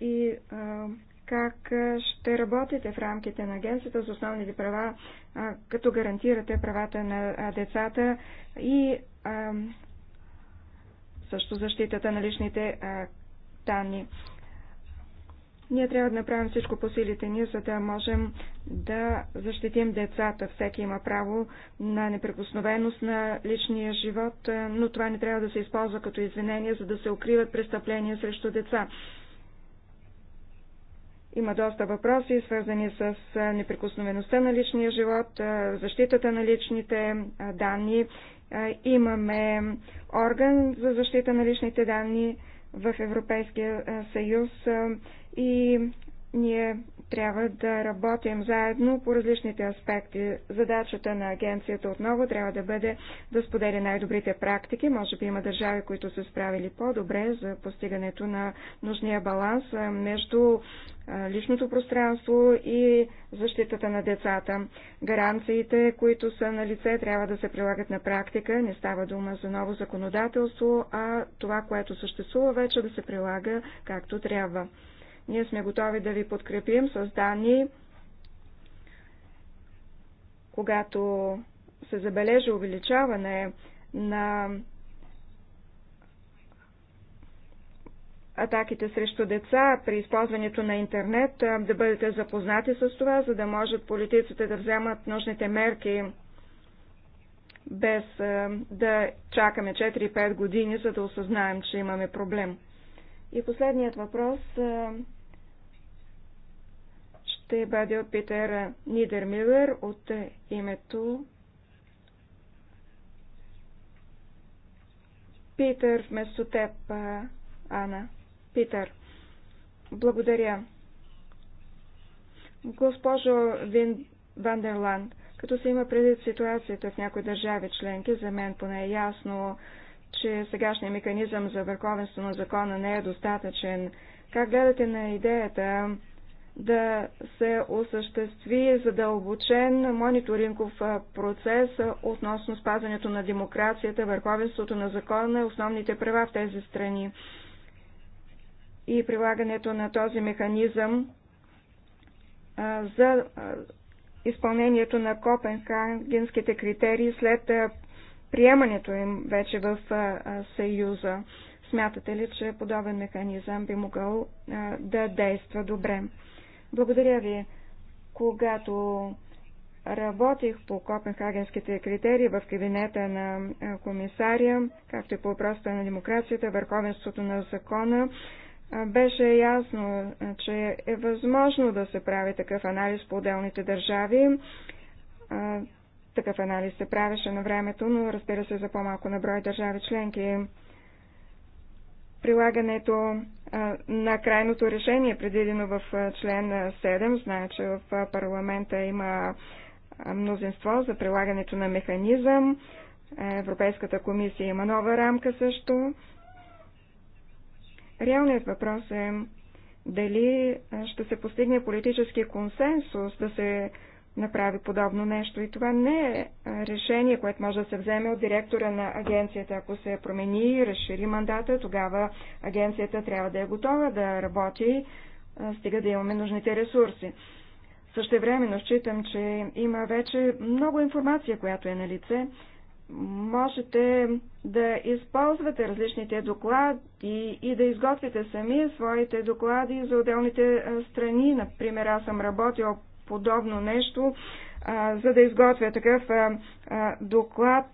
Speaker 4: и а, как ще работите в рамките на Агенцията за основните права, а, като гарантирате правата на децата и а, също защитата на личните а, данни. Ние трябва да направим всичко по силите ни, за да можем да защитим децата. Всеки има право на неприкосновеност на личния живот, е, но това не трябва да се използва като извинение, за да се укриват престъпления срещу деца. Има доста въпроси, свързани с е, неприкосновеността на личния живот, е, защитата на личните данни. Имаме орган за защита на личните данни в Европейския съюз и ние трябва да работим заедно по различните аспекти. Задачата на агенцията отново трябва да бъде да споделя най-добрите практики. Може би има държави, които са справили по-добре за постигането на нужния баланс между личното пространство и защитата на децата. Гаранциите, които са на лице, трябва да се прилагат на практика. Не става дума за ново законодателство, а това, което съществува вече да се прилага както трябва. Ние сме готови да ви подкрепим с данни, когато се забележи увеличаване на атаките срещу деца при използването на интернет, да бъдете запознати с това, за да можат политиците да вземат нужните мерки, без да чакаме 4-5 години, за да осъзнаем, че имаме проблем. И последният въпрос ще бъде от Питер Нидермилер от името Питер вместо теб, Ана. Питер. Благодаря. Госпожо Вин Вандерланд, като се има предвид ситуацията в някои държави членки, за мен поне е ясно, че сегашният механизъм за върховенство на закона не е достатъчен. Как гледате на идеята да се осъществи задълбочен мониторингов процес относно спазването на демокрацията, върховенството на закона и основните права в тези страни? И прилагането на този механизъм за изпълнението на копенхагенските критерии след приемането им вече в Съюза. Смятате ли, че подобен механизъм би могъл да действа добре? Благодаря ви. Когато работих по копенхагенските критерии в кабинета на комисаря, както и по въпросите на демокрацията, върховенството на закона, беше ясно, че е възможно да се прави такъв анализ по отделните държави. Такъв анализ се правеше на времето, но разбира се за по-малко на брой държави членки. Прилагането на крайното решение, предвидено в член 7, знае, че в парламента има мнозинство за прилагането на механизъм. Европейската комисия има нова рамка също. Реалният въпрос е дали ще се постигне политически консенсус да се направи подобно нещо. И това не е решение, което може да се вземе от директора на агенцията. Ако се промени и разшири мандата, тогава агенцията трябва да е готова да работи, стига да имаме нужните ресурси. но считам, че има вече много информация, която е на лице. Можете да използвате различните доклади и да изготвите сами своите доклади за отделните страни. Например, аз съм работил подобно нещо, за да изготвя такъв доклад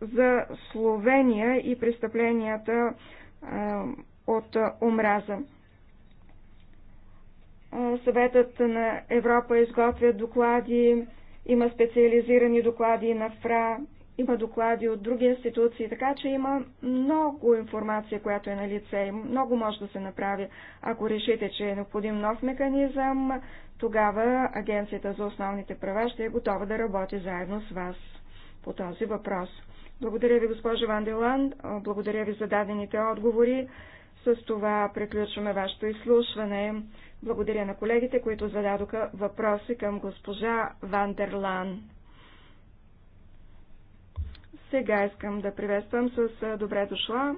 Speaker 4: за Словения и престъпленията от омраза. Съветът на Европа изготвя доклади, има специализирани доклади на ФРА, има доклади от други институции, така че има много информация, която е на лице и много може да се направи. Ако решите, че е необходим нов механизъм, тогава Агенцията за основните права ще е готова да работи заедно с вас по този въпрос. Благодаря ви, госпожа Ванделан. Благодаря ви за дадените отговори. С това приключваме вашето изслушване. Благодаря на колегите, които зададоха въпроси към госпожа Вандерлан. Сега искам да приветствам с добре
Speaker 1: дошла.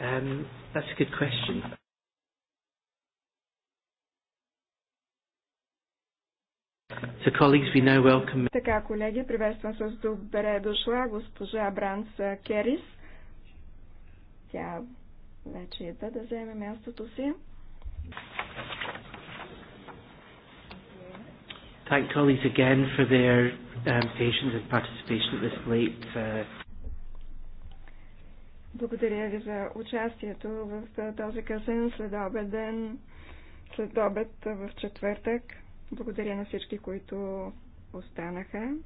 Speaker 1: Um,
Speaker 4: така, колеги, приветствам с добре дошла госпожа Бранс Керис. Тя вече е да вземе мястото си.
Speaker 1: thank colleagues again for their um, patience and participation at this late. Uh...
Speaker 4: Благодаря ви за участието в този късен следобед ден, следобед в четвъртък. Благодаря на всички, които останаха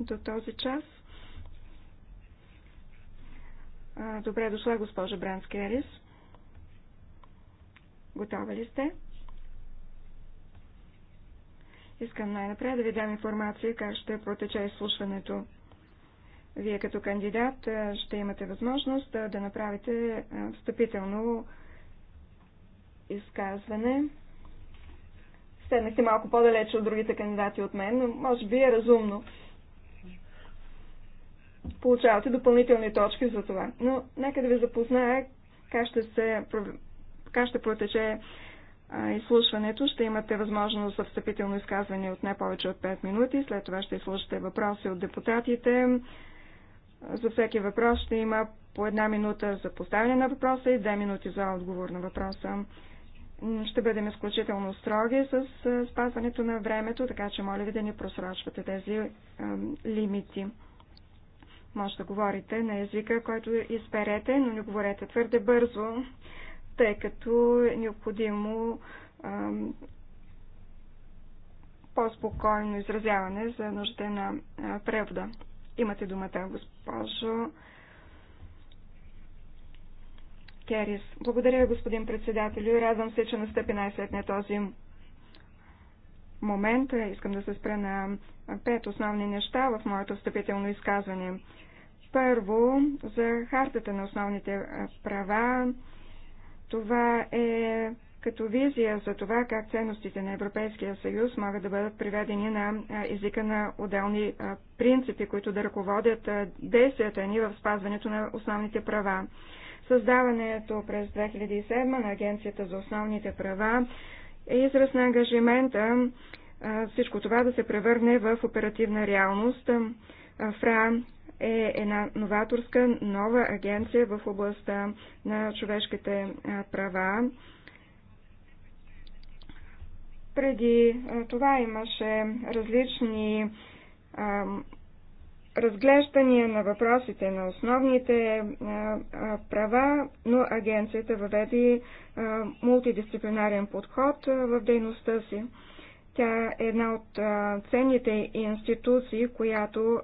Speaker 4: до този час. Добре дошла, госпожа Бранскерис. Готова ли сте? Искам най-напред да ви дам информация как ще протече изслушването. Вие като кандидат ще имате възможност да, направите встъпително изказване. Седнахте малко по-далече от другите кандидати от мен, но може би е разумно. Получавате допълнителни точки за това. Но нека да ви запозная как ще, се, как ще протече изслушването ще имате възможност за встъпително изказване от не повече от 5 минути. След това ще изслушате въпроси от депутатите. За всеки въпрос ще има по една минута за поставяне на въпроса и две минути за отговор на въпроса. Ще бъдем изключително строги с спазването на времето, така че моля ви да ни просрочвате тези е, лимити. Може да говорите на езика, който изберете, но не говорете твърде бързо, тъй като е необходимо по-спокойно изразяване за нуждите на превода. Имате думата, госпожо Керис. Благодаря, господин председател. Радвам се, че настъпи най-сетне този момент. Искам да се спра на пет основни неща в моето встъпително изказване. Първо, за хартата на основните права това е като визия за това как ценностите на Европейския съюз могат да бъдат приведени на езика на отделни принципи, които да ръководят действията ни в спазването на основните права. Създаването през 2007 на Агенцията за основните права е израз на ангажимента всичко това да се превърне в оперативна реалност. ФРА е една новаторска нова агенция в областта на човешките права. Преди това имаше различни разглеждания на въпросите на основните права, но агенцията въведе мултидисциплинарен подход в дейността си. Тя е една от ценните институции, която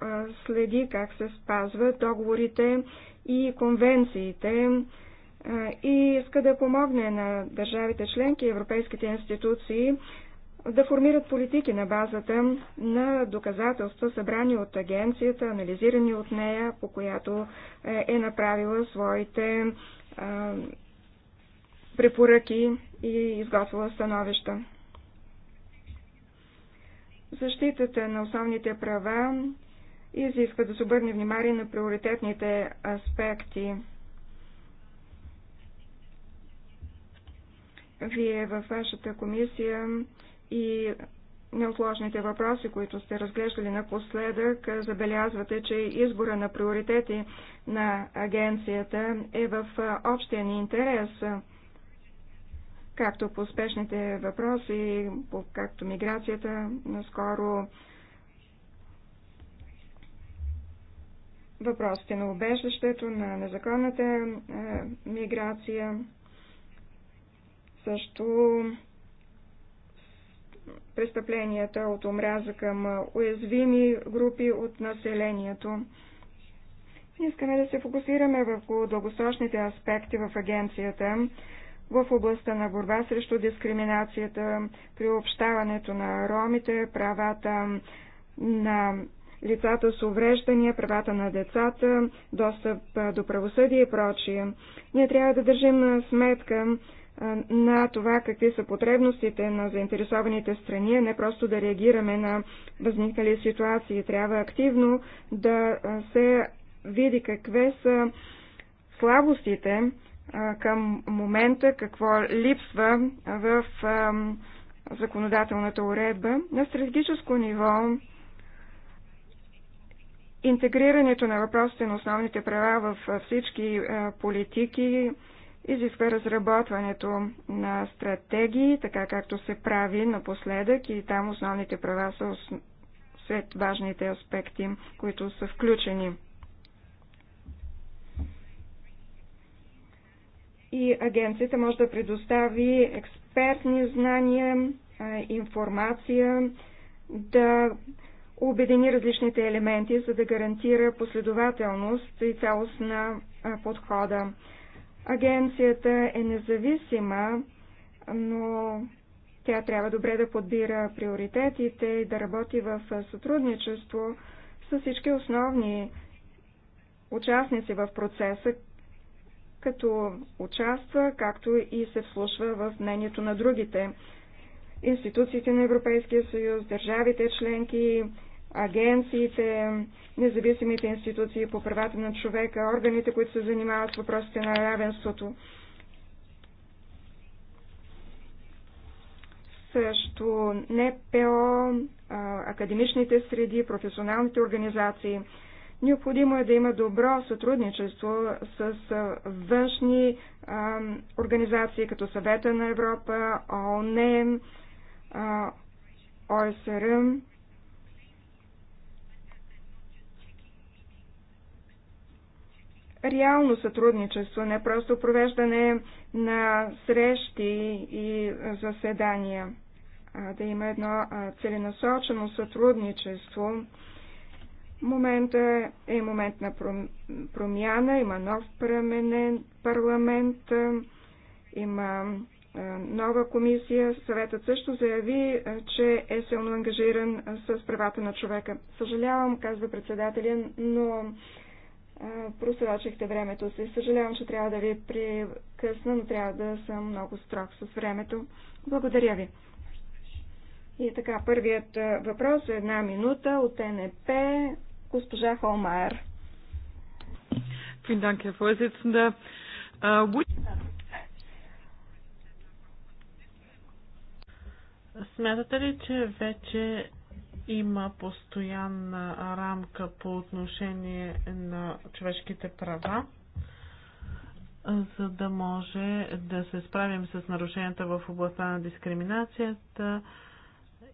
Speaker 4: следи как се спазват договорите и конвенциите и иска да помогне на държавите членки и европейските институции да формират политики на базата на доказателства, събрани от агенцията, анализирани от нея, по която е, е направила своите препоръки и изготвила становища. Защитата на основните права изисква да се обърне внимание на приоритетните аспекти. Вие във вашата комисия и неотложните въпроси, които сте разглеждали напоследък, забелязвате, че избора на приоритети на агенцията е в общия ни интерес – както по успешните въпроси, както миграцията, наскоро въпросите на убежището, на незаконната е, миграция, също престъпленията от омраза към уязвими групи от населението. искаме да се фокусираме върху дългосрочните аспекти в агенцията, в областта на борба срещу дискриминацията, приобщаването на ромите, правата на лицата с увреждания, правата на децата, достъп до правосъдие и прочие. Ние трябва да държим сметка на това какви са потребностите на заинтересованите страни, не просто да реагираме на възникнали ситуации. Трябва активно да се види какви са слабостите към момента какво липсва в законодателната уредба. На стратегическо ниво интегрирането на въпросите на основните права в всички политики изисква разработването на стратегии, така както се прави напоследък и там основните права са сред важните аспекти, които са включени. и агенцията може да предостави експертни знания, информация, да обедини различните елементи, за да гарантира последователност и цялост на подхода. Агенцията е независима, но тя трябва добре да подбира приоритетите и да работи в сътрудничество с всички основни участници в процеса, като участва, както и се вслушва в мнението на другите. Институциите на Европейския съюз, държавите членки, агенциите, независимите институции по правата на човека, органите, които се занимават с въпросите на равенството. Също НПО, академичните среди, професионалните организации – Необходимо е да има добро сътрудничество с външни организации, като Съвета на Европа, ООН, ОСР. Реално сътрудничество, не просто провеждане на срещи и заседания, а да има едно целенасочено сътрудничество момента е, е момент на промяна, има нов парламент, има е, нова комисия. Съветът също заяви, е, че е силно ангажиран с правата на човека. Съжалявам, казва председателя, но просрочихте времето си. Съжалявам, че трябва да ви прекъсна, но трябва да съм много строг с времето. Благодаря ви. И така, първият въпрос е една минута от НП, госпожа
Speaker 2: Холмайер. Äh, Смятате ли, че вече има постоянна рамка по отношение на човешките права, за да може да се справим с нарушенията в областта на дискриминацията,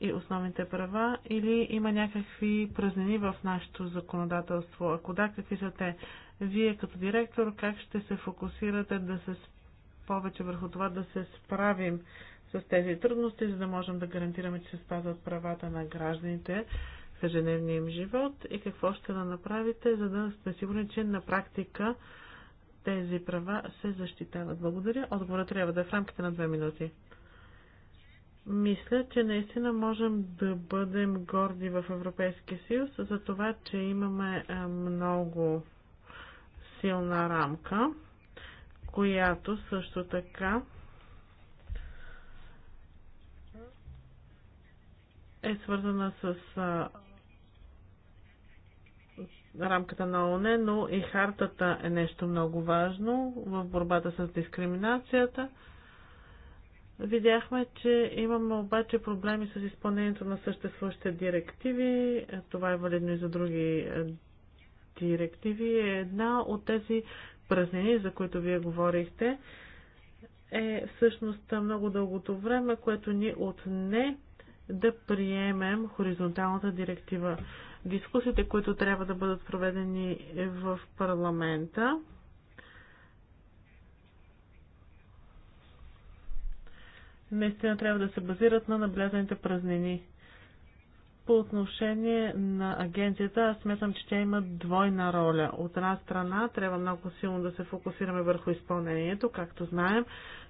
Speaker 2: и основните права или има някакви празнини в нашето законодателство? Ако да, какви са те? Вие като директор как ще се фокусирате да се повече върху това да се справим с тези трудности, за да можем да гарантираме, че се спазват правата на гражданите в ежедневния им живот и какво ще да направите, за да сме сигурни, че на практика тези права се защитават. Благодаря. Отговорът трябва да е в рамките на две минути. Мисля, че наистина можем да бъдем горди в Европейския съюз за това, че имаме е, много силна рамка, която също така е свързана с е, рамката на ОНЕ, но и хартата е нещо много важно в борбата с дискриминацията. Видяхме, че имаме обаче проблеми с изпълнението на съществуващите директиви. Това е валидно и за други е, директиви. Една от тези празнини, за които вие говорихте, е всъщност много дългото време, което ни отне да приемем хоризонталната директива. Дискусиите, които трябва да бъдат проведени в парламента, наистина трябва да се базират на наблязаните празнини. По отношение на агенцията, аз смятам, че тя има двойна роля. От една страна трябва много силно да се фокусираме върху изпълнението, както знаем,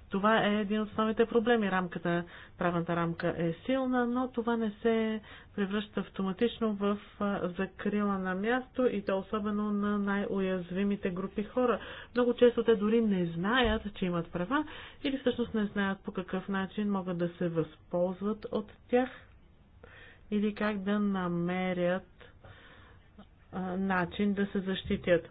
Speaker 2: това е един от основните проблеми. Рамката, правната рамка е силна, но това не се превръща автоматично в закрила на място и то особено на най-уязвимите групи хора. Много често те дори не знаят, че имат права или всъщност не знаят по какъв начин могат да се възползват от тях или как да намерят начин да се защитят.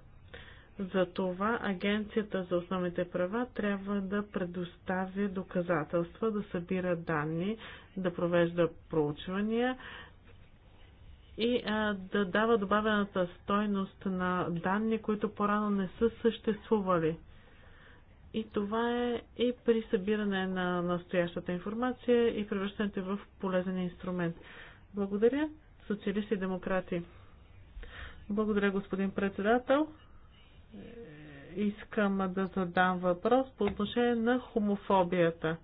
Speaker 2: Затова Агенцията за основните права трябва да предостави доказателства, да събира данни, да провежда проучвания и а, да дава добавената стойност на данни, които по-рано не са съществували. И това е и при събиране на настоящата информация и превръщането в полезен инструмент. Благодаря, социалисти и демократи. Благодаря, господин председател искам да задам въпрос по отношение на хомофобията.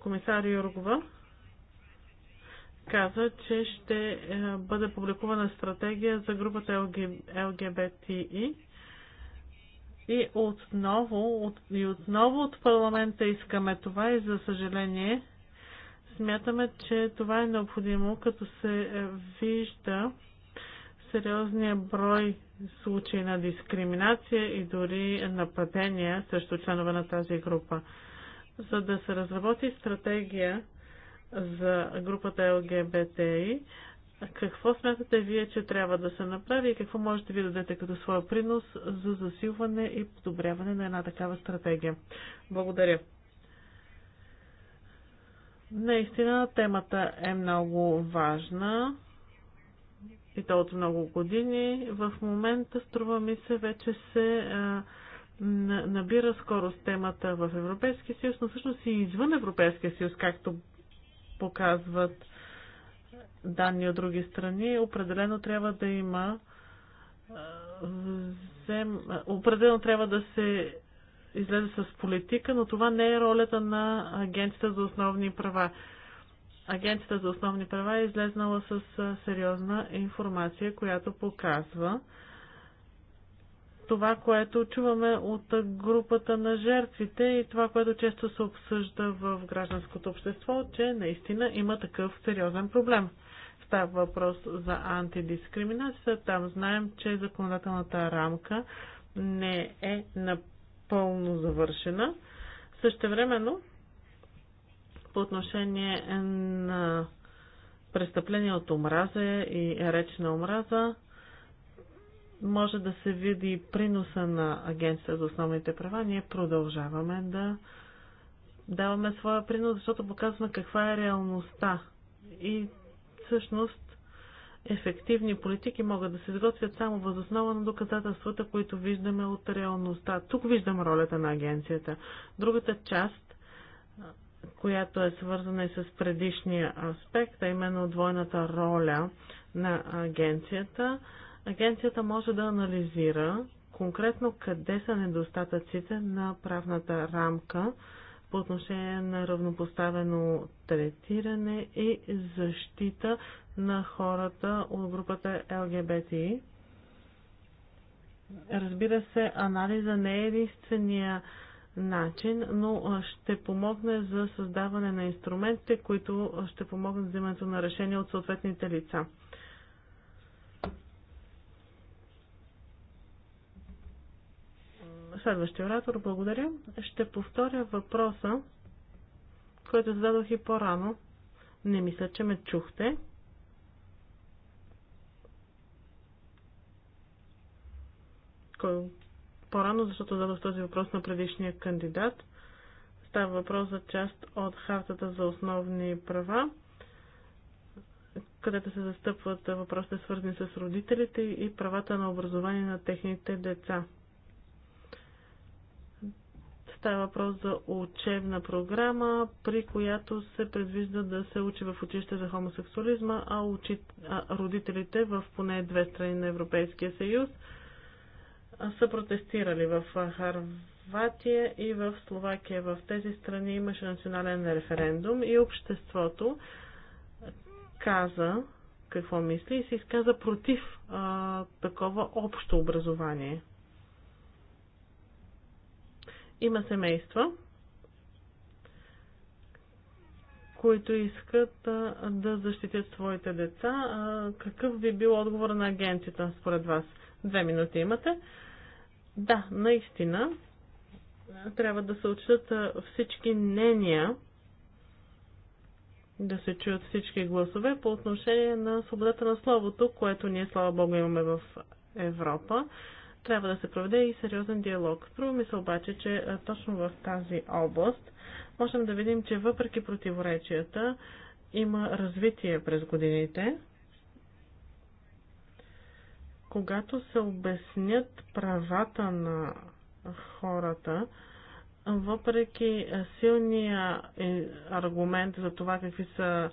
Speaker 2: Комисар Юргова каза, че ще е, бъде публикувана стратегия за групата ЛГБТИ. И отново, от, и отново от парламента искаме това и за съжаление смятаме, че това е необходимо, като се е, вижда сериозния брой случаи на дискриминация и дори нападения срещу членове на тази група. За да се разработи стратегия за групата ЛГБТИ, какво смятате вие, че трябва да се направи и какво можете ви да дадете като своя принос за засилване и подобряване на една такава стратегия? Благодаря. Наистина темата е много важна и то от много години, в момента струва ми се вече се а, набира скорост темата в Европейския съюз, но всъщност и извън Европейския съюз, както показват данни от други страни, определено трябва да има взем, определено трябва да се излезе с политика, но това не е ролята на Агенцията за основни права. Агенцията за основни права е излезнала с сериозна информация, която показва това, което чуваме от групата на жертвите и това, което често се обсъжда в гражданското общество, че наистина има такъв сериозен проблем. Става въпрос за антидискриминация. Там знаем, че законодателната рамка не е напълно завършена. Същевременно по отношение на престъпления от омраза и реч на омраза може да се види приноса на Агенцията за основните права. Ние продължаваме да даваме своя принос, защото показваме каква е реалността. И всъщност ефективни политики могат да се изготвят само възоснова на доказателствата, които виждаме от реалността. Тук виждам ролята на агенцията. Другата част която е свързана и с предишния аспект, а именно двойната роля на агенцията. Агенцията може да анализира конкретно къде са недостатъците на правната рамка по отношение на равнопоставено третиране и защита на хората от групата ЛГБТИ. Разбира се, анализа не е единствения начин, но ще помогне за създаване на инструментите, които ще помогнат за взимането на решение от съответните лица. Следващия оратор, благодаря. Ще повторя въпроса, който зададох и по-рано. Не мисля, че ме чухте. Кой по-рано, защото зададох този въпрос на предишния кандидат. Става въпрос за част от хартата за основни права, където се застъпват въпросите свързани с родителите и правата на образование на техните деца. Става въпрос за учебна програма, при която се предвижда да се учи в училище за хомосексуализма, а, учи... а родителите в поне две страни на Европейския съюз – са протестирали в Харватия и в Словакия. В тези страни имаше национален референдум и обществото каза какво мисли и се изказа против а, такова общо образование. Има семейства, които искат а, да защитят своите деца. А, какъв би бил отговор на агенцията според вас? Две минути имате. Да, наистина трябва да се отчитат всички мнения, да се чуят всички гласове по отношение на свободата на словото, което ние, слава Богу, имаме в Европа. Трябва да се проведе и сериозен диалог. Струва ми се обаче, че точно в тази област можем да видим, че въпреки противоречията има развитие през годините когато се обяснят правата на хората, въпреки силния е, аргумент за това какви са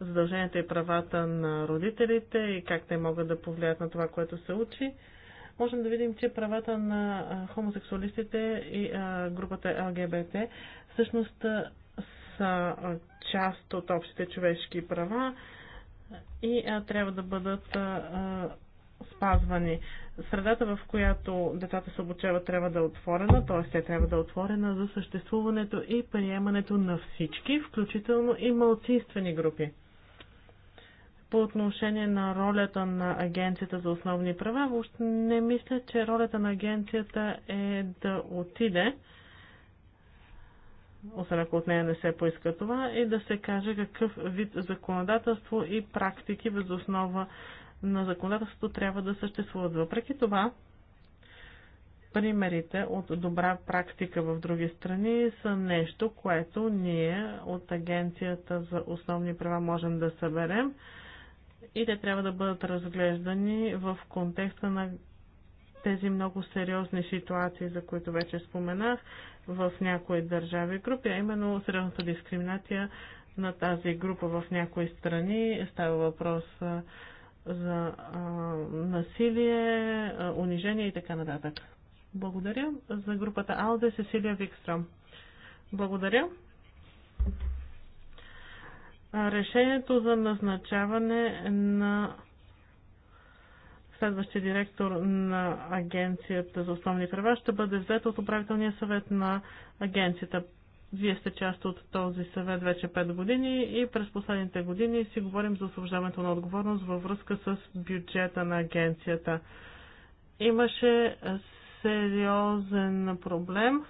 Speaker 2: задълженията и правата на родителите и как те могат да повлият на това, което се учи, можем да видим, че правата на хомосексуалистите и групата ЛГБТ всъщност са част от общите човешки права и трябва да бъдат спазвани. Средата, в която децата се обучават, трябва да е отворена, т.е. тя трябва да е отворена за съществуването и приемането на всички, включително и малцинствени групи. По отношение на ролята на Агенцията за основни права, въобще не мисля, че ролята на Агенцията е да отиде освен ако от нея не се поиска това, и да се каже какъв вид законодателство и практики възоснова на законодателството трябва да съществуват. Въпреки това, примерите от добра практика в други страни са нещо, което ние от Агенцията за основни права можем да съберем и те трябва да бъдат разглеждани в контекста на тези много сериозни ситуации, за които вече споменах в някои държави групи, а именно сериозната дискриминация на тази група в някои страни. Става въпрос за а, насилие, а, унижение и така нататък. Благодаря. За групата Алде Сесилия Викстрам. Благодаря. Решението за назначаване на следващия директор на Агенцията за основни права ще бъде взето от управителния съвет на агенцията. Вие сте част от този съвет вече 5 години и през последните години си говорим за освобождаването на отговорност във връзка с бюджета на агенцията. Имаше сериозен проблем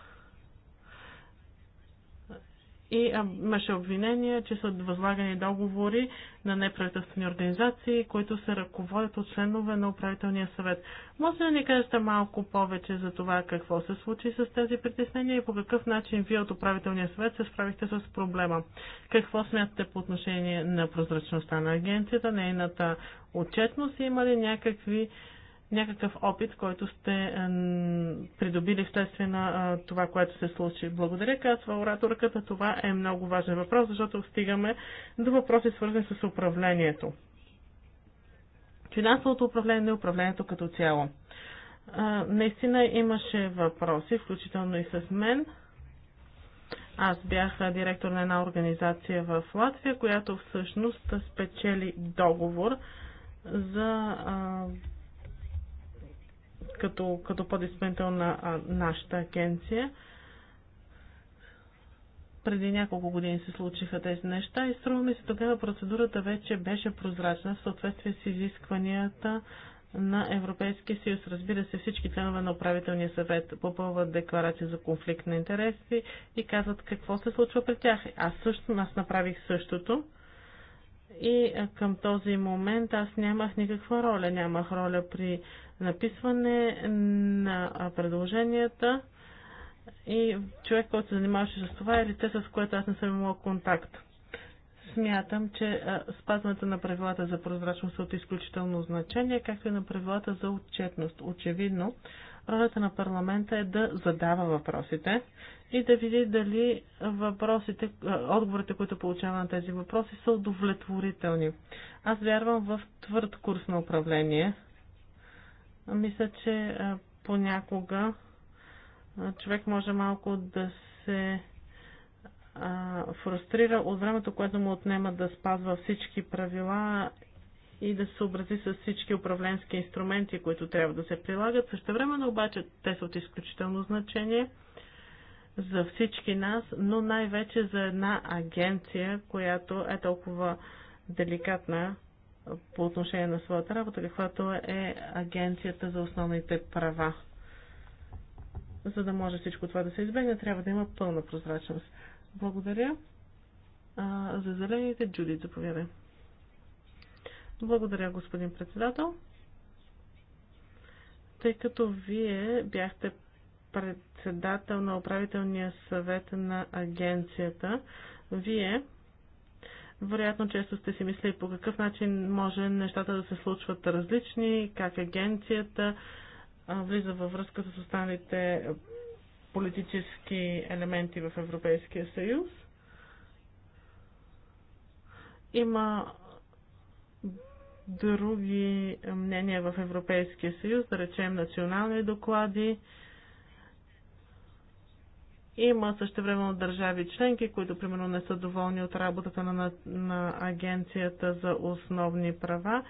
Speaker 2: и имаше обвинения, че са възлагани договори на неправителствени организации, които се ръководят от членове на управителния съвет. Може ли да ни кажете малко повече за това какво се случи с тези притеснения и по какъв начин вие от управителния съвет се справихте с проблема? Какво смятате по отношение на прозрачността на агенцията, нейната отчетност и има ли някакви някакъв опит, който сте е, придобили вследствие на е, това, което се случи. Благодаря, казва ораторката. Това е много важен въпрос, защото стигаме до въпроси, свързани с управлението. Финансовото управление на управлението като цяло. Е, наистина имаше въпроси, включително и с мен. Аз бях директор на една организация в Латвия, която всъщност спечели договор за като, като подиспълнител на а, нашата агенция. Преди няколко години се случиха тези неща и струва ми се тогава процедурата вече беше прозрачна в съответствие с изискванията на Европейския съюз. Разбира се, всички членове на управителния съвет попълват декларация за конфликт на интереси и казват какво се случва при тях. Аз също, аз направих същото. И към този момент аз нямах никаква роля. Нямах роля при написване на предложенията и човек, който се занимаваше с това е лице, с което аз не съм имала контакт. Смятам, че спазването на правилата за прозрачност е от изключително значение, както и на правилата за отчетност. Очевидно, Ролята на парламента е да задава въпросите и да види дали въпросите, отговорите, които получава на тези въпроси, са удовлетворителни. Аз вярвам в твърд курс на управление. Мисля, че понякога човек може малко да се фрустрира от времето, което му отнема да спазва всички правила и да се съобрази с всички управленски инструменти, които трябва да се прилагат. Също времено обаче те са от изключително значение за всички нас, но най-вече за една агенция, която е толкова деликатна по отношение на своята работа, каквато е Агенцията за основните права. За да може всичко това да се избегне, трябва да има пълна прозрачност. Благодаря. за зелените, Джудит, заповядай. Благодаря, господин председател. Тъй като вие бяхте председател на управителния съвет на агенцията, вие вероятно често сте си мислили по какъв начин може нещата да се случват различни, как агенцията влиза във връзка с останалите политически елементи в Европейския съюз. Има други мнения в Европейския съюз, да речем национални доклади. Има също време от държави членки, които примерно не са доволни от работата на, на Агенцията за основни права.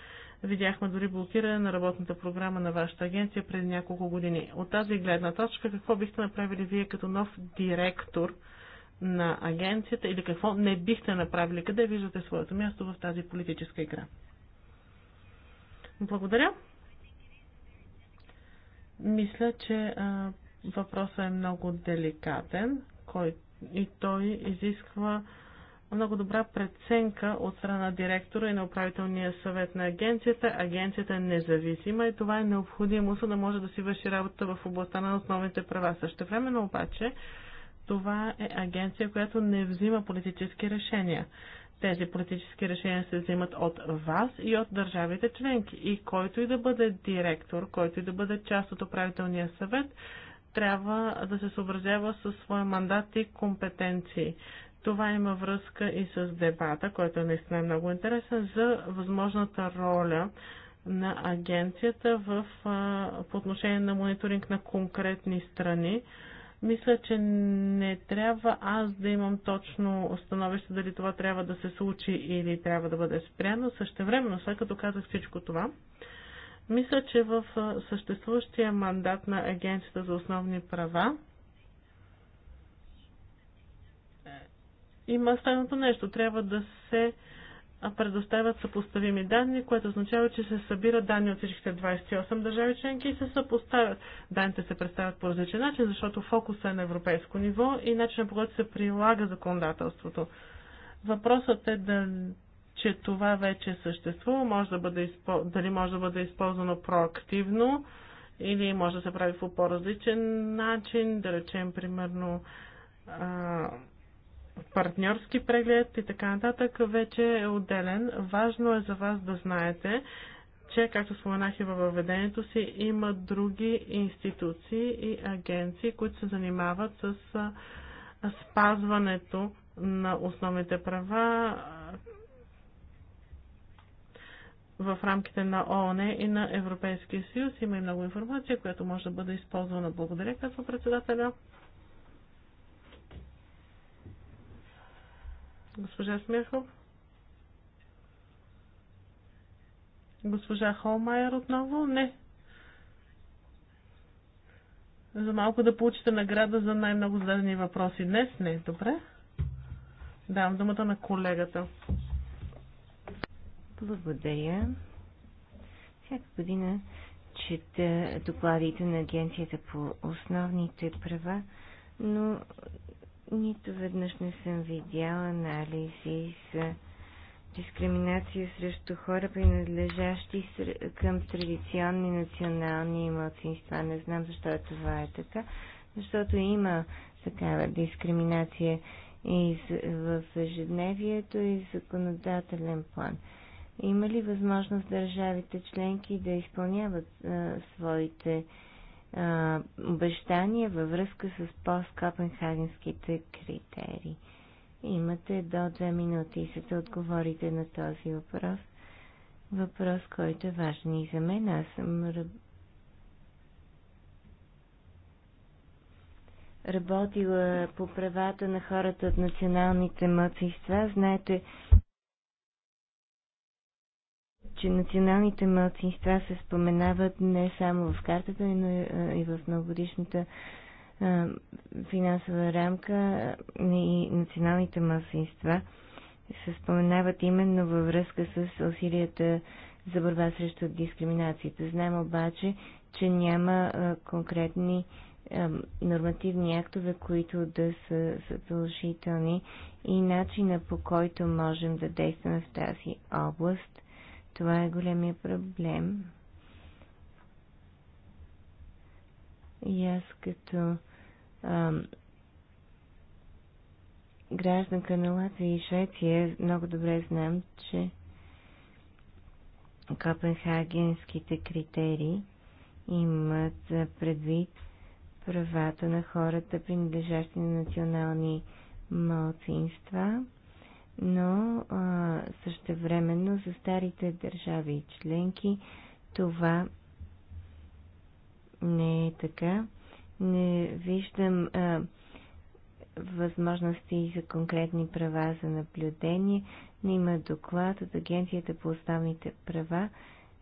Speaker 2: Видяхме дори блокиране на работната програма на вашата агенция преди няколко години. От тази гледна точка, какво бихте направили вие като нов директор на агенцията или какво не бихте направили? Къде виждате своето място в тази политическа игра? Благодаря. Мисля, че а, въпросът е много деликатен кой, и той изисква много добра преценка от страна на директора и на управителния съвет на агенцията. Агенцията е независима и това е необходимо, за да може да си върши работа в областта на основните права. Също времено обаче това е агенция, която не взима политически решения. Тези политически решения се взимат от вас и от държавите членки. И който и да бъде директор, който и да бъде част от управителния съвет, трябва да се съобразява със своя мандат и компетенции. Това има връзка и с дебата, който наистина е много интересен, за възможната роля на агенцията в, по отношение на мониторинг на конкретни страни. Мисля, че не трябва аз да имам точно становище дали това трябва да се случи или трябва да бъде спряно. Същевременно, след като казах всичко това, мисля, че в съществуващия мандат на Агенцията за основни права е, има следното нещо. Трябва да се предоставят съпоставими данни, което означава, че се събират данни от всичките 28 държави членки и се съпоставят. Данните се представят по различен начин, защото фокуса е на европейско ниво и начинът по който се прилага законодателството. Въпросът е да че това вече съществува, може да бъде, дали може да бъде използвано проактивно или може да се прави по по-различен начин, да речем, примерно, партньорски преглед и така нататък вече е отделен. Важно е за вас да знаете, че, както споменах и във въведението си, има други институции и агенции, които се занимават с спазването на основните права в рамките на ООН и на Европейския съюз. Има и много информация, която може да бъде използвана. Благодаря, казва председателя. Госпожа Смирхов. Госпожа Холмайер отново? Не. За малко да получите награда за най-много зададени въпроси. Днес не. Е добре. Давам думата на колегата. Благодаря. Всяка година
Speaker 3: чета докладите на Агенцията по основните права, но нито веднъж не съм видяла анализи за дискриминация срещу хора, принадлежащи към традиционни национални младсинства. Не знам защо е това е така, защото има такава дискриминация и в ежедневието и в законодателен план. Има ли възможност държавите членки да изпълняват а, своите а, обещания във връзка с пост-копенхагенските критерии. Имате до две минути и се да отговорите на този въпрос. Въпрос, който е важен и за мен. Аз съм работила по правата на хората от националните младсинства. Знаете, че националните младсинства се споменават не само в картата, но и в многогодишната финансова рамка и националните младсинства се споменават именно във връзка с усилията за борба срещу дискриминацията. Знаем обаче, че няма конкретни нормативни актове, които да са задължителни и начина по който можем да действаме в тази област това е големия проблем. И аз като ам, гражданка на Латвия и Швеция много добре знам, че копенхагенските критерии имат предвид правата на хората, принадлежащи на национални малцинства но а, същевременно за старите държави и членки това не е така. Не виждам а, възможности за конкретни права за наблюдение. Не има доклад от Агенцията по основните права,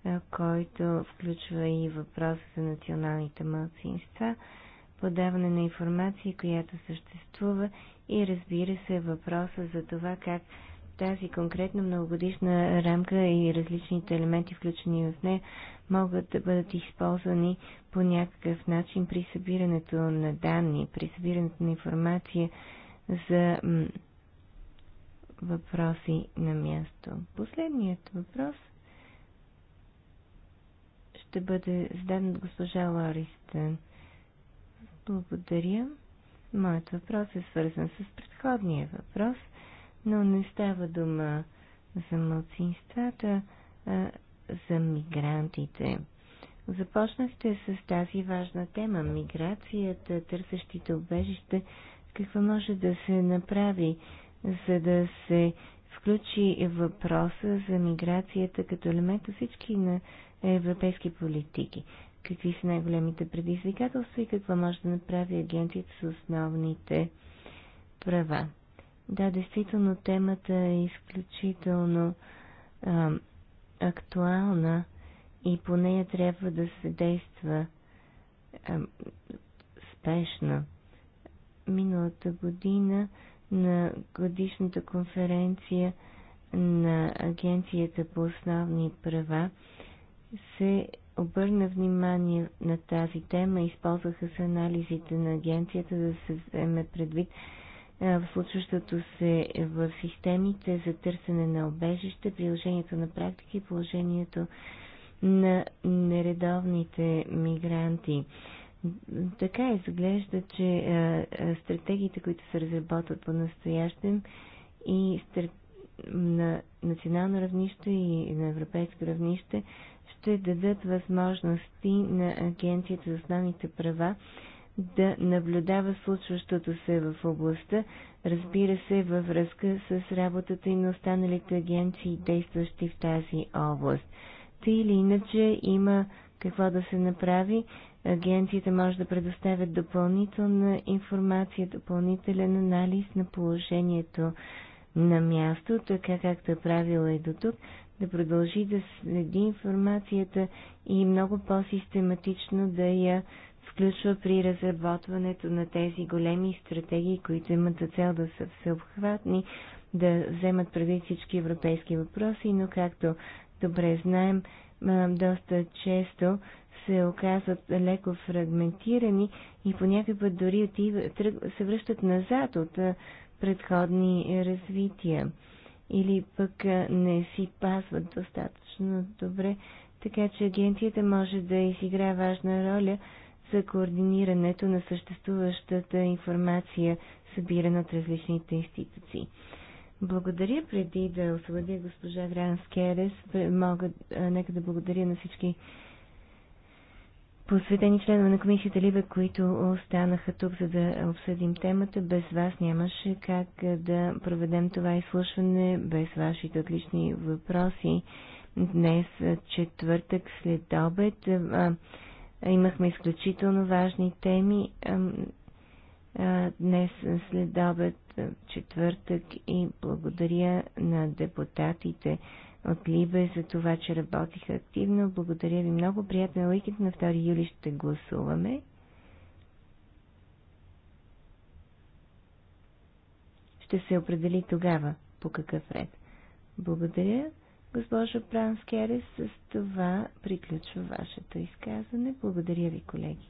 Speaker 3: а, който включва и въпроса за националните мълцинства. А, подаване на информация, която съществува и разбира се въпроса за това как тази конкретна многогодишна рамка и различните елементи, включени в нея, могат да бъдат използвани по някакъв начин при събирането на данни, при събирането на информация за въпроси на място. Последният въпрос ще бъде зададен от госпожа Лористън. Благодаря. Моят въпрос е свързан с предходния въпрос, но не става дума за младсинствата, а за мигрантите. Започнахте с тази важна тема – миграцията, търсещите убежище. Какво може да се направи, за да се включи въпроса за миграцията като елемент от всички на европейски политики? какви са най-големите предизвикателства и какво може да направи агенцията с основните права. Да, действително темата е изключително а, актуална и по нея трябва да се действа а, спешно. Миналата година на годишната конференция на Агенцията по основни права се обърна внимание на тази тема, използваха се анализите на агенцията да се вземе предвид в случващото се в системите за търсене на обежище, приложението на практики и положението на нередовните мигранти. Така изглежда, че стратегиите, които се разработват по-настоящем и на национално равнище и на европейско равнище ще дадат възможности на Агенцията за основните права да наблюдава случващото се в областта, разбира се, във връзка с работата и на останалите агенции, действащи в тази област. Та или иначе има какво да се направи. Агенцията може да предоставя допълнителна информация, допълнителен анализ на положението на място, така както е правила и до тук, да продължи да следи информацията и много по-систематично да я включва при разработването на тези големи стратегии, които имат за цел да са всеобхватни, да вземат преди всички европейски въпроси, но както добре знаем, доста често се оказват леко фрагментирани и по някакъв път дори отива, се връщат назад от предходни развития или пък не си пазват достатъчно добре, така че агенцията може да изиграе важна роля за координирането на съществуващата информация, събирана от различните институции. Благодаря преди да освободя госпожа Гранс Скерес. Мога, нека да благодаря на всички посветени членове на комисията Либе, които останаха тук, за да обсъдим темата. Без вас нямаше как да проведем това изслушване, без вашите отлични въпроси. Днес, четвъртък след обед, имахме изключително важни теми. Днес след обед, четвъртък и благодаря на депутатите от Либе за това, че работиха активно. Благодаря ви много. Приятен уикенд. На 2 юли ще гласуваме. Ще се определи тогава по какъв ред. Благодаря. Госпожа Пранскерес, с това приключва вашето изказване. Благодаря ви, колеги.